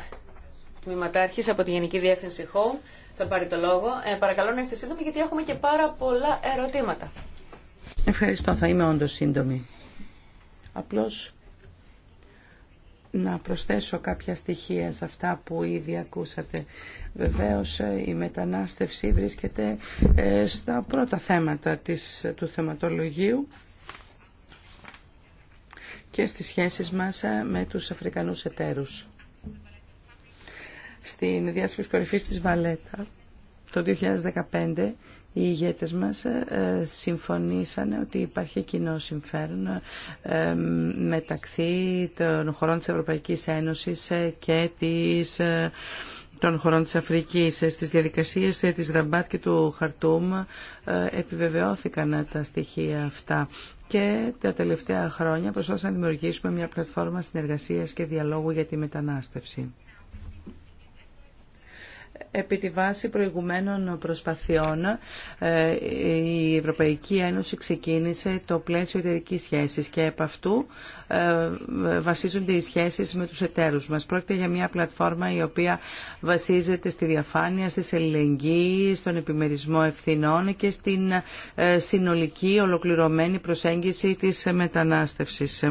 τμήματάρχης από τη Γενική Διεύθυνση Home, θα πάρει το λόγο. Ε, παρακαλώ να είστε σύντομοι γιατί έχουμε και πάρα πολλά ερωτήματα. Ευχαριστώ, θα είμαι όντως σύντομη. Απλώς να προσθέσω κάποια στοιχεία σε αυτά που ήδη ακούσατε. Βεβαίως η μετανάστευση βρίσκεται ε, στα πρώτα θέματα της, του θεματολογίου και στις σχέσεις μας ε, με τους Αφρικανούς εταίρους. Στην διάσκεψη κορυφής της Βαλέτα το 2015 οι ηγέτες μας ε, ε, συμφωνήσανε ότι υπάρχει κοινό συμφέρον ε, μεταξύ των χωρών της Ευρωπαϊκής Ένωσης και της των χωρών της Αφρικής. Στις διαδικασίες της Ραμπάτ και του Χαρτούμ επιβεβαιώθηκαν τα στοιχεία αυτά και τα τελευταία χρόνια προσπαθούμε να δημιουργήσουμε μια πλατφόρμα συνεργασίας και διαλόγου για τη μετανάστευση επί τη βάση προηγουμένων προσπαθειών ε, η Ευρωπαϊκή Ένωση ξεκίνησε το πλαίσιο εταιρική σχέσης και επ' αυτού ε, βασίζονται οι σχέσεις με τους εταίρους μας. Πρόκειται για μια πλατφόρμα η οποία βασίζεται στη διαφάνεια, στη ελληνική, στον επιμερισμό ευθυνών και στην ε, συνολική ολοκληρωμένη προσέγγιση της μετανάστευσης.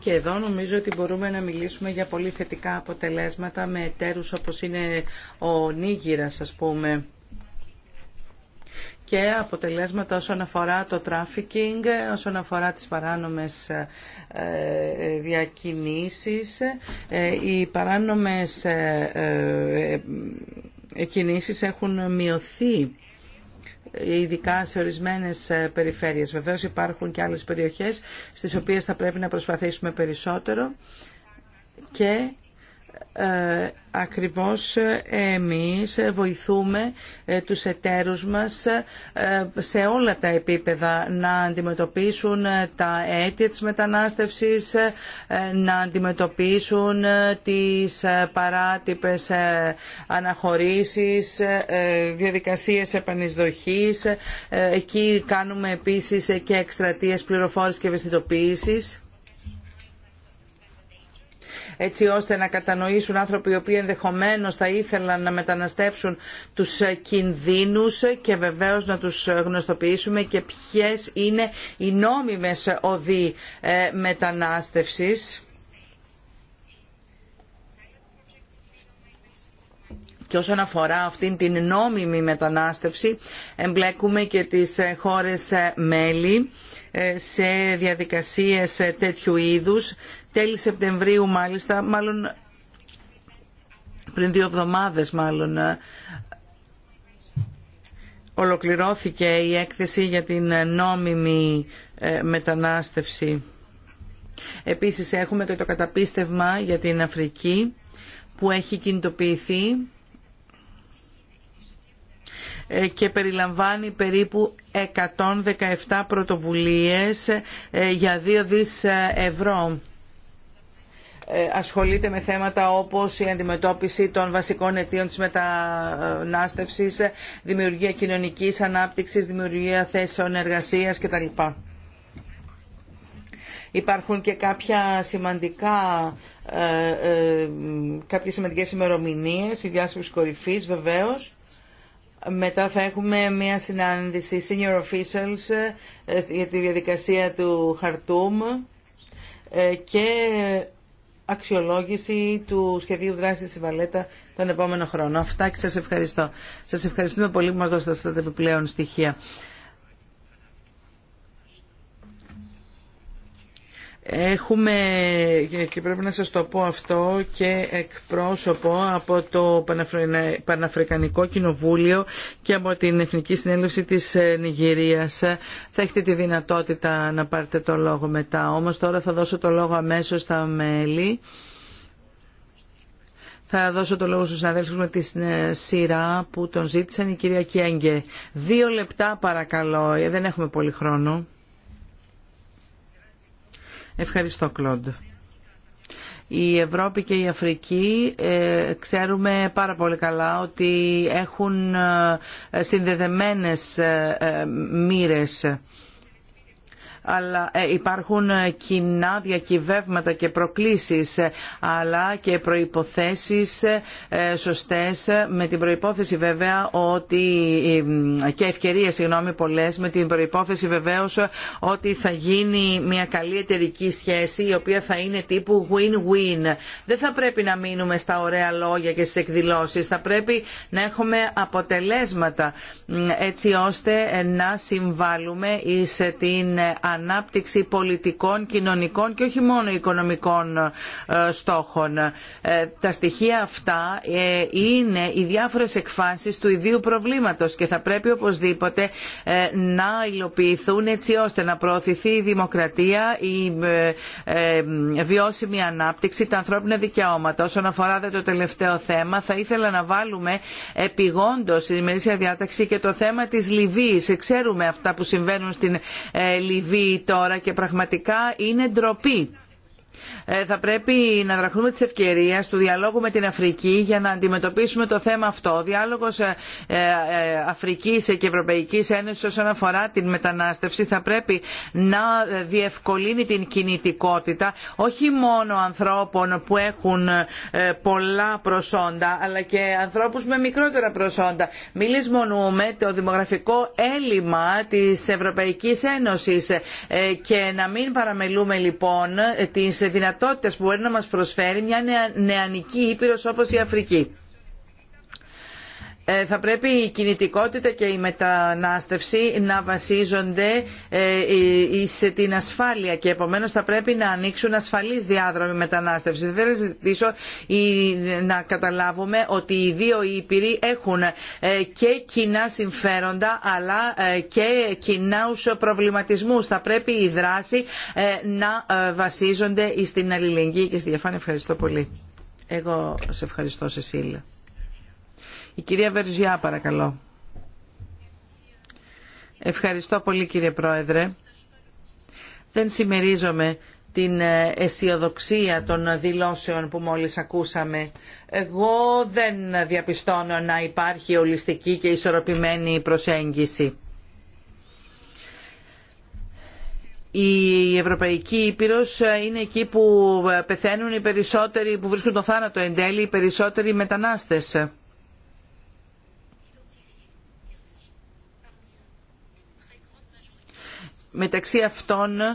Και εδώ νομίζω ότι μπορούμε να μιλήσουμε για πολύ θετικά αποτελέσματα με εταίρους όπως είναι ο Νίγηρας ας πούμε και αποτελέσματα όσον αφορά το τράφικινγκ, όσον αφορά τις παράνομες ε, διακινήσεις. Ε, οι παράνομες ε, κινήσεις έχουν μειωθεί ειδικά σε ορισμένες ε, περιφέρειες. Βεβαίως υπάρχουν και άλλες περιοχές στις οποίες θα πρέπει να προσπαθήσουμε περισσότερο και ε, ακριβώς ε, εμείς βοηθούμε ε, τους εταίρους μας σε όλα τα επίπεδα να αντιμετωπίσουν τα αίτια της μετανάστευσης, να αντιμετωπίσουν τις παράτυπες αναχωρήσεις, διαδικασίες επανεισδοχής. Εκεί κάνουμε επίσης και εκστρατείες πληροφόρησης και ευαισθητοποίησης έτσι ώστε να κατανοήσουν άνθρωποι οι οποίοι ενδεχομένως θα ήθελαν να μεταναστεύσουν τους κινδύνου και βεβαίω να τους γνωστοποιήσουμε και ποιες είναι οι νόμιμες οδοί ε, μετανάστευση. Και όσον αφορά αυτήν την νόμιμη μετανάστευση, εμπλέκουμε και τις χώρες ε, μέλη ε, σε διαδικασίες τέτοιου είδους τέλη Σεπτεμβρίου μάλιστα, μάλλον πριν δύο εβδομάδες μάλλον, ε, ολοκληρώθηκε η έκθεση για την νόμιμη ε, μετανάστευση. Επίσης έχουμε και το καταπίστευμα για την Αφρική που έχει κινητοποιηθεί ε, και περιλαμβάνει περίπου 117 πρωτοβουλίες για 2 δις ευρώ. Ε, ασχολείται με θέματα όπως η αντιμετώπιση των βασικών αιτίων της μετανάστευσης, δημιουργία κοινωνικής ανάπτυξης, δημιουργία θέσεων εργασίας κτλ. Υπάρχουν και κάποια σημαντικά ε, ε, κάποιες σημαντικές ημερομηνίες, η διάσκεψη κορυφής βεβαίως. Μετά θα έχουμε μια συνάντηση senior officials για τη διαδικασία του Χαρτούμ και αξιολόγηση του σχεδίου δράσης της Βαλέτα τον επόμενο χρόνο. Αυτά και σας ευχαριστώ. Σας ευχαριστούμε πολύ που μας δώσατε αυτά τα επιπλέον στοιχεία. Έχουμε, και πρέπει να σας το πω αυτό, και εκπρόσωπο από το Παναφρικανικό Κοινοβούλιο και από την Εθνική Συνέλευση της ε, Νιγηρίας. Θα έχετε τη δυνατότητα να πάρετε το λόγο μετά. Όμως τώρα θα δώσω το λόγο αμέσως στα μέλη. Θα δώσω το λόγο στους συναδέλφους με τη ε, σειρά που τον ζήτησαν η κυρία Κιέγκε. Δύο λεπτά παρακαλώ, ε, δεν έχουμε πολύ χρόνο. Ευχαριστώ, Κλοντ. Η Ευρώπη και η Αφρική ε, ξέρουμε πάρα πολύ καλά ότι έχουν ε, συνδεδεμένες ε, μοίρες αλλά ε, υπάρχουν ε, κοινά διακυβεύματα και προκλήσεις ε, αλλά και προϋποθέσεις σωστές με την προϋπόθεση βέβαια ότι και ευκαιρίες συγγνώμη πολλές με την προϋπόθεση βεβαίως ότι θα γίνει μια καλή εταιρική σχέση η οποία θα είναι τύπου win-win. Δεν θα πρέπει να μείνουμε στα ωραία λόγια και στις εκδηλώσεις. Θα πρέπει να έχουμε αποτελέσματα έτσι ώστε να συμβάλλουμε σε την ανάπτυξη ανάπτυξη πολιτικών, κοινωνικών και όχι μόνο οικονομικών ε, στόχων. Ε, τα στοιχεία αυτά ε, είναι οι διάφορες εκφάνσεις του ιδίου προβλήματος και θα πρέπει οπωσδήποτε να υλοποιηθούν έτσι ώστε να προωθηθεί η δημοκρατία, η βιώσιμη ανάπτυξη, τα ανθρώπινα δικαιώματα. Όσον αφορά δε το τελευταίο θέμα, θα ήθελα να βάλουμε επιγόντως στην ημερήσια διάταξη και το θέμα της Λιβύης. Ξέρουμε αυτά που συμβαίνουν στην Λιβύη τώρα και πραγματικά είναι ντροπή. Ε, θα πρέπει να δραχθούμε τις ευκαιρία του διαλόγου με την Αφρική για να αντιμετωπίσουμε το θέμα αυτό. Ο διάλογος ε, ε, Αφρική και Ευρωπαϊκής Ένωση όσον αφορά την μετανάστευση θα πρέπει να διευκολύνει την κινητικότητα όχι μόνο ανθρώπων που έχουν πολλά προσόντα αλλά και ανθρώπους με μικρότερα προσόντα. μη λησμονούμε το δημογραφικό έλλειμμα της Ευρωπαϊκής Ένωσης και να μην παραμελούμε λοιπόν τις δυνατότητες δυνατότητες που μπορεί να μας προσφέρει μια νεανική ήπειρος όπως η Αφρική. Ε, θα πρέπει η κινητικότητα και η μετανάστευση να βασίζονται ε, ε, σε την ασφάλεια και επομένως θα πρέπει να ανοίξουν ασφαλείς διάδρομοι μετανάστευσης. Δεν να ζητήσω να καταλάβουμε ότι οι δύο ήπειροι έχουν και κοινά συμφέροντα αλλά και κοινά προβληματισμούς. Θα πρέπει η δράση να βασίζονται στην αλληλεγγύη και στη διαφάνεια. Ευχαριστώ πολύ. Εγώ σε ευχαριστώ Σεσίλια. Η κυρία Βερζιά παρακαλώ. Ευχαριστώ πολύ κύριε Πρόεδρε. Δεν συμμερίζομαι την ε, αισιοδοξία των δηλώσεων που μόλις ακούσαμε. Εγώ δεν διαπιστώνω να υπάρχει ολιστική και ισορροπημένη προσέγγιση. η ευρωπαϊκή ήπειρος είναι εκεί που ε, πεθαίνουν οι περισσότεροι που βρίσκουν το θάνατο εν τέλει οι περισσότεροι μετανάστες μεταξύ αυτών ε,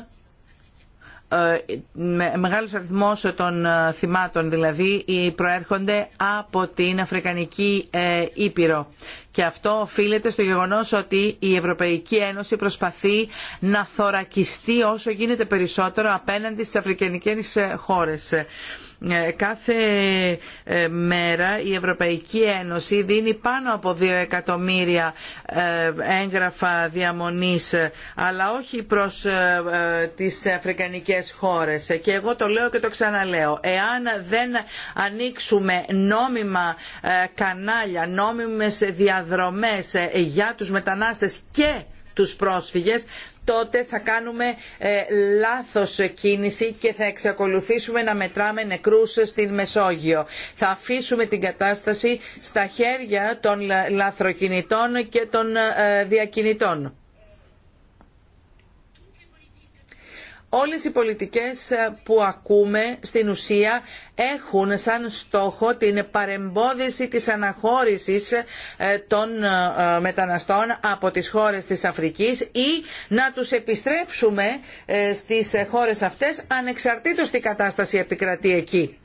μεγάλος αριθμός των ε, θυμάτων δηλαδή προέρχονται από την Αφρικανική ε, Ήπειρο και αυτό οφείλεται στο γεγονός ότι η Ευρωπαϊκή Ένωση προσπαθεί να θωρακιστεί όσο γίνεται περισσότερο απέναντι στις αφρικανικές χώρες. Ε, κάθε ε, μέρα η Ευρωπαϊκή Ένωση δίνει πάνω από 2 εκατομμύρια ε, έγγραφα διαμονής αλλά όχι προς τις αφρικανικές χώρες και εγώ το λέω και το ξαναλέω εάν δεν ανοίξουμε νόμιμα κανάλια, νόμιμες διαδρομές για τους μετανάστες και τους πρόσφυγες τότε θα κάνουμε ε, λάθος κίνηση και θα εξακολουθήσουμε να μετράμε νεκρούς στην Μεσόγειο. Θα αφήσουμε την κατάσταση στα χέρια των λαθροκινητών και των ε, διακινητών. Όλες οι πολιτικές ε, που ακούμε στην ουσία έχουν σαν στόχο την παρεμπόδιση της αναχώρησης ε, των ε, μεταναστών από τις χώρες της Αφρικής ή να τους επιστρέψουμε στις χώρες αυτές ανεξαρτήτως τι κατάσταση επικρατεί εκεί.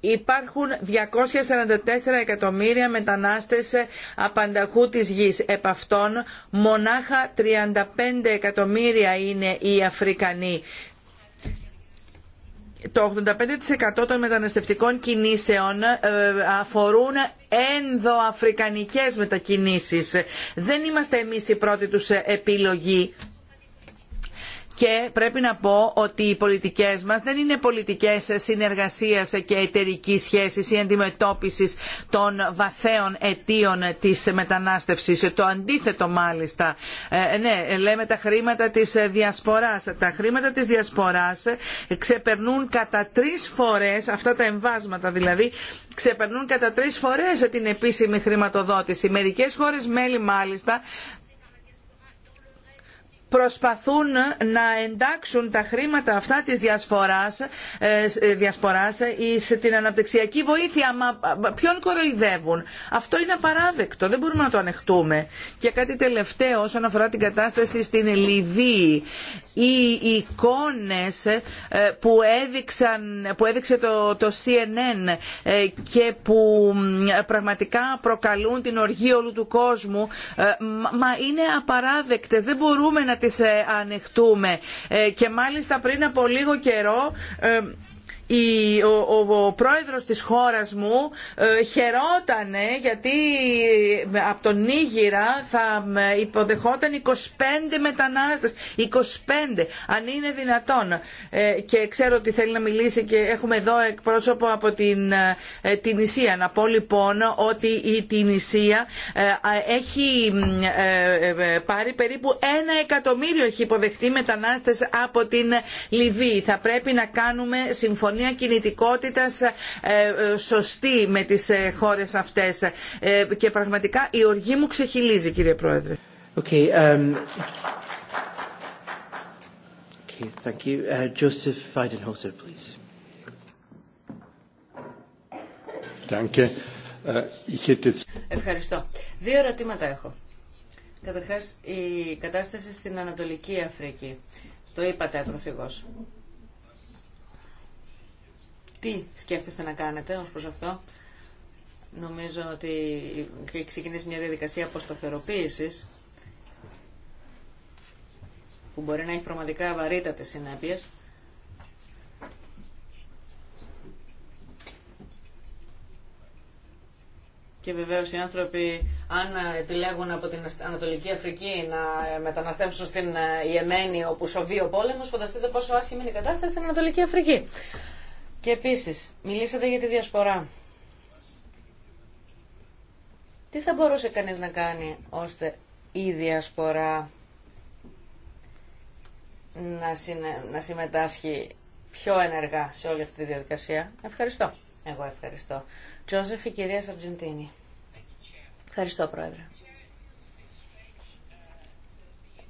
Υπάρχουν 244 εκατομμύρια μετανάστες απανταχού της γης. Επ' αυτών μονάχα 35 εκατομμύρια είναι οι Αφρικανοί. Το 85% των μεταναστευτικών κινήσεων ε, αφορούν ενδοαφρικανικές μετακινήσεις. Δεν είμαστε εμείς η πρώτη τους επιλογή και πρέπει να πω ότι οι πολιτικές μας δεν είναι πολιτικές συνεργασίας και εταιρική σχέσης ή αντιμετώπισης των βαθέων αιτίων της μετανάστευσης. Το αντίθετο μάλιστα. Ε, ναι, λέμε τα χρήματα της διασποράς. Τα χρήματα της διασποράς ξεπερνούν κατά τρεις φορές, αυτά τα εμβάσματα δηλαδή, ξεπερνούν κατά τρεις φορές την επίσημη χρηματοδότηση. Μερικές χώρες μέλη μάλιστα προσπαθούν να εντάξουν τα χρήματα αυτά της ε, ε, διασποράς, διασποράς ε, σε την αναπτυξιακή βοήθεια. Μα ποιον κοροϊδεύουν. Αυτό είναι απαράδεκτο. Δεν μπορούμε να το ανεχτούμε. Και κάτι τελευταίο όσον αφορά την κατάσταση στην Λιβύη. Οι εικόνες που, έδειξαν, που έδειξε το, το CNN και που πραγματικά προκαλούν την οργή όλου του κόσμου, μα είναι απαράδεκτες. Δεν μπορούμε να τις ε, ανεχτούμε. Ε, και μάλιστα πριν από λίγο καιρό ε, η, ο, ο, ο πρόεδρος της χώρας μου ε, χαιρότανε γιατί ε, από τον Νίγηρα θα ε, υποδεχόταν 25 μετανάστες. 25, αν είναι δυνατόν. Ε, και ξέρω ότι θέλει να μιλήσει και έχουμε εδώ εκπρόσωπο από την ε, Να πω λοιπόν ότι η Ισία έχει πάρει περίπου ένα εκατομμύριο έχει υποδεχτεί μετανάστες από την Λιβύη. Θα πρέπει να κάνουμε συμφωνία μια κινητικότητα ε, ε, σωστή με τις ε, χώρες αυτές και πραγματικά η οργή μου ξεχυλίζει κύριε Πρόεδρε. Okay, um, thank you. Uh, Joseph please. Danke. Uh, Ευχαριστώ. Δύο ερωτήματα έχω. Καταρχάς, η κατάσταση στην Ανατολική Αφρική. Το είπατε ατροφηγός τι σκέφτεστε να κάνετε ως προς αυτό. Νομίζω ότι έχει ξεκινήσει μια διαδικασία αποσταθεροποίησης που μπορεί να έχει πραγματικά βαρύτατες συνέπειες. Και βεβαίω οι άνθρωποι, αν επιλέγουν από την Ανατολική Αφρική να μεταναστεύσουν στην Ιεμένη, όπου σοβεί ο πόλεμο, φανταστείτε πόσο άσχημη είναι η κατάσταση στην Ανατολική Αφρική. Και επίσης, μιλήσατε για τη διασπορά. Τι θα μπορούσε κανείς να κάνει ώστε η διασπορά να, συνε... να συμμετάσχει πιο ενεργά σε όλη αυτή τη διαδικασία. Ευχαριστώ. Εγώ ευχαριστώ. Τζόσεφ, η κυρία Σαρτζεντίνη. Ευχαριστώ, Πρόεδρε.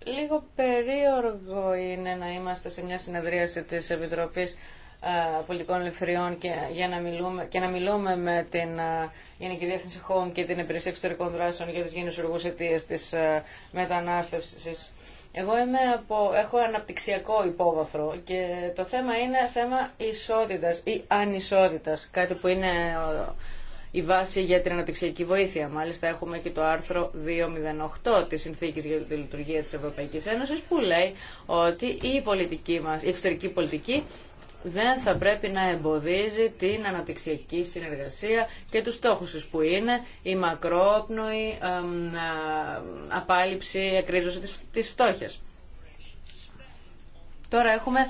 Λίγο περίοργο είναι να είμαστε σε μια συνεδρίαση της Επιτροπής ε, πολιτικών ελευθεριών και, για να μιλούμε, και να μιλούμε με την ε, Γενική Διεύθυνση Home και την Υπηρεσία Εξωτερικών Δράσεων για τις γενισουργούς αιτίες της ε, μετανάστευσης. Εγώ είμαι από, έχω αναπτυξιακό υπόβαθρο και το θέμα είναι θέμα ισότητας ή ανισότητας, κάτι που είναι η βάση για την αναπτυξιακή βοήθεια. Μάλιστα έχουμε και το άρθρο 208 της Συνθήκης για τη Λειτουργία της Ευρωπαϊκής Ένωσης που λέει ότι η, πολιτική μας, η εξωτερική πολιτική δεν θα πρέπει να εμποδίζει την αναπτυξιακή συνεργασία και τους στόχους τους που είναι η μακρόπνοη απάλληψη, εκρίζωση της φτώχειας. Τώρα έχουμε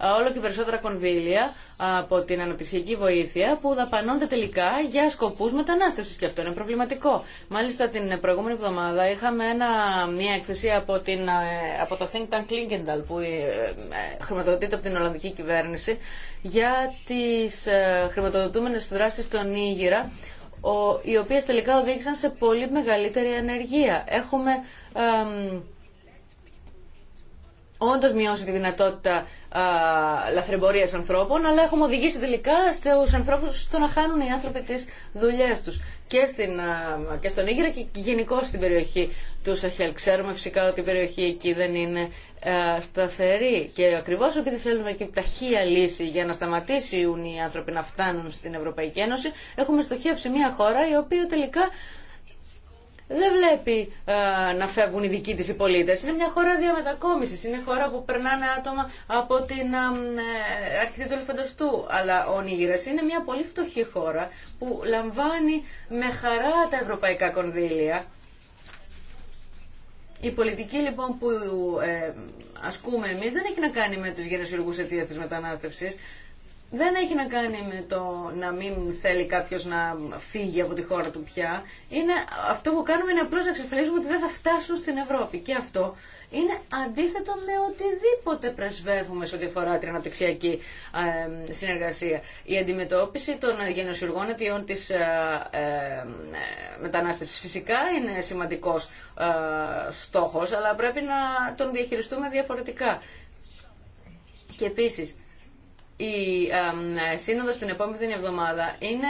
όλο και περισσότερα κονδύλια από την αναπτυξιακή βοήθεια που δαπανώνται τελικά για σκοπούς μετανάστευσης και αυτό είναι προβληματικό. Μάλιστα την προηγούμενη εβδομάδα είχαμε μια έκθεση ε, από, το Think Tank Klingendal που ε, ε, χρηματοδοτείται από την Ολλανδική κυβέρνηση για τις χρηματοδοτούμενες δράσεις στο Ήγηρα οι οποίες τελικά οδήγησαν σε πολύ μεγαλύτερη ανεργία. Έχουμε όντως μειώσει τη δυνατότητα λαθρεμπορία ανθρώπων, αλλά έχουμε οδηγήσει τελικά στους ανθρώπους στο να χάνουν οι άνθρωποι τι δουλειέ τους και, και στον Ήγυρα και γενικώ στην περιοχή του Σαχέλ. Ξέρουμε φυσικά ότι η περιοχή εκεί δεν είναι σταθερή και ακριβώς επειδή θέλουμε και ταχεία λύση για να σταματήσουν οι άνθρωποι να φτάνουν στην Ευρωπαϊκή Ένωση, έχουμε στοχεύσει μια χώρα η οποία τελικά δεν βλέπει ε, να φεύγουν οι δικοί της οι πολίτες. Είναι μια χώρα διαμετακόμισης, είναι χώρα που περνάνε άτομα από την ε, ε αρχιτή του Αλλά ο Νίγηρας είναι μια πολύ φτωχή χώρα που λαμβάνει με χαρά τα ευρωπαϊκά κονδύλια. Η πολιτική λοιπόν που ε, ασκούμε εμείς δεν έχει να κάνει με τους γενεσιουργούς αιτίας της μετανάστευσης δεν έχει να κάνει με το να μην θέλει κάποιος να φύγει από τη χώρα του πια. Είναι, αυτό που κάνουμε είναι απλώς να εξασφαλίζουμε ότι δεν θα φτάσουν στην Ευρώπη. Και αυτό είναι αντίθετο με οτιδήποτε πρεσβεύουμε σε ό,τι αφορά την αναπτυξιακή συνεργασία. Η αντιμετώπιση των γενοσυργών αιτιών της ε, ε, μετανάστευσης φυσικά είναι σημαντικός ε, στόχος, αλλά πρέπει να τον διαχειριστούμε διαφορετικά. Και επίσης, η ε, σύνοδος την επόμενη εβδομάδα είναι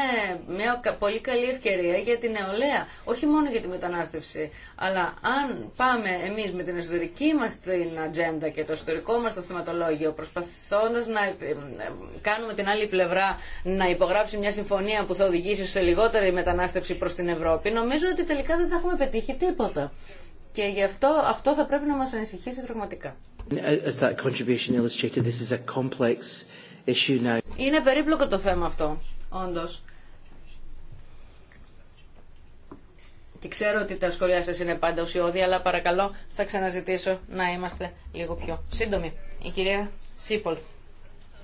μια πολύ καλή ευκαιρία για την νεολαία, όχι μόνο για τη μετανάστευση, αλλά αν πάμε εμείς με την εσωτερική μας την ατζέντα και το εσωτερικό μας το θεματολόγιο, προσπαθώντας να κάνουμε την άλλη πλευρά να υπογράψει μια συμφωνία που θα οδηγήσει σε λιγότερη μετανάστευση προς την Ευρώπη, νομίζω ότι τελικά δεν θα έχουμε πετύχει τίποτα. Και γι' αυτό, αυτό θα πρέπει να μας ανησυχήσει πραγματικά. As that contribution illustrated, this is a complex είναι περίπλοκο το θέμα αυτό, όντω. Και ξέρω ότι τα σχόλιά σα είναι πάντα ουσιώδη, αλλά παρακαλώ θα ξαναζητήσω να είμαστε λίγο πιο σύντομοι. Η κυρία Σίπολ.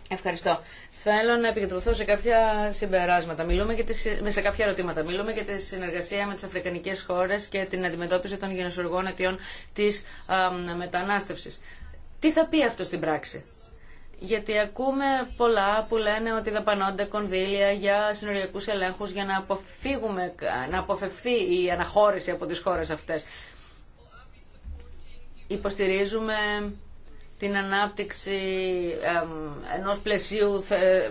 Ευχαριστώ. Θέλω να επικεντρωθώ σε κάποια συμπεράσματα. Μιλούμε για τις, σε κάποια ερωτήματα. Μιλούμε για τη συνεργασία με τι αφρικανικέ χώρε και την αντιμετώπιση των γενεσουργών αιτιών τη μετανάστευση. Τι θα πει αυτό στην πράξη. Γιατί ακούμε πολλά που λένε ότι δαπανώνται κονδύλια για συνοριακούς ελέγχους για να, αποφύγουμε, να αποφευθεί η αναχώρηση από τις χώρες αυτές. Υποστηρίζουμε την ανάπτυξη ενός πλαισίου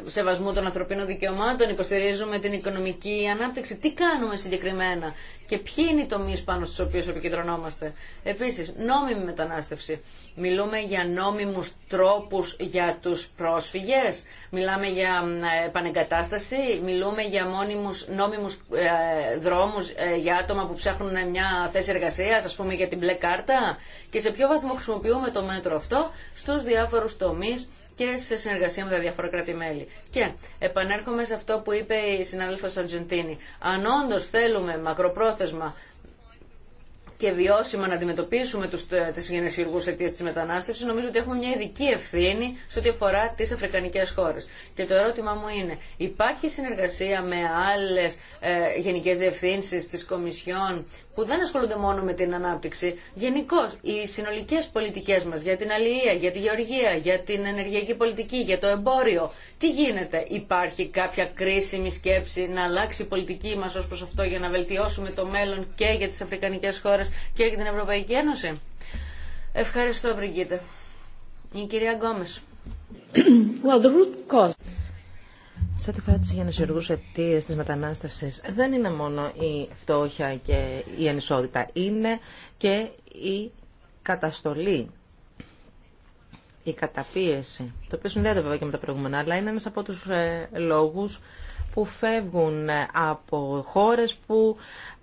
σεβασμού των ανθρωπίνων δικαιωμάτων, υποστηρίζουμε την οικονομική ανάπτυξη. Τι κάνουμε συγκεκριμένα και ποιοι είναι οι τομεί πάνω στου οποίου επικεντρωνόμαστε. Επίση, νόμιμη μετανάστευση. Μιλούμε για νόμιμου τρόπου για του πρόσφυγε, μιλάμε για επανεγκατάσταση, μιλούμε για μόνιμους, νόμιμους ε, δρόμους ε, για άτομα που ψάχνουν μια θέση εργασία, ας πούμε για την μπλε κάρτα και σε ποιο βαθμό χρησιμοποιούμε το μέτρο αυτό στου διάφορου τομεί και σε συνεργασία με τα διάφορα κράτη-μέλη. Και επανέρχομαι σε αυτό που είπε η συνάδελφο Αργεντίνη. Αν όντω θέλουμε μακροπρόθεσμα και βιώσιμα να αντιμετωπίσουμε ε, τι γενεσιουργού αιτίε τη μετανάστευσης, νομίζω ότι έχουμε μια ειδική ευθύνη σε ό,τι αφορά τι αφρικανικέ χώρε. Και το ερώτημά μου είναι, υπάρχει συνεργασία με άλλε ε, γενικέ διευθύνσει τη Κομισιόν που δεν ασχολούνται μόνο με την ανάπτυξη. Γενικώ, οι συνολικέ πολιτικέ μα για την αλληλεία, για τη γεωργία, για την ενεργειακή πολιτική, για το εμπόριο. Τι γίνεται, υπάρχει κάποια κρίσιμη σκέψη να αλλάξει η πολιτική μα ω προ αυτό για να βελτιώσουμε το μέλλον και για τι Αφρικανικέ χώρε και για την Ευρωπαϊκή Ένωση. Ευχαριστώ, Μπριγκίτε. Η κυρία Γκόμε. Well, σε ό,τι φορά τι γενεσιουργού αιτίε τη μετανάστευση, δεν είναι μόνο η φτώχεια και η ανισότητα, είναι και η καταστολή, η καταπίεση, το οποίο συνδέεται βέβαια και με τα προηγούμενα, αλλά είναι ένα από του ε, λόγου που φεύγουν ε, από χώρες που,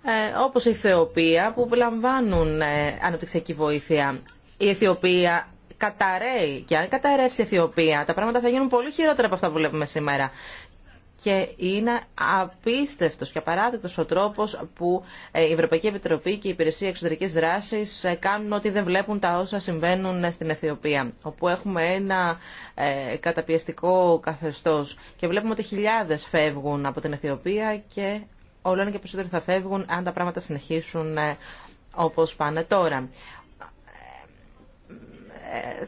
ε, όπως η Θεοπία που λαμβάνουν αναπτυξιακή βοήθεια. Η Αιθιοπία καταραίει και αν καταρρεύσει η Αιθιοπία, τα πράγματα θα γίνουν πολύ χειρότερα από αυτά που βλέπουμε σήμερα και είναι απίστευτος και απαράδεκτος ο τρόπος που ε, η Ευρωπαϊκή Επιτροπή και η Υπηρεσία Εξωτερική δράση ε, κάνουν ότι δεν βλέπουν τα όσα συμβαίνουν ε, στην Αιθιοπία, όπου έχουμε ένα καταπιεστικό καθεστώς και βλέπουμε ότι χιλιάδε φεύγουν από την Αιθιοπία και όλο και περισσότεροι θα φεύγουν αν τα πράγματα συνεχίσουν όπως πάνε τώρα.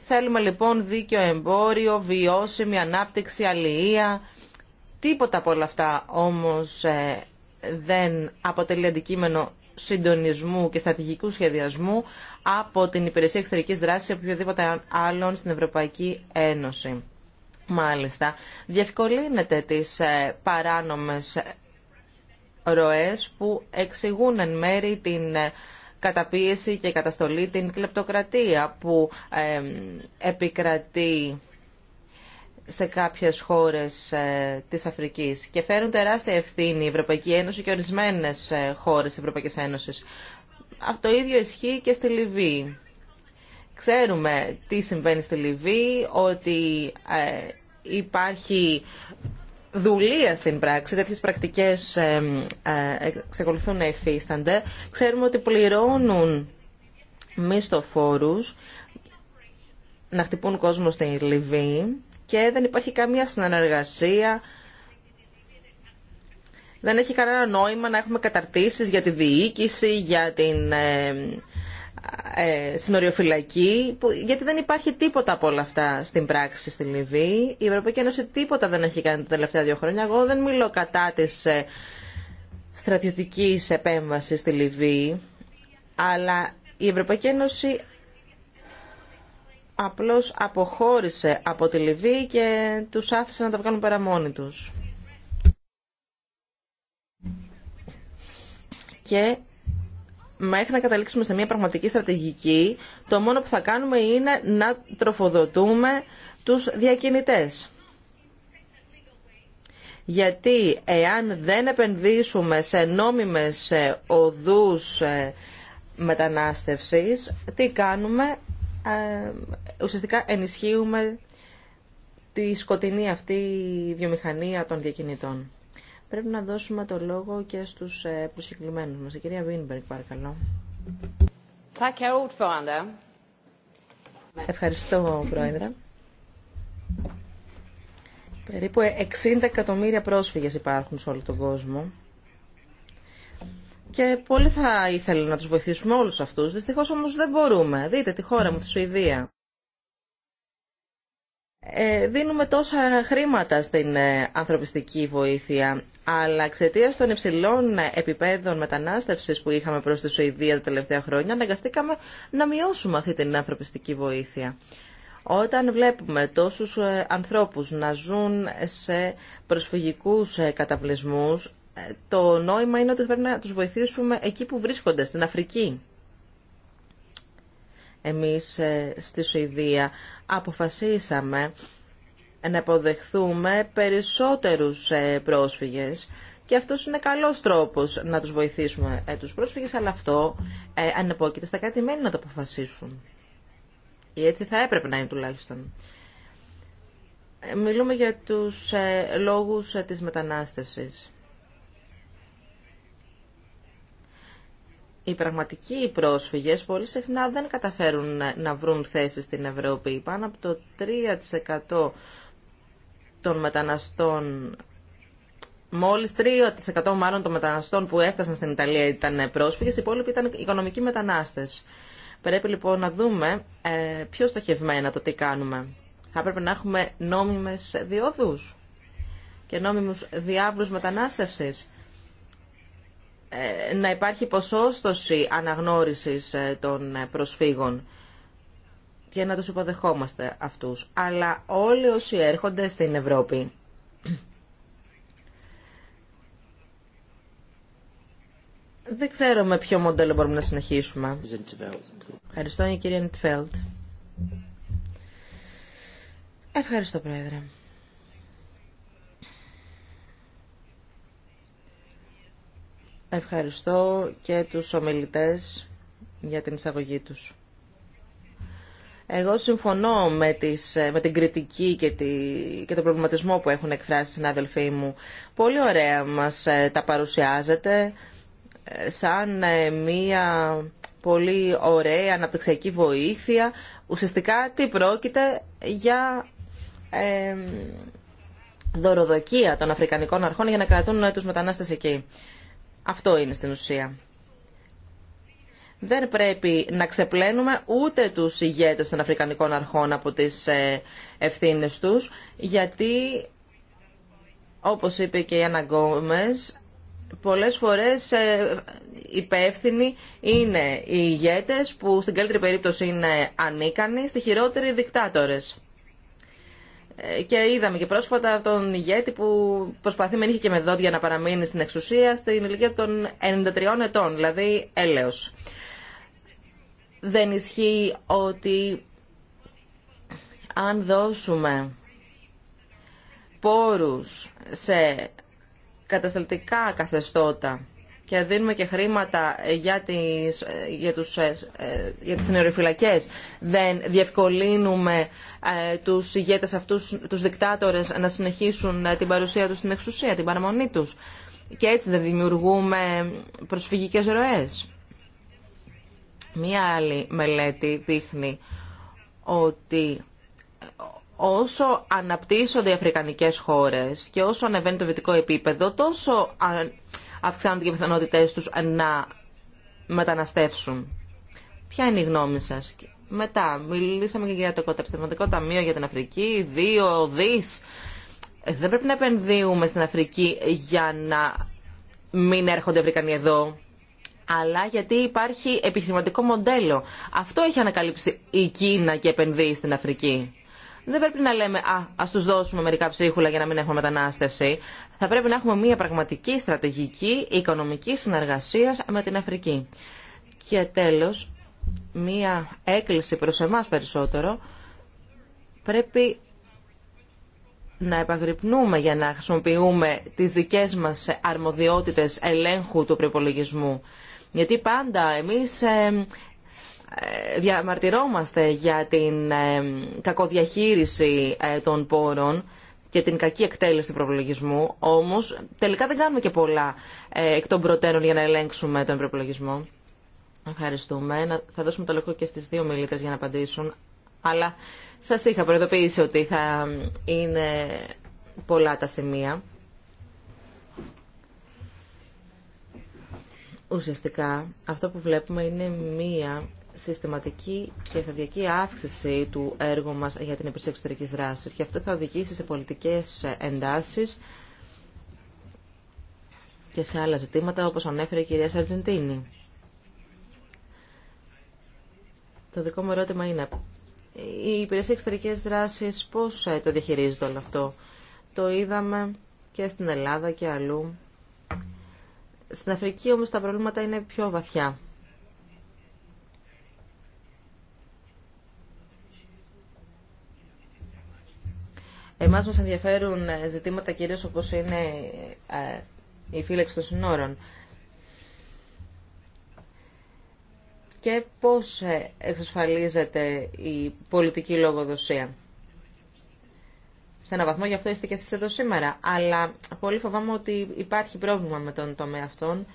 Θέλουμε λοιπόν δίκαιο εμπόριο, βιώσιμη ανάπτυξη, αλληλεία Τίποτα από όλα αυτά όμως ε, δεν αποτελεί αντικείμενο συντονισμού και στρατηγικού σχεδιασμού από την Υπηρεσία Εξωτερικής Δράσης ή οποιοδήποτε άλλον στην Ευρωπαϊκή Ένωση. Μάλιστα, διευκολύνεται τις ε, παράνομες ροές που εξηγούν εν μέρη την ε, καταπίεση και καταστολή την κλεπτοκρατία που επικρατεί σε κάποιες χώρες ε, της Αφρικής και φέρουν τεράστια ευθύνη η Ευρωπαϊκή Ένωση και ορισμένες ε, χώρες της Ευρωπαϊκής Ένωσης. Αυτό ίδιο ισχύει και στη Λιβύη. Ξέρουμε τι συμβαίνει στη Λιβύη, ότι ε, υπάρχει δουλεία στην πράξη, τέτοιε πρακτικές εξακολουθούν να υφίστανται. Ξέρουμε ότι πληρώνουν μισθοφόρους να χτυπούν κόσμο στην Λιβύη και δεν υπάρχει καμία συνανεργασία. Δεν έχει κανένα νόημα να έχουμε καταρτήσεις για τη διοίκηση, για την ε, ε, συνοριοφυλακή, γιατί δεν υπάρχει τίποτα από όλα αυτά στην πράξη στη Λιβύη. Η Ευρωπαϊκή Ένωση τίποτα δεν έχει κάνει τα τελευταία δύο χρόνια. Εγώ δεν μιλώ κατά της ε, στρατιωτικής επέμβασης στη Λιβύη, αλλά η Ευρωπαϊκή Ένωση απλώς αποχώρησε από τη Λιβύη και τους άφησε να τα βγάλουν πέρα μόνοι τους. Και μέχρι να καταλήξουμε σε μια πραγματική στρατηγική, το μόνο που θα κάνουμε είναι να τροφοδοτούμε τους διακινητές. Γιατί εάν δεν επενδύσουμε σε νόμιμες ε, οδούς ε, μετανάστευσης, τι κάνουμε, ουσιαστικά ενισχύουμε τη σκοτεινή αυτή βιομηχανία των διακινητών. Πρέπει να δώσουμε το λόγο και στους ε, προσκεκλημένους μας. Η κυρία Βίνμπεργκ, παρακαλώ. Ευχαριστώ, Πρόεδρε. Περίπου 60 εκατομμύρια πρόσφυγες υπάρχουν σε όλο τον κόσμο. Και πολύ θα ήθελα να τους βοηθήσουμε όλους αυτούς. Δυστυχώς όμως δεν μπορούμε. Δείτε τη χώρα μου, τη Σουηδία. Ε, δίνουμε τόσα χρήματα στην ε, ανθρωπιστική βοήθεια, αλλά εξαιτία των υψηλών επιπέδων μετανάστευσης που είχαμε προς τη Σουηδία τα τελευταία χρόνια, αναγκαστήκαμε να μειώσουμε αυτή την ανθρωπιστική βοήθεια. Όταν βλέπουμε τόσους ε, ανθρώπους να ζουν σε προσφυγικούς ε, καταβλισμούς, το νόημα είναι ότι πρέπει να τους βοηθήσουμε εκεί που βρίσκονται, στην Αφρική. Εμείς ε, στη Σουηδία αποφασίσαμε να υποδεχθούμε περισσότερους ε, πρόσφυγες και αυτό είναι καλός τρόπος να τους βοηθήσουμε ε, τους πρόσφυγες, αλλά αυτό ανεπόκειται στα κάτι μένει να το αποφασίσουν. Ή έτσι θα έπρεπε να είναι τουλάχιστον. Μιλούμε για τους λόγους της μετανάστευσης. οι πραγματικοί πρόσφυγες πολύ συχνά δεν καταφέρουν να βρουν θέση στην Ευρώπη. Πάνω από το 3% των μεταναστών, Μόλι 3% μάλλον των μεταναστών που έφτασαν στην Ιταλία ήταν πρόσφυγες, οι υπόλοιποι ήταν οικονομικοί μετανάστες. Πρέπει λοιπόν να δούμε ε, πιο στοχευμένα το τι κάνουμε. Θα έπρεπε να έχουμε νόμιμες διόδους και νόμιμους διάβλους μετανάστευσης ε, να υπάρχει ποσόστοση αναγνώρισης ε, των ε, προσφύγων και να τους υποδεχόμαστε αυτούς. Αλλά όλοι όσοι έρχονται στην Ευρώπη δεν ξέρω με ποιο μοντέλο μπορούμε να συνεχίσουμε. Ευχαριστώ η κυρία Νιτφέλτ. Ευχαριστώ Πρόεδρε. Ευχαριστώ και τους ομιλητές για την εισαγωγή τους. Εγώ συμφωνώ με, τις, με την κριτική και, τη, και τον προβληματισμό που έχουν εκφράσει οι συνάδελφοί μου. Πολύ ωραία μας ε, τα παρουσιάζετε ε, σαν ε, μία πολύ ωραία αναπτυξιακή βοήθεια. Ουσιαστικά τι πρόκειται για δωροδοκία των Αφρικανικών αρχών για να κρατούν τους μετανάστες εκεί. Αυτό είναι στην ουσία. Δεν πρέπει να ξεπλένουμε ούτε τους ηγέτες των Αφρικανικών αρχών από τις ε, ευθύνες τους, γιατί, όπως είπε και η Άννα Γκόμες, πολλές φορές ε, υπεύθυνοι είναι οι ηγέτες που στην καλύτερη περίπτωση είναι ανίκανοι, στη χειρότερη δικτάτορες. Ε, και είδαμε και πρόσφατα τον ηγέτη που προσπαθεί με νύχη και με δόντια να παραμείνει στην εξουσία στην ηλικία των 93 ετών, δηλαδή έλεος. Δεν ισχύει ότι αν δώσουμε πόρους σε κατασταλτικά καθεστώτα και δίνουμε και χρήματα ε, για τις, ε, για τους, ε, για τις δεν διευκολύνουμε τους ηγέτες αυτούς, τους δικτάτορες να συνεχίσουν την παρουσία τους στην εξουσία, την παραμονή τους. Και έτσι δεν δημιουργούμε προσφυγικές ροές. Μία άλλη μελέτη δείχνει ότι όσο αναπτύσσονται οι αφρικανικές χώρες και όσο ανεβαίνει το βιτικό επίπεδο, τόσο αυξάνονται και οι πιθανότητές τους να μεταναστεύσουν. Ποια είναι η γνώμη σας. Μετά, μιλήσαμε και για το Καταπιστευματικό Ταμείο για την Αφρική, δύο δις. Ε, δεν πρέπει να επενδύουμε στην Αφρική για να μην έρχονται Αφρικανοί εδώ, αλλά γιατί υπάρχει επιχειρηματικό μοντέλο. Αυτό έχει ανακαλύψει η Κίνα και επενδύει στην Αφρική δεν πρέπει να λέμε «Α, ας τους δώσουμε μερικά ψίχουλα για να μην έχουμε μετανάστευση». Θα πρέπει να έχουμε μια πραγματική στρατηγική οικονομική συνεργασία με την Αφρική. Και τέλος, μια έκκληση προς εμάς περισσότερο, πρέπει να επαγρυπνούμε για να χρησιμοποιούμε τις δικές μας αρμοδιότητες ελέγχου του προπολογισμού. Γιατί πάντα εμείς ε, διαμαρτυρόμαστε για την ε, κακοδιαχείριση ε, των πόρων και την κακή εκτέλεση του προπολογισμού, όμως τελικά δεν κάνουμε και πολλά ε, εκ των προτέρων για να ελέγξουμε τον προπολογισμό. Ευχαριστούμε. Θα δώσουμε το λόγο και στις δύο μιλήτες για να απαντήσουν. Αλλά σας είχα προειδοποιήσει ότι θα είναι πολλά τα σημεία. Ουσιαστικά αυτό που βλέπουμε είναι μία συστηματική και σταδιακή αύξηση του έργου μας για την υπηρεσία εξωτερικής δράσης και αυτό θα οδηγήσει σε πολιτικές εντάσεις και σε άλλα ζητήματα όπως ανέφερε η κυρία Σαρτζεντίνη. Το δικό μου ερώτημα είναι η υπηρεσία εξωτερικές δράσεις πώς ε, το διαχειρίζεται όλο αυτό. Το είδαμε και στην Ελλάδα και αλλού. Στην Αφρική όμως τα προβλήματα είναι πιο βαθιά. Εμάς μας ενδιαφέρουν ε, ζητήματα κυρίως όπως είναι ε, η φύλαξη των συνόρων. Και πώς ε, εξασφαλίζεται η πολιτική λογοδοσία. Σε έναν βαθμό γι' αυτό είστε και εσείς εδώ σήμερα. Αλλά πολύ φοβάμαι ότι υπάρχει πρόβλημα με τον τομέα αυτόν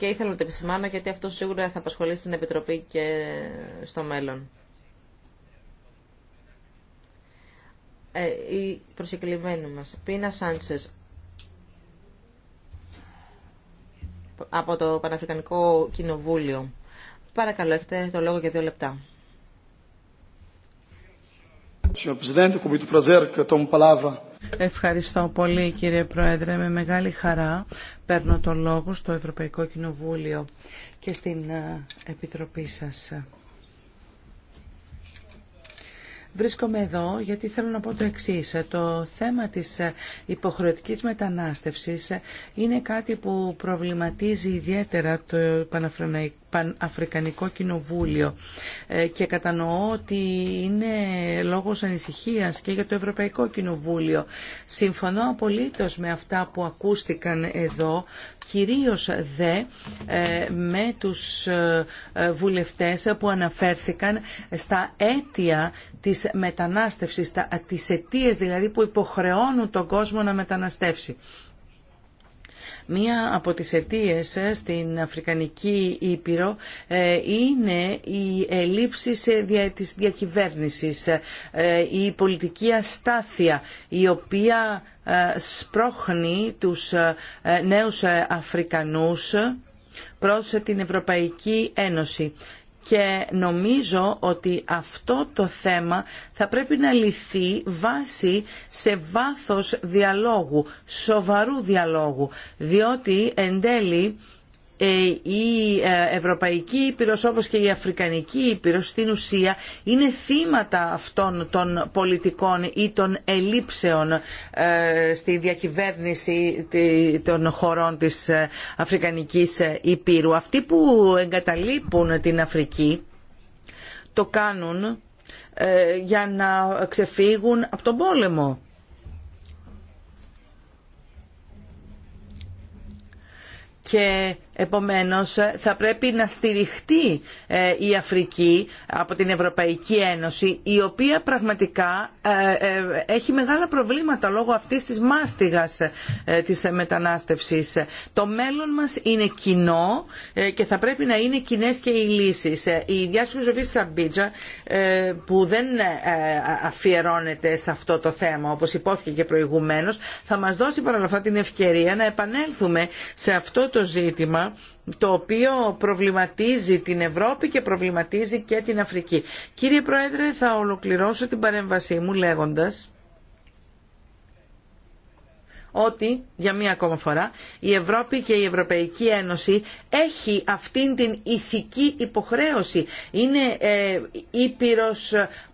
και ήθελα να το επισημάνω γιατί αυτό σίγουρα θα απασχολεί στην Επιτροπή και στο μέλλον. Ε, η προσεκλημένη μας, Πίνα Σάντσες, από το Παναφρικανικό Κοινοβούλιο. Παρακαλώ, έχετε το λόγο για δύο λεπτά. Ευχαριστώ πολύ κύριε Πρόεδρε. Με μεγάλη χαρά παίρνω το λόγο στο Ευρωπαϊκό Κοινοβούλιο και στην ε, Επιτροπή σας. Βρίσκομαι εδώ γιατί θέλω να πω το εξή. Το θέμα της υποχρεωτικής μετανάστευσης είναι κάτι που προβληματίζει ιδιαίτερα το Παναφρικανικό Κοινοβούλιο ε, και κατανοώ ότι είναι λόγος ανησυχίας και για το Ευρωπαϊκό Κοινοβούλιο. Συμφωνώ απολύτως με αυτά που ακούστηκαν εδώ κυρίως δε ε, με τους ε, βουλευτές που αναφέρθηκαν στα αίτια της μετανάστευσης, τις αιτίες δηλαδή που υποχρεώνουν τον κόσμο να μεταναστεύσει. Μία από τις αιτίες ε, στην Αφρικανική Ήπειρο είναι η ελλείψη της διακυβέρνησης, η πολιτική αστάθεια, η οποία ε, σπρώχνει τους ε, ε, νέους Αφρικανούς προς την Ευρωπαϊκή Ένωση. Και νομίζω ότι αυτό το θέμα θα πρέπει να λυθεί βάσει σε βάθος διαλόγου, σοβαρού διαλόγου, διότι εν ε, η ε, Ευρωπαϊκή Ήπειρος όπως και η Αφρικανική Ήπειρος στην ουσία είναι θύματα αυτών των πολιτικών ή των ελήψεων ε, στη διακυβέρνηση των χωρών της Αφρικανικής Ήπειρου. Αυτοί που εγκαταλείπουν την Αφρική το κάνουν για να ξεφύγουν από τον πόλεμο. Και Επομένως θα πρέπει να στηριχτεί ε, η Αφρική από την Ευρωπαϊκή Ένωση η οποία πραγματικά ε, ε, έχει μεγάλα προβλήματα λόγω αυτής της μάστιγας της μετανάστευσης. Το μέλλον μας είναι κοινό και θα πρέπει να είναι κοινέ και οι λύσεις. Η διάσκεψη ζωή της Αμπίτζα που δεν αφιερώνεται σε αυτό το θέμα όπως υπόθηκε και προηγουμένως θα μας δώσει παρόλα την ευκαιρία να επανέλθουμε σε αυτό το ζήτημα το οποίο προβληματίζει την Ευρώπη και προβληματίζει και την Αφρική. Κύριε Πρόεδρε, θα ολοκληρώσω την παρέμβασή μου λέγοντας ότι για μία ακόμα φορά η Ευρώπη και η Ευρωπαϊκή Ένωση έχει αυτήν την ηθική υποχρέωση. Είναι ε,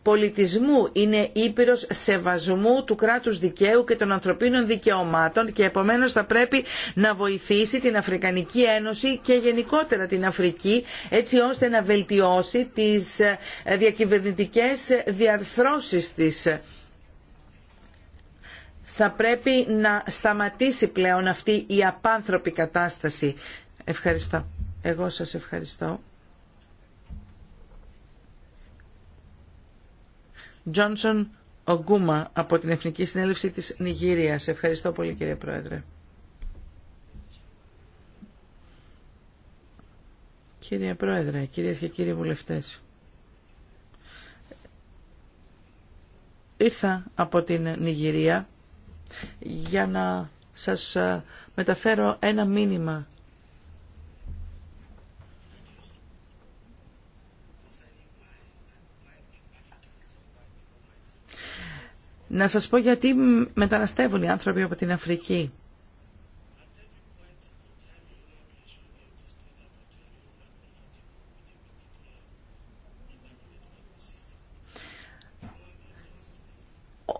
πολιτισμού, είναι ήπειρος σεβασμού του κράτους δικαίου και των ανθρωπίνων δικαιωμάτων και επομένως θα πρέπει να βοηθήσει την Αφρικανική Ένωση και γενικότερα την Αφρική έτσι ώστε να βελτιώσει τις ε, διακυβερνητικές διαρθρώσεις της θα πρέπει να σταματήσει πλέον αυτή η απάνθρωπη κατάσταση. Ευχαριστώ. Εγώ σας ευχαριστώ. Τζόνσον Ογκούμα από την Εθνική Συνέλευση της Νιγήριας. Ευχαριστώ πολύ κύριε Πρόεδρε. Κύριε Πρόεδρε, κύριε και κύριοι βουλευτές. Ήρθα από την Νιγηρία για να σας ε, μεταφέρω ένα μήνυμα. Να σας πω γιατί μεταναστεύουν οι άνθρωποι από την Αφρική.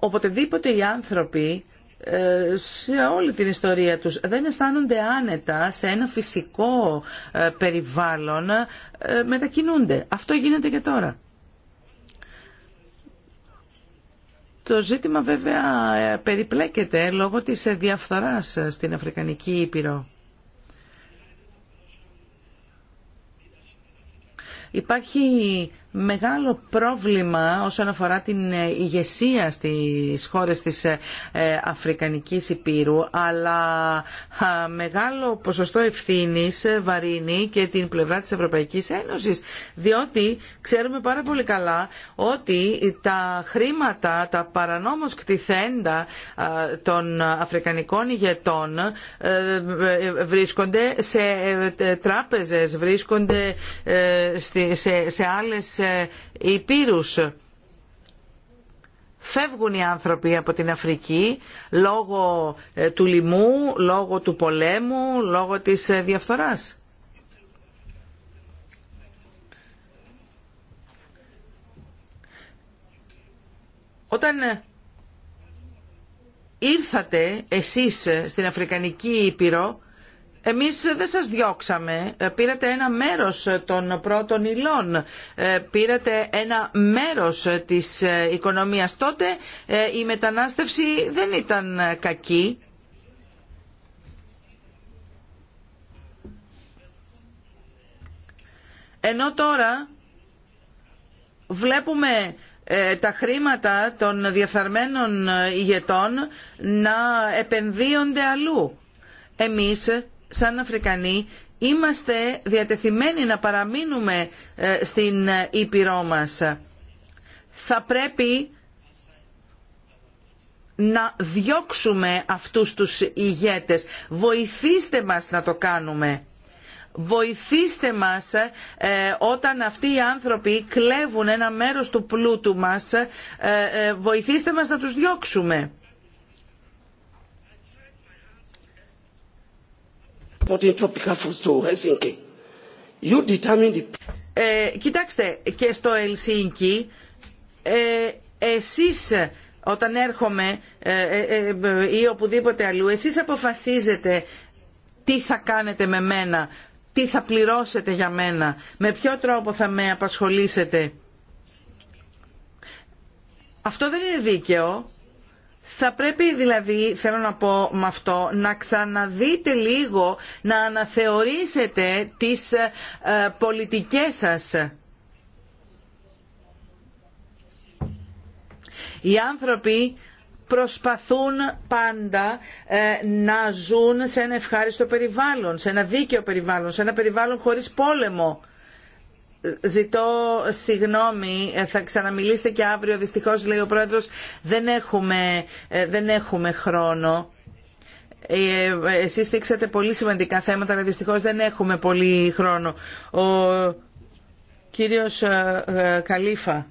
Οποτεδήποτε οι άνθρωποι ε, σε όλη την ιστορία τους. Δεν αισθάνονται άνετα σε ένα φυσικό ε, περιβάλλον, ε, μετακινούνται. Αυτό γίνεται και τώρα. Το ζήτημα βέβαια περιπλέκεται λόγω της διαφθοράς στην Αφρικανική Ήπειρο. Υπάρχει μεγάλο πρόβλημα όσον αφορά την ε, ηγεσία στις χώρες της ε, ε, Αφρικανικής Υπήρου, αλλά μεγάλο ποσοστό ευθύνης βαρύνει και την πλευρά της Ευρωπαϊκής Ένωσης, διότι ξέρουμε πάρα πολύ καλά ότι τα χρήματα, τα παρανόμως κτηθέντα των Αφρικανικών ηγετών βρίσκονται σε τράπεζες, βρίσκονται σε άλλες υπήρους. Φεύγουν οι άνθρωποι από την Αφρική λόγω ε, του λοιμού, λόγω του πολέμου, λόγω της ε, διαφθοράς. Όταν ε, ήρθατε εσείς στην Αφρικανική Ήπειρο εμείς δεν σας διώξαμε. Ε, πήρατε ένα μέρος των πρώτων υλών. Ε, πήρατε ένα μέρος της ε, οικονομίας. Τότε η μετανάστευση δεν ήταν κακή. Ενώ τώρα βλέπουμε τα χρήματα των διαφθαρμένων ηγετών να επενδύονται αλλού. Εμείς σαν Αφρικανοί είμαστε διατεθειμένοι να παραμείνουμε ε, στην ε, Ήπειρό μας. Θα πρέπει να διώξουμε αυτούς τους ηγέτες. Βοηθήστε μας να το κάνουμε. Βοηθήστε μας ε, όταν αυτοί οι άνθρωποι κλέβουν ένα μέρος του πλούτου μας. βοηθήστε μας να τους διώξουμε. Ε, κοιτάξτε, και στο Ελσίνκι ε, εσείς όταν έρχομαι ε, ε, ή οπουδήποτε αλλού, εσείς αποφασίζετε τι θα κάνετε με μένα, τι θα πληρώσετε για μένα, με ποιο τρόπο θα με απασχολήσετε. Αυτό δεν είναι δίκαιο θα πρέπει δηλαδή, θέλω να πω με αυτό, να ξαναδείτε λίγο, να αναθεωρήσετε τις ε, πολιτικές σας. Οι άνθρωποι προσπαθούν πάντα ε, να ζουν σε ένα ευχάριστο περιβάλλον, σε ένα δίκαιο περιβάλλον, σε ένα περιβάλλον χωρίς πόλεμο. Ζητώ συγγνώμη, ε, θα ξαναμιλήσετε και αύριο. Δυστυχώς, λέει ο Πρόεδρος, δεν έχουμε, ε, δεν έχουμε χρόνο. Ε, εσείς θίξατε πολύ σημαντικά θέματα, αλλά δυστυχώς δεν έχουμε πολύ χρόνο. Ο κύριος Καλήφα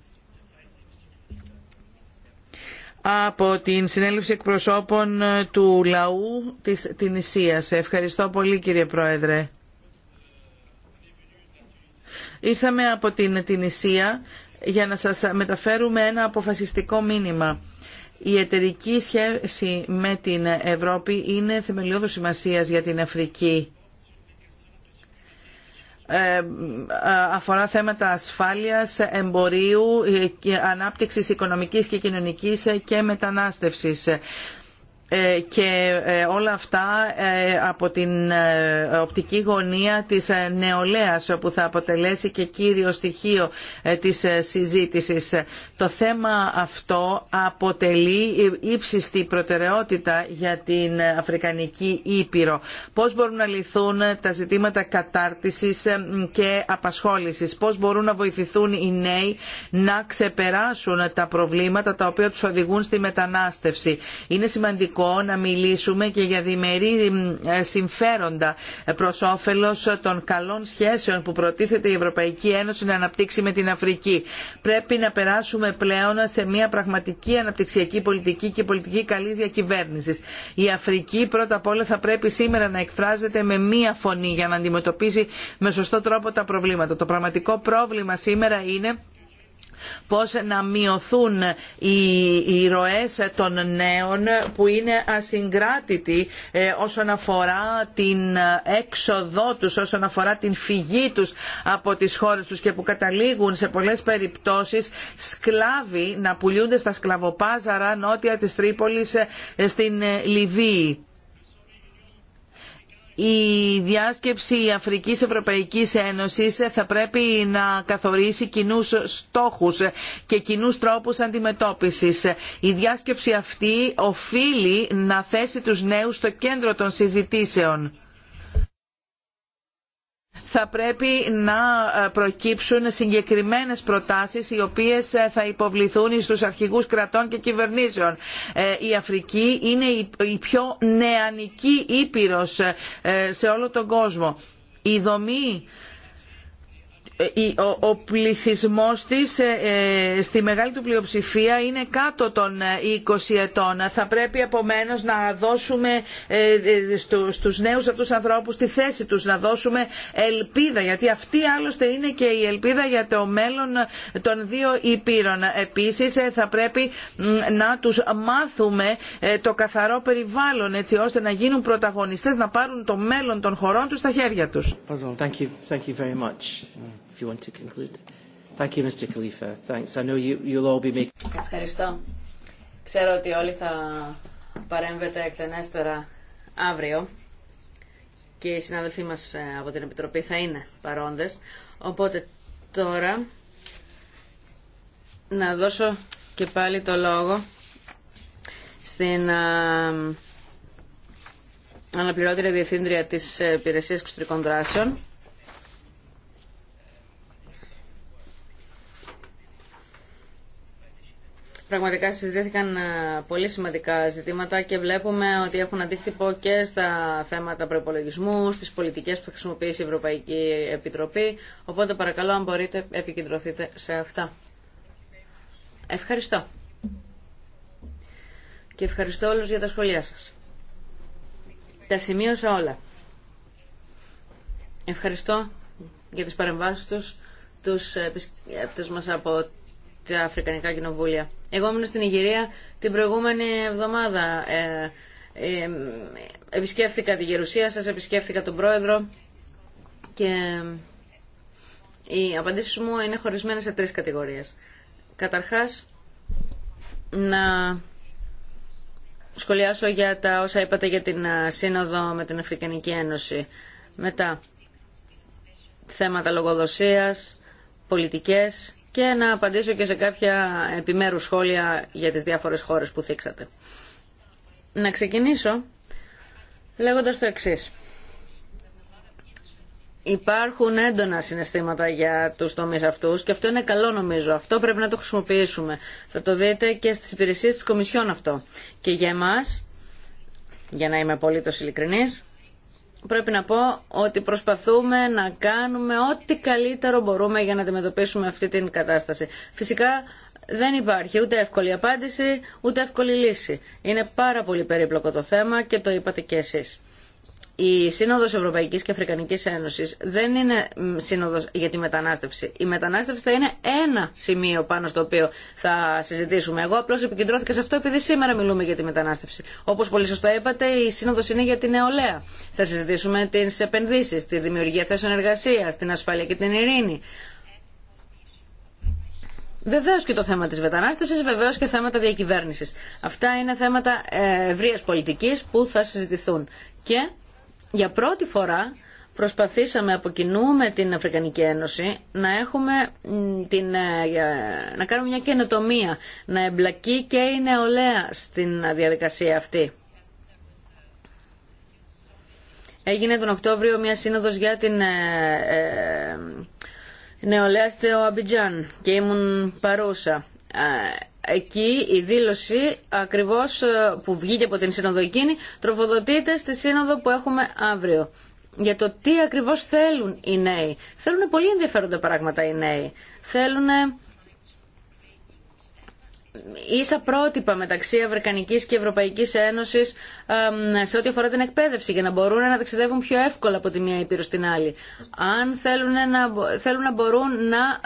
από την συνέλευση εκπροσώπων του λαού της Τινησίας. Ευχαριστώ πολύ κύριε Πρόεδρε. Ήρθαμε από την, την Ισία για να σας μεταφέρουμε ένα αποφασιστικό μήνυμα. Η εταιρική σχέση με την Ευρώπη είναι θεμελιώδου σημασίας για την Αφρική. Ε, αφορά θέματα ασφάλειας, εμπορίου, ε, ανάπτυξης οικονομικής και κοινωνικής ε, και μετανάστευσης ε, και ε, όλα αυτά ε, από την οπτική γωνία της νεολαίας που θα αποτελέσει και κύριο στοιχείο της συζήτησης. Το θέμα αυτό αποτελεί ύψιστη προτεραιότητα για την Αφρικανική Ήπειρο. Πώς μπορούν να λυθούν τα ζητήματα κατάρτισης και απασχόλησης. Πώς μπορούν να βοηθηθούν οι νέοι να ξεπεράσουν τα προβλήματα τα οποία τους οδηγούν στη μετανάστευση. Είναι σημαντικό σημαντικό να μιλήσουμε και για διμερεί συμφέροντα προς όφελος των καλών σχέσεων που προτίθεται η Ευρωπαϊκή Ένωση να αναπτύξει με την Αφρική. Πρέπει να περάσουμε πλέον σε μια πραγματική αναπτυξιακή πολιτική και πολιτική καλή διακυβέρνησης. Η Αφρική πρώτα απ' όλα θα πρέπει σήμερα να εκφράζεται με μία φωνή για να αντιμετωπίσει με σωστό τρόπο τα προβλήματα. Το πραγματικό πρόβλημα σήμερα είναι πώς να μειωθούν οι ροές των νέων που είναι ασυγκράτητοι ε, όσον αφορά την έξοδό τους, όσον αφορά την φυγή τους από τις χώρες τους και που καταλήγουν σε πολλές περιπτώσεις σκλάβοι να πουλιούνται στα σκλαβοπάζαρα νότια της Τρίπολης ε, στην ε, Λιβύη η διάσκεψη Αφρικής Ευρωπαϊκής Ένωσης θα πρέπει να καθορίσει κοινούς στόχους και κοινούς τρόπους αντιμετώπισης. Η διάσκεψη αυτή οφείλει να θέσει τους νέους στο κέντρο των συζητήσεων θα πρέπει να ε, προκύψουν συγκεκριμένες προτάσεις οι οποίες ε, θα υποβληθούν στους αρχηγούς κρατών και κυβερνήσεων. Ε, η Αφρική είναι η πιο νεανική ήπειρος σε όλο τον κόσμο. Η δομή ο, ο πληθυσμός της ε, ε, στη μεγάλη του πλειοψηφία είναι κάτω των 20 ε, ετών. Θα πρέπει επομένω να δώσουμε στους νέους αυτού ανθρώπους τη θέση τους, να δώσουμε ελπίδα, γιατί αυτή άλλωστε είναι και η ελπίδα για το μέλλον των δύο υπήρων. Επίσης θα πρέπει να τους μάθουμε το καθαρό περιβάλλον, έτσι ώστε να γίνουν πρωταγωνιστέ, να πάρουν το μέλλον των χωρών του στα χέρια του. Thank you. Thank you very much if Ευχαριστώ. Ξέρω ότι όλοι θα παρέμβετε εκτενέστερα αύριο και οι συνάδελφοί μας ε, από την Επιτροπή θα είναι παρόντες. Οπότε τώρα να δώσω και πάλι το λόγο στην ε, Αναπληρώτερη διευθύντρια της ε, Υπηρεσίας Εξωτερικών Δράσεων. πραγματικά συζητήθηκαν ε, πολύ σημαντικά ζητήματα και βλέπουμε ότι έχουν αντίκτυπο και στα θέματα προπολογισμού, στις πολιτικές που θα χρησιμοποιήσει η Ευρωπαϊκή Επιτροπή. Οπότε παρακαλώ αν μπορείτε επικεντρωθείτε σε αυτά. Ευχαριστώ. Και ευχαριστώ όλους για τα σχόλιά σας. Τα σημείωσα όλα. Ευχαριστώ για τις παρεμβάσεις τους, τους ε, επισκέπτες ε, μας από τα Αφρικανικά Κοινοβούλια. Εγώ ήμουν στην Ιγυρία την προηγούμενη εβδομάδα. Ε, ε, επισκέφθηκα τη Γερουσία σας, επισκέφθηκα τον Πρόεδρο και οι απαντήσεις μου είναι χωρισμένες σε τρεις κατηγορίες. Καταρχάς, να σχολιάσω για τα όσα είπατε για την ε, σύνοδο με την Αφρικανική Ένωση. Μετά, θέματα λογοδοσίας, πολιτικές και να απαντήσω και σε κάποια επιμέρους σχόλια για τις διάφορες χώρες που θίξατε. Να ξεκινήσω λέγοντας το εξής. Υπάρχουν έντονα συναισθήματα για τους τομείς αυτούς και αυτό είναι καλό νομίζω. Αυτό πρέπει να το χρησιμοποιήσουμε. Θα το δείτε και στις υπηρεσίες της Κομισιόν αυτό. Και για εμάς, για να είμαι απολύτως ειλικρινής, πρέπει να πω ότι προσπαθούμε να κάνουμε ό,τι καλύτερο μπορούμε για να αντιμετωπίσουμε αυτή την κατάσταση. Φυσικά δεν υπάρχει ούτε εύκολη απάντηση, ούτε εύκολη λύση. Είναι πάρα πολύ περίπλοκο το θέμα και το είπατε και εσείς η Σύνοδος Ευρωπαϊκής και Αφρικανικής Ένωσης δεν είναι σύνοδος για τη μετανάστευση. Η μετανάστευση θα είναι ένα σημείο πάνω στο οποίο θα συζητήσουμε. Εγώ απλώς επικεντρώθηκα σε αυτό επειδή σήμερα μιλούμε για τη μετανάστευση. Όπως πολύ σωστά είπατε, η Σύνοδος είναι για την νεολαία. Θα συζητήσουμε τις επενδύσεις, τη δημιουργία θέσεων εργασία, την ασφάλεια και την ειρήνη. Βεβαίω και το θέμα τη μετανάστευση, βεβαίω και θέματα διακυβέρνηση. Αυτά είναι θέματα ε, ευρεία πολιτική που θα συζητηθούν. Και για πρώτη φορά προσπαθήσαμε από κοινού με την Αφρικανική Ένωση να, έχουμε την, ε, να κάνουμε μια καινοτομία, να εμπλακεί και η νεολαία στην διαδικασία αυτή. Έγινε τον Οκτώβριο μια σύνοδος για την ε, ε, νεολαία στο Αμπιτζάν και ήμουν παρούσα εκεί η δήλωση ακριβώς ε, που βγήκε από την σύνοδο εκείνη τροφοδοτείται στη σύνοδο που έχουμε αύριο. Για το τι ακριβώς θέλουν οι νέοι. Θέλουν πολύ ενδιαφέροντα πράγματα οι νέοι. Θέλουν ίσα πρότυπα μεταξύ Αφρικανικής και Ευρωπαϊκής Ένωσης σε ό,τι αφορά την εκπαίδευση για να μπορούν να ταξιδεύουν πιο εύκολα από τη μία ήπειρο στην άλλη. Αν θέλουν να, θέλουν να μπορούν να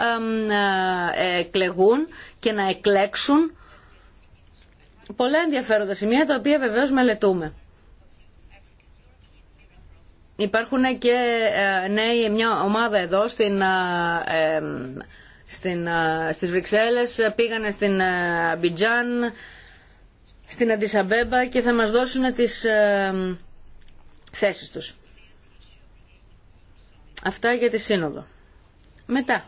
ε, εκλεγούν και να εκλέξουν πολλά ενδιαφέροντα σημεία τα οποία βεβαίως μελετούμε. Υπάρχουν και ε, νέοι, μια ομάδα εδώ στην ε, στην, στις Βρυξέλλες, πήγανε στην Αμπιτζάν, στην Αντισαμπέμπα και θα μας δώσουν τις θέσεις τους. Αυτά για τη Σύνοδο. Μετά.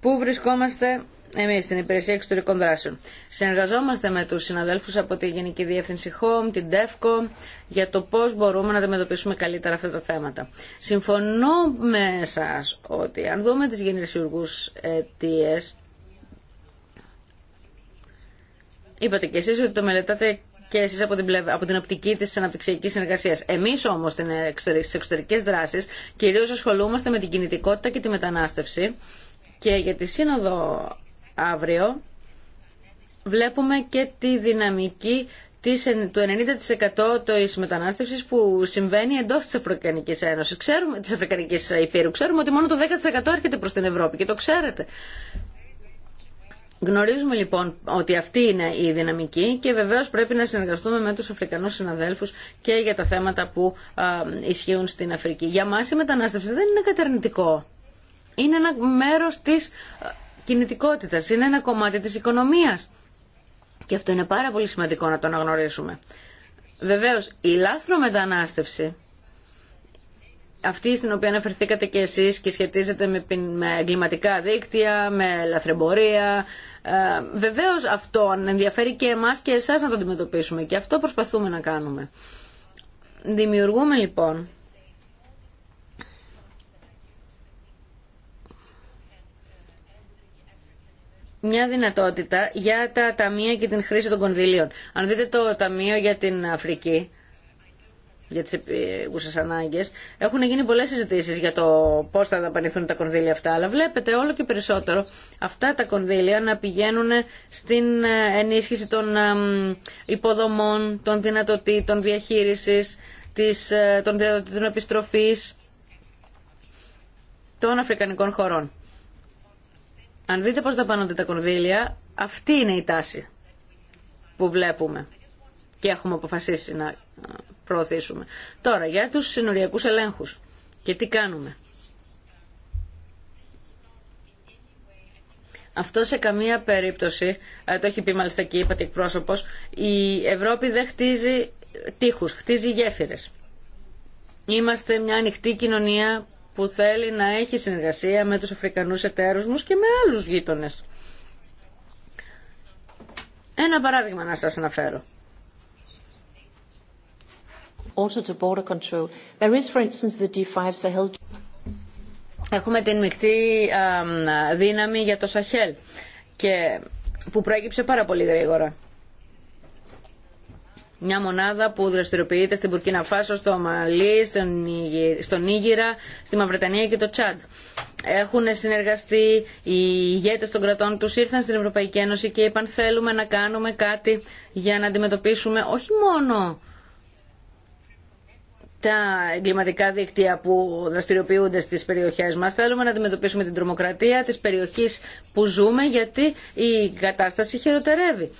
Πού βρισκόμαστε εμείς στην Υπηρεσία Εξωτερικών Δράσεων. Συνεργαζόμαστε με τους συναδέλφους από τη Γενική Διεύθυνση HOME, την DEFCO, για το πώς μπορούμε να αντιμετωπίσουμε καλύτερα αυτά τα θέματα. Συμφωνώ με σας ότι αν δούμε τις γεννησιουργούς αιτίε. είπατε και εσείς ότι το μελετάτε και εσείς από την, πλευ... από την οπτική της αναπτυξιακής συνεργασίας. Εμείς όμως στις εξωτερικές δράσεις κυρίως ασχολούμαστε με την κινητικότητα και τη μετανάστευση και για τη σύνοδο αύριο βλέπουμε και τη δυναμική του 90% της μετανάστευσης που συμβαίνει εντός της Αφρικανικής Ένωσης, ξέρουμε, της Αφρικανικής Υπήρου. Ξέρουμε ότι μόνο το 10% έρχεται προς την Ευρώπη και το ξέρετε. Γνωρίζουμε λοιπόν ότι αυτή είναι η δυναμική και βεβαίως πρέπει να συνεργαστούμε με τους Αφρικανούς συναδέλφους και για τα θέματα που ισχύουν στην Αφρική. Για μας η μετανάστευση δεν είναι κατερνητικό. Είναι ένα μέρος της κινητικότητας, είναι ένα κομμάτι της οικονομίας. Και αυτό είναι πάρα πολύ σημαντικό να το αναγνωρίσουμε. Βεβαίως, η λάθρο μετανάστευση, αυτή στην οποία αναφερθήκατε και εσείς και σχετίζεται με εγκληματικά δίκτυα, με λαθρεμπορία, ε, βεβαίως αυτό ενδιαφέρει και εμάς και εσάς να το αντιμετωπίσουμε και αυτό προσπαθούμε να κάνουμε. Δημιουργούμε λοιπόν μια δυνατότητα για τα ταμεία και την χρήση των κονδυλίων. Αν δείτε το Ταμείο για την Αφρική, για τι επίγουσε ανάγκε, έχουν γίνει πολλές συζητήσει για το πώ θα δαπανηθούν τα κονδύλια αυτά, αλλά βλέπετε όλο και περισσότερο αυτά τα κονδύλια να πηγαίνουν στην ε, ενίσχυση των ε, υποδομών, των δυνατοτήτων διαχείριση, ε, των δυνατοτήτων επιστροφή των αφρικανικών χωρών αν δείτε πώς πάνονται τα κονδύλια, αυτή είναι η τάση που βλέπουμε και έχουμε αποφασίσει να προωθήσουμε. Τώρα, για τους συνοριακούς ελέγχους και τι κάνουμε. Αυτό σε καμία περίπτωση, ε, το έχει πει μάλιστα και είπατε εκπρόσωπος, η Ευρώπη δεν χτίζει τείχους, χτίζει γέφυρες. Είμαστε μια ανοιχτή κοινωνία που θέλει να έχει συνεργασία με τους Αφρικανούς εταίρους μου και με άλλους γείτονες. Ένα παράδειγμα να σας αναφέρω. Also border control. There is, for instance, the D5 Sahel. Έχουμε την μεικτή δύναμη για το Σαχέλ και που προέκυψε πάρα πολύ γρήγορα μια μονάδα που δραστηριοποιείται στην Πουρκίνα Φάσο, στο Μαλί, στον Νίγηρα, στη Μαυρετανία και το Τσάντ. Έχουν συνεργαστεί, οι ηγέτες των κρατών τους ήρθαν στην Ευρωπαϊκή Ένωση και είπαν θέλουμε να κάνουμε κάτι για να αντιμετωπίσουμε όχι μόνο τα εγκληματικά δίκτυα που δραστηριοποιούνται στις περιοχές μας. Θέλουμε να αντιμετωπίσουμε την τρομοκρατία της περιοχής που ζούμε γιατί η κατάσταση χειροτερεύει.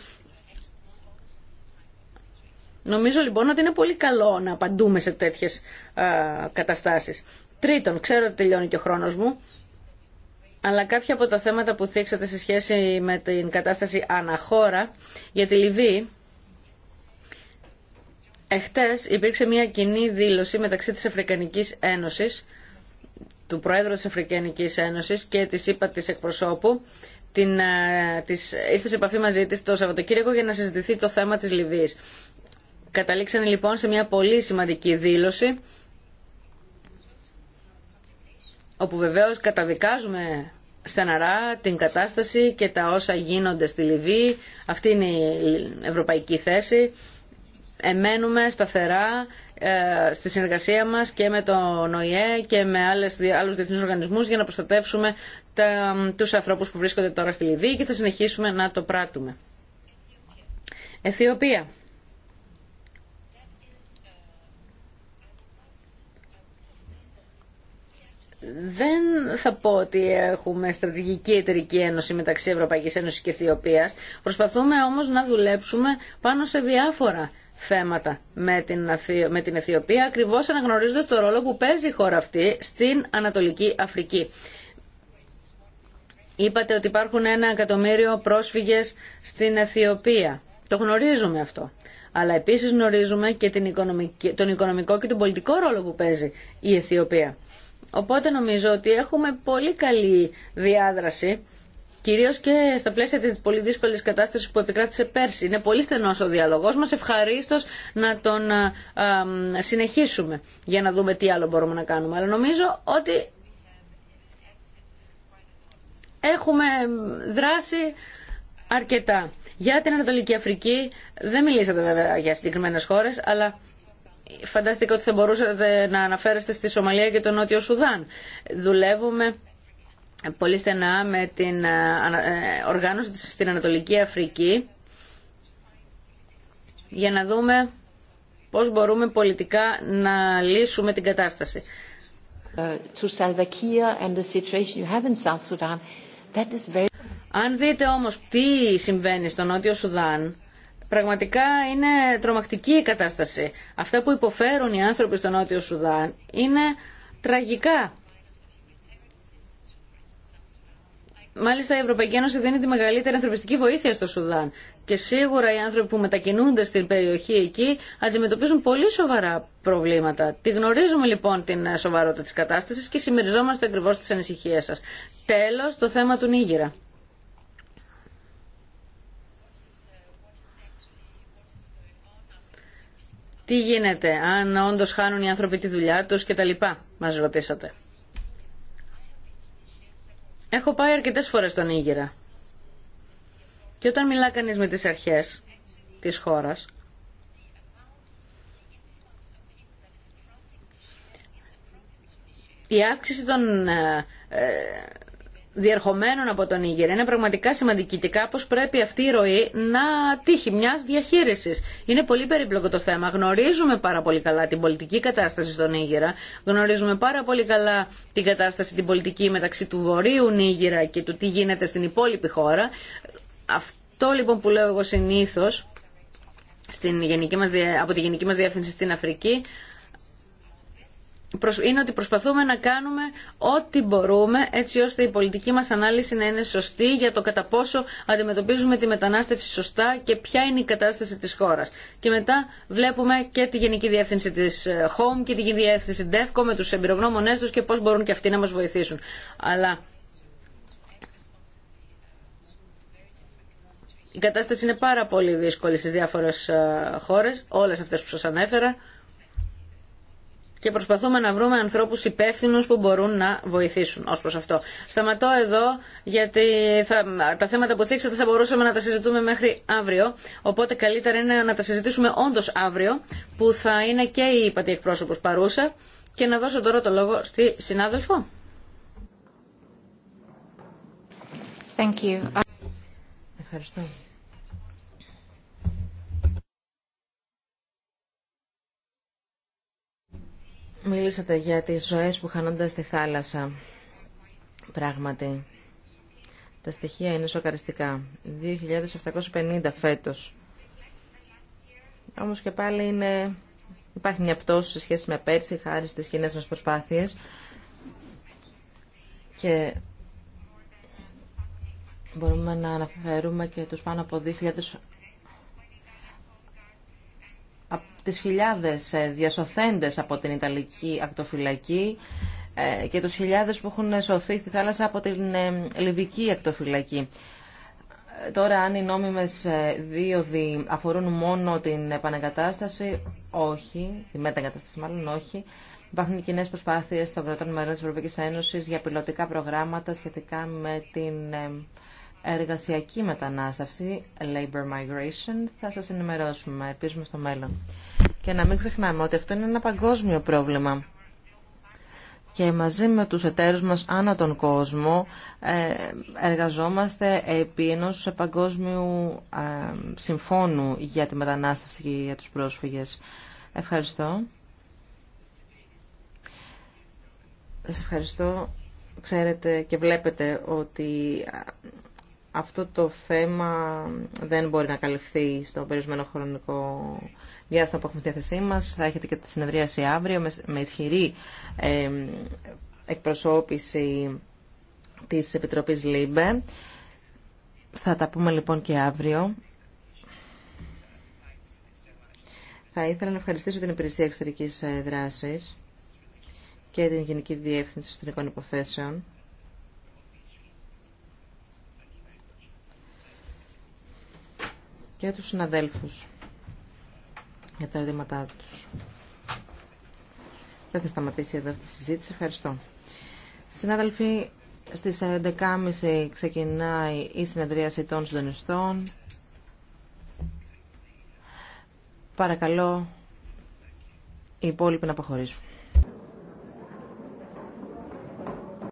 Νομίζω λοιπόν ότι είναι πολύ καλό να απαντούμε σε τέτοιες καταστάσει. καταστάσεις. Τρίτον, ξέρω ότι τελειώνει και ο χρόνος μου, αλλά κάποια από τα θέματα που θίξατε σε σχέση με την κατάσταση αναχώρα για τη Λιβύη, εχθές υπήρξε μια κοινή δήλωση μεταξύ της Αφρικανικής Ένωσης, του Προέδρου της Αφρικανικής Ένωσης και της ΥΠΑ της εκπροσώπου, την, της, ήρθε σε επαφή μαζί της το Σαββατοκύριακο για να συζητηθεί το θέμα της Λιβύης. Καταλήξανε λοιπόν σε μια πολύ σημαντική δήλωση όπου βεβαίως καταδικάζουμε στεναρά την κατάσταση και τα όσα γίνονται στη Λιβύη. Αυτή είναι η ευρωπαϊκή θέση. Εμένουμε σταθερά ε, στη συνεργασία μας και με τον ΟΗΕ και με άλλες, άλλους διεθνείς οργανισμούς για να προστατεύσουμε τα, τους ανθρώπους που βρίσκονται τώρα στη Λιβύη και θα συνεχίσουμε να το πράττουμε. Αιθιοπία. δεν θα πω ότι έχουμε στρατηγική εταιρική ένωση μεταξύ Ευρωπαϊκής Ένωσης και Αιθιοπίας. Προσπαθούμε όμως να δουλέψουμε πάνω σε διάφορα θέματα με την, με την Αιθιοπία, ακριβώς αναγνωρίζοντας το ρόλο που παίζει η χώρα αυτή στην Ανατολική Αφρική. Είπατε ότι υπάρχουν ένα εκατομμύριο πρόσφυγες στην Αιθιοπία. Το γνωρίζουμε αυτό. Αλλά επίσης γνωρίζουμε και τον οικονομικό και τον πολιτικό ρόλο που παίζει η Αιθιοπία. Οπότε νομίζω ότι έχουμε πολύ καλή διάδραση, κυρίως και στα πλαίσια τη πολύ δύσκολη κατάσταση που επικράτησε πέρσι. Είναι πολύ στενό ο διαλογός μας, ευχαρίστως να τον ε, συνεχίσουμε για να δούμε τι άλλο μπορούμε να κάνουμε. Αλλά νομίζω ότι έχουμε δράσει αρκετά. Για την Ανατολική Αφρική δεν μιλήσατε βέβαια για συγκεκριμένε χώρες, αλλά Φαντάστηκα ότι θα μπορούσατε να αναφέρεστε στη Σομαλία και τον Νότιο Σουδάν. Δουλεύουμε πολύ στενά με την ε, ε, οργάνωση στην Ανατολική Αφρική για να δούμε πώς μπορούμε πολιτικά να λύσουμε την κατάσταση. Ε, Αν δείτε όμως τι συμβαίνει στο Νότιο Σουδάν, Πραγματικά είναι τρομακτική η κατάσταση. Αυτά που υποφέρουν οι άνθρωποι στο Νότιο Σουδάν είναι τραγικά. Μάλιστα η Ευρωπαϊκή Ένωση δίνει τη μεγαλύτερη ανθρωπιστική βοήθεια στο Σουδάν. Και σίγουρα οι άνθρωποι που μετακινούνται στην περιοχή εκεί αντιμετωπίζουν πολύ σοβαρά προβλήματα. Τη γνωρίζουμε λοιπόν την σοβαρότητα της κατάστασης και συμμεριζόμαστε ακριβώς τις ανησυχίες σας. Τέλος, το θέμα του Νίγηρα. τι γίνεται, αν όντω χάνουν οι άνθρωποι τη δουλειά τους λοιπά, Μας ρωτήσατε. Έχω πάει αρκετέ φορές στον Ήγηρα. Και όταν μιλά κανείς με τις αρχές της χώρας, η αύξηση των ε, ε, διερχομένων από τον Ήγερ Είναι πραγματικά σημαντική και κάπως πρέπει αυτή η ροή να τύχει μιας διαχείρισης. Είναι πολύ περίπλοκο το θέμα. Γνωρίζουμε πάρα πολύ καλά την πολιτική κατάσταση στον Ήγερα. Γνωρίζουμε πάρα πολύ καλά την κατάσταση την πολιτική μεταξύ του Βορείου Νίγηρα και του τι γίνεται στην υπόλοιπη χώρα. Αυτό λοιπόν που λέω εγώ συνήθως στην γενική μας, από τη γενική μας διεύθυνση στην Αφρική είναι ότι προσπαθούμε να κάνουμε ό,τι μπορούμε έτσι ώστε η πολιτική μας ανάλυση να είναι σωστή για το κατά πόσο αντιμετωπίζουμε τη μετανάστευση σωστά και ποια είναι η κατάσταση της χώρας. Και μετά βλέπουμε και τη Γενική Διεύθυνση της ε, Home και τη Γενική Διεύθυνση DEFCO με τους εμπειρογνώμονές τους και πώς μπορούν και αυτοί να μας βοηθήσουν. Αλλά η κατάσταση είναι πάρα πολύ δύσκολη στις διάφορες ε, χώρες, όλες αυτές που σας ανέφερα και προσπαθούμε να βρούμε ανθρώπους υπεύθυνου που μπορούν να βοηθήσουν ως προς αυτό. Σταματώ εδώ γιατί τα θέματα που θίξατε θα μπορούσαμε να τα συζητούμε μέχρι αύριο, οπότε καλύτερα είναι να τα συζητήσουμε όντως αύριο που θα είναι και η υπατή εκπρόσωπος παρούσα και να δώσω τώρα το λόγο στη συνάδελφο. Thank you. Ευχαριστώ. Μίλησατε για τις ζωές που χανόνται στη θάλασσα. Πράγματι, τα στοιχεία είναι σοκαριστικά. 2.750 φέτος. Όμως και πάλι είναι... υπάρχει μια πτώση σε σχέση με πέρσι, χάρη στις κοινές μας προσπάθειες. Και μπορούμε να αναφέρουμε και τους πάνω από 2.000 τις χιλιάδες ε, διασωθέντες από την Ιταλική ακτοφυλακή ε, και τους χιλιάδες που έχουν σωθεί στη θάλασσα από την ε, Λιβική ακτοφυλακή. Τώρα, αν οι νόμιμες δίωδοι αφορούν μόνο την επανακατάσταση, όχι, τη μετακατάσταση μάλλον όχι, Υπάρχουν κοινέ προσπάθειε των κρατών μελών τη Ευρωπαϊκή Ένωση για πιλωτικά προγράμματα σχετικά με την εργασιακή μετανάστευση, labor migration. Θα σα ενημερώσουμε, ελπίζουμε στο μέλλον. Και να μην ξεχνάμε ότι αυτό είναι ένα παγκόσμιο πρόβλημα. Και μαζί με τους εταίρους μας ανά τον κόσμο ε, εργαζόμαστε επί ενός παγκόσμιου ε, συμφώνου για τη μετανάστευση και για τους πρόσφυγες. Ευχαριστώ. Σας ευχαριστώ. Ξέρετε και βλέπετε ότι ε, αυτό το θέμα δεν μπορεί να καλυφθεί στο περισμένο χρονικό διάστημα που έχουμε στη διάθεσή μα. Θα έχετε και τη συνεδρίαση αύριο με ισχυρή εκπροσώπηση τη Επιτροπή ΛΥΜΠΕ. Θα τα πούμε λοιπόν και αύριο. Θα ήθελα να ευχαριστήσω την Υπηρεσία Εξωτερική ε, Δράση και την Γενική Διεύθυνση Ιστορικών Υποθέσεων. και τους συναδέλφους για τα ερωτήματά του. Δεν θα σταματήσει εδώ αυτή η συζήτηση. Ευχαριστώ. Συνάδελφοι, στις 11.30 ξεκινάει η συνεδρίαση των συντονιστών. Παρακαλώ οι υπόλοιποι να αποχωρήσουν.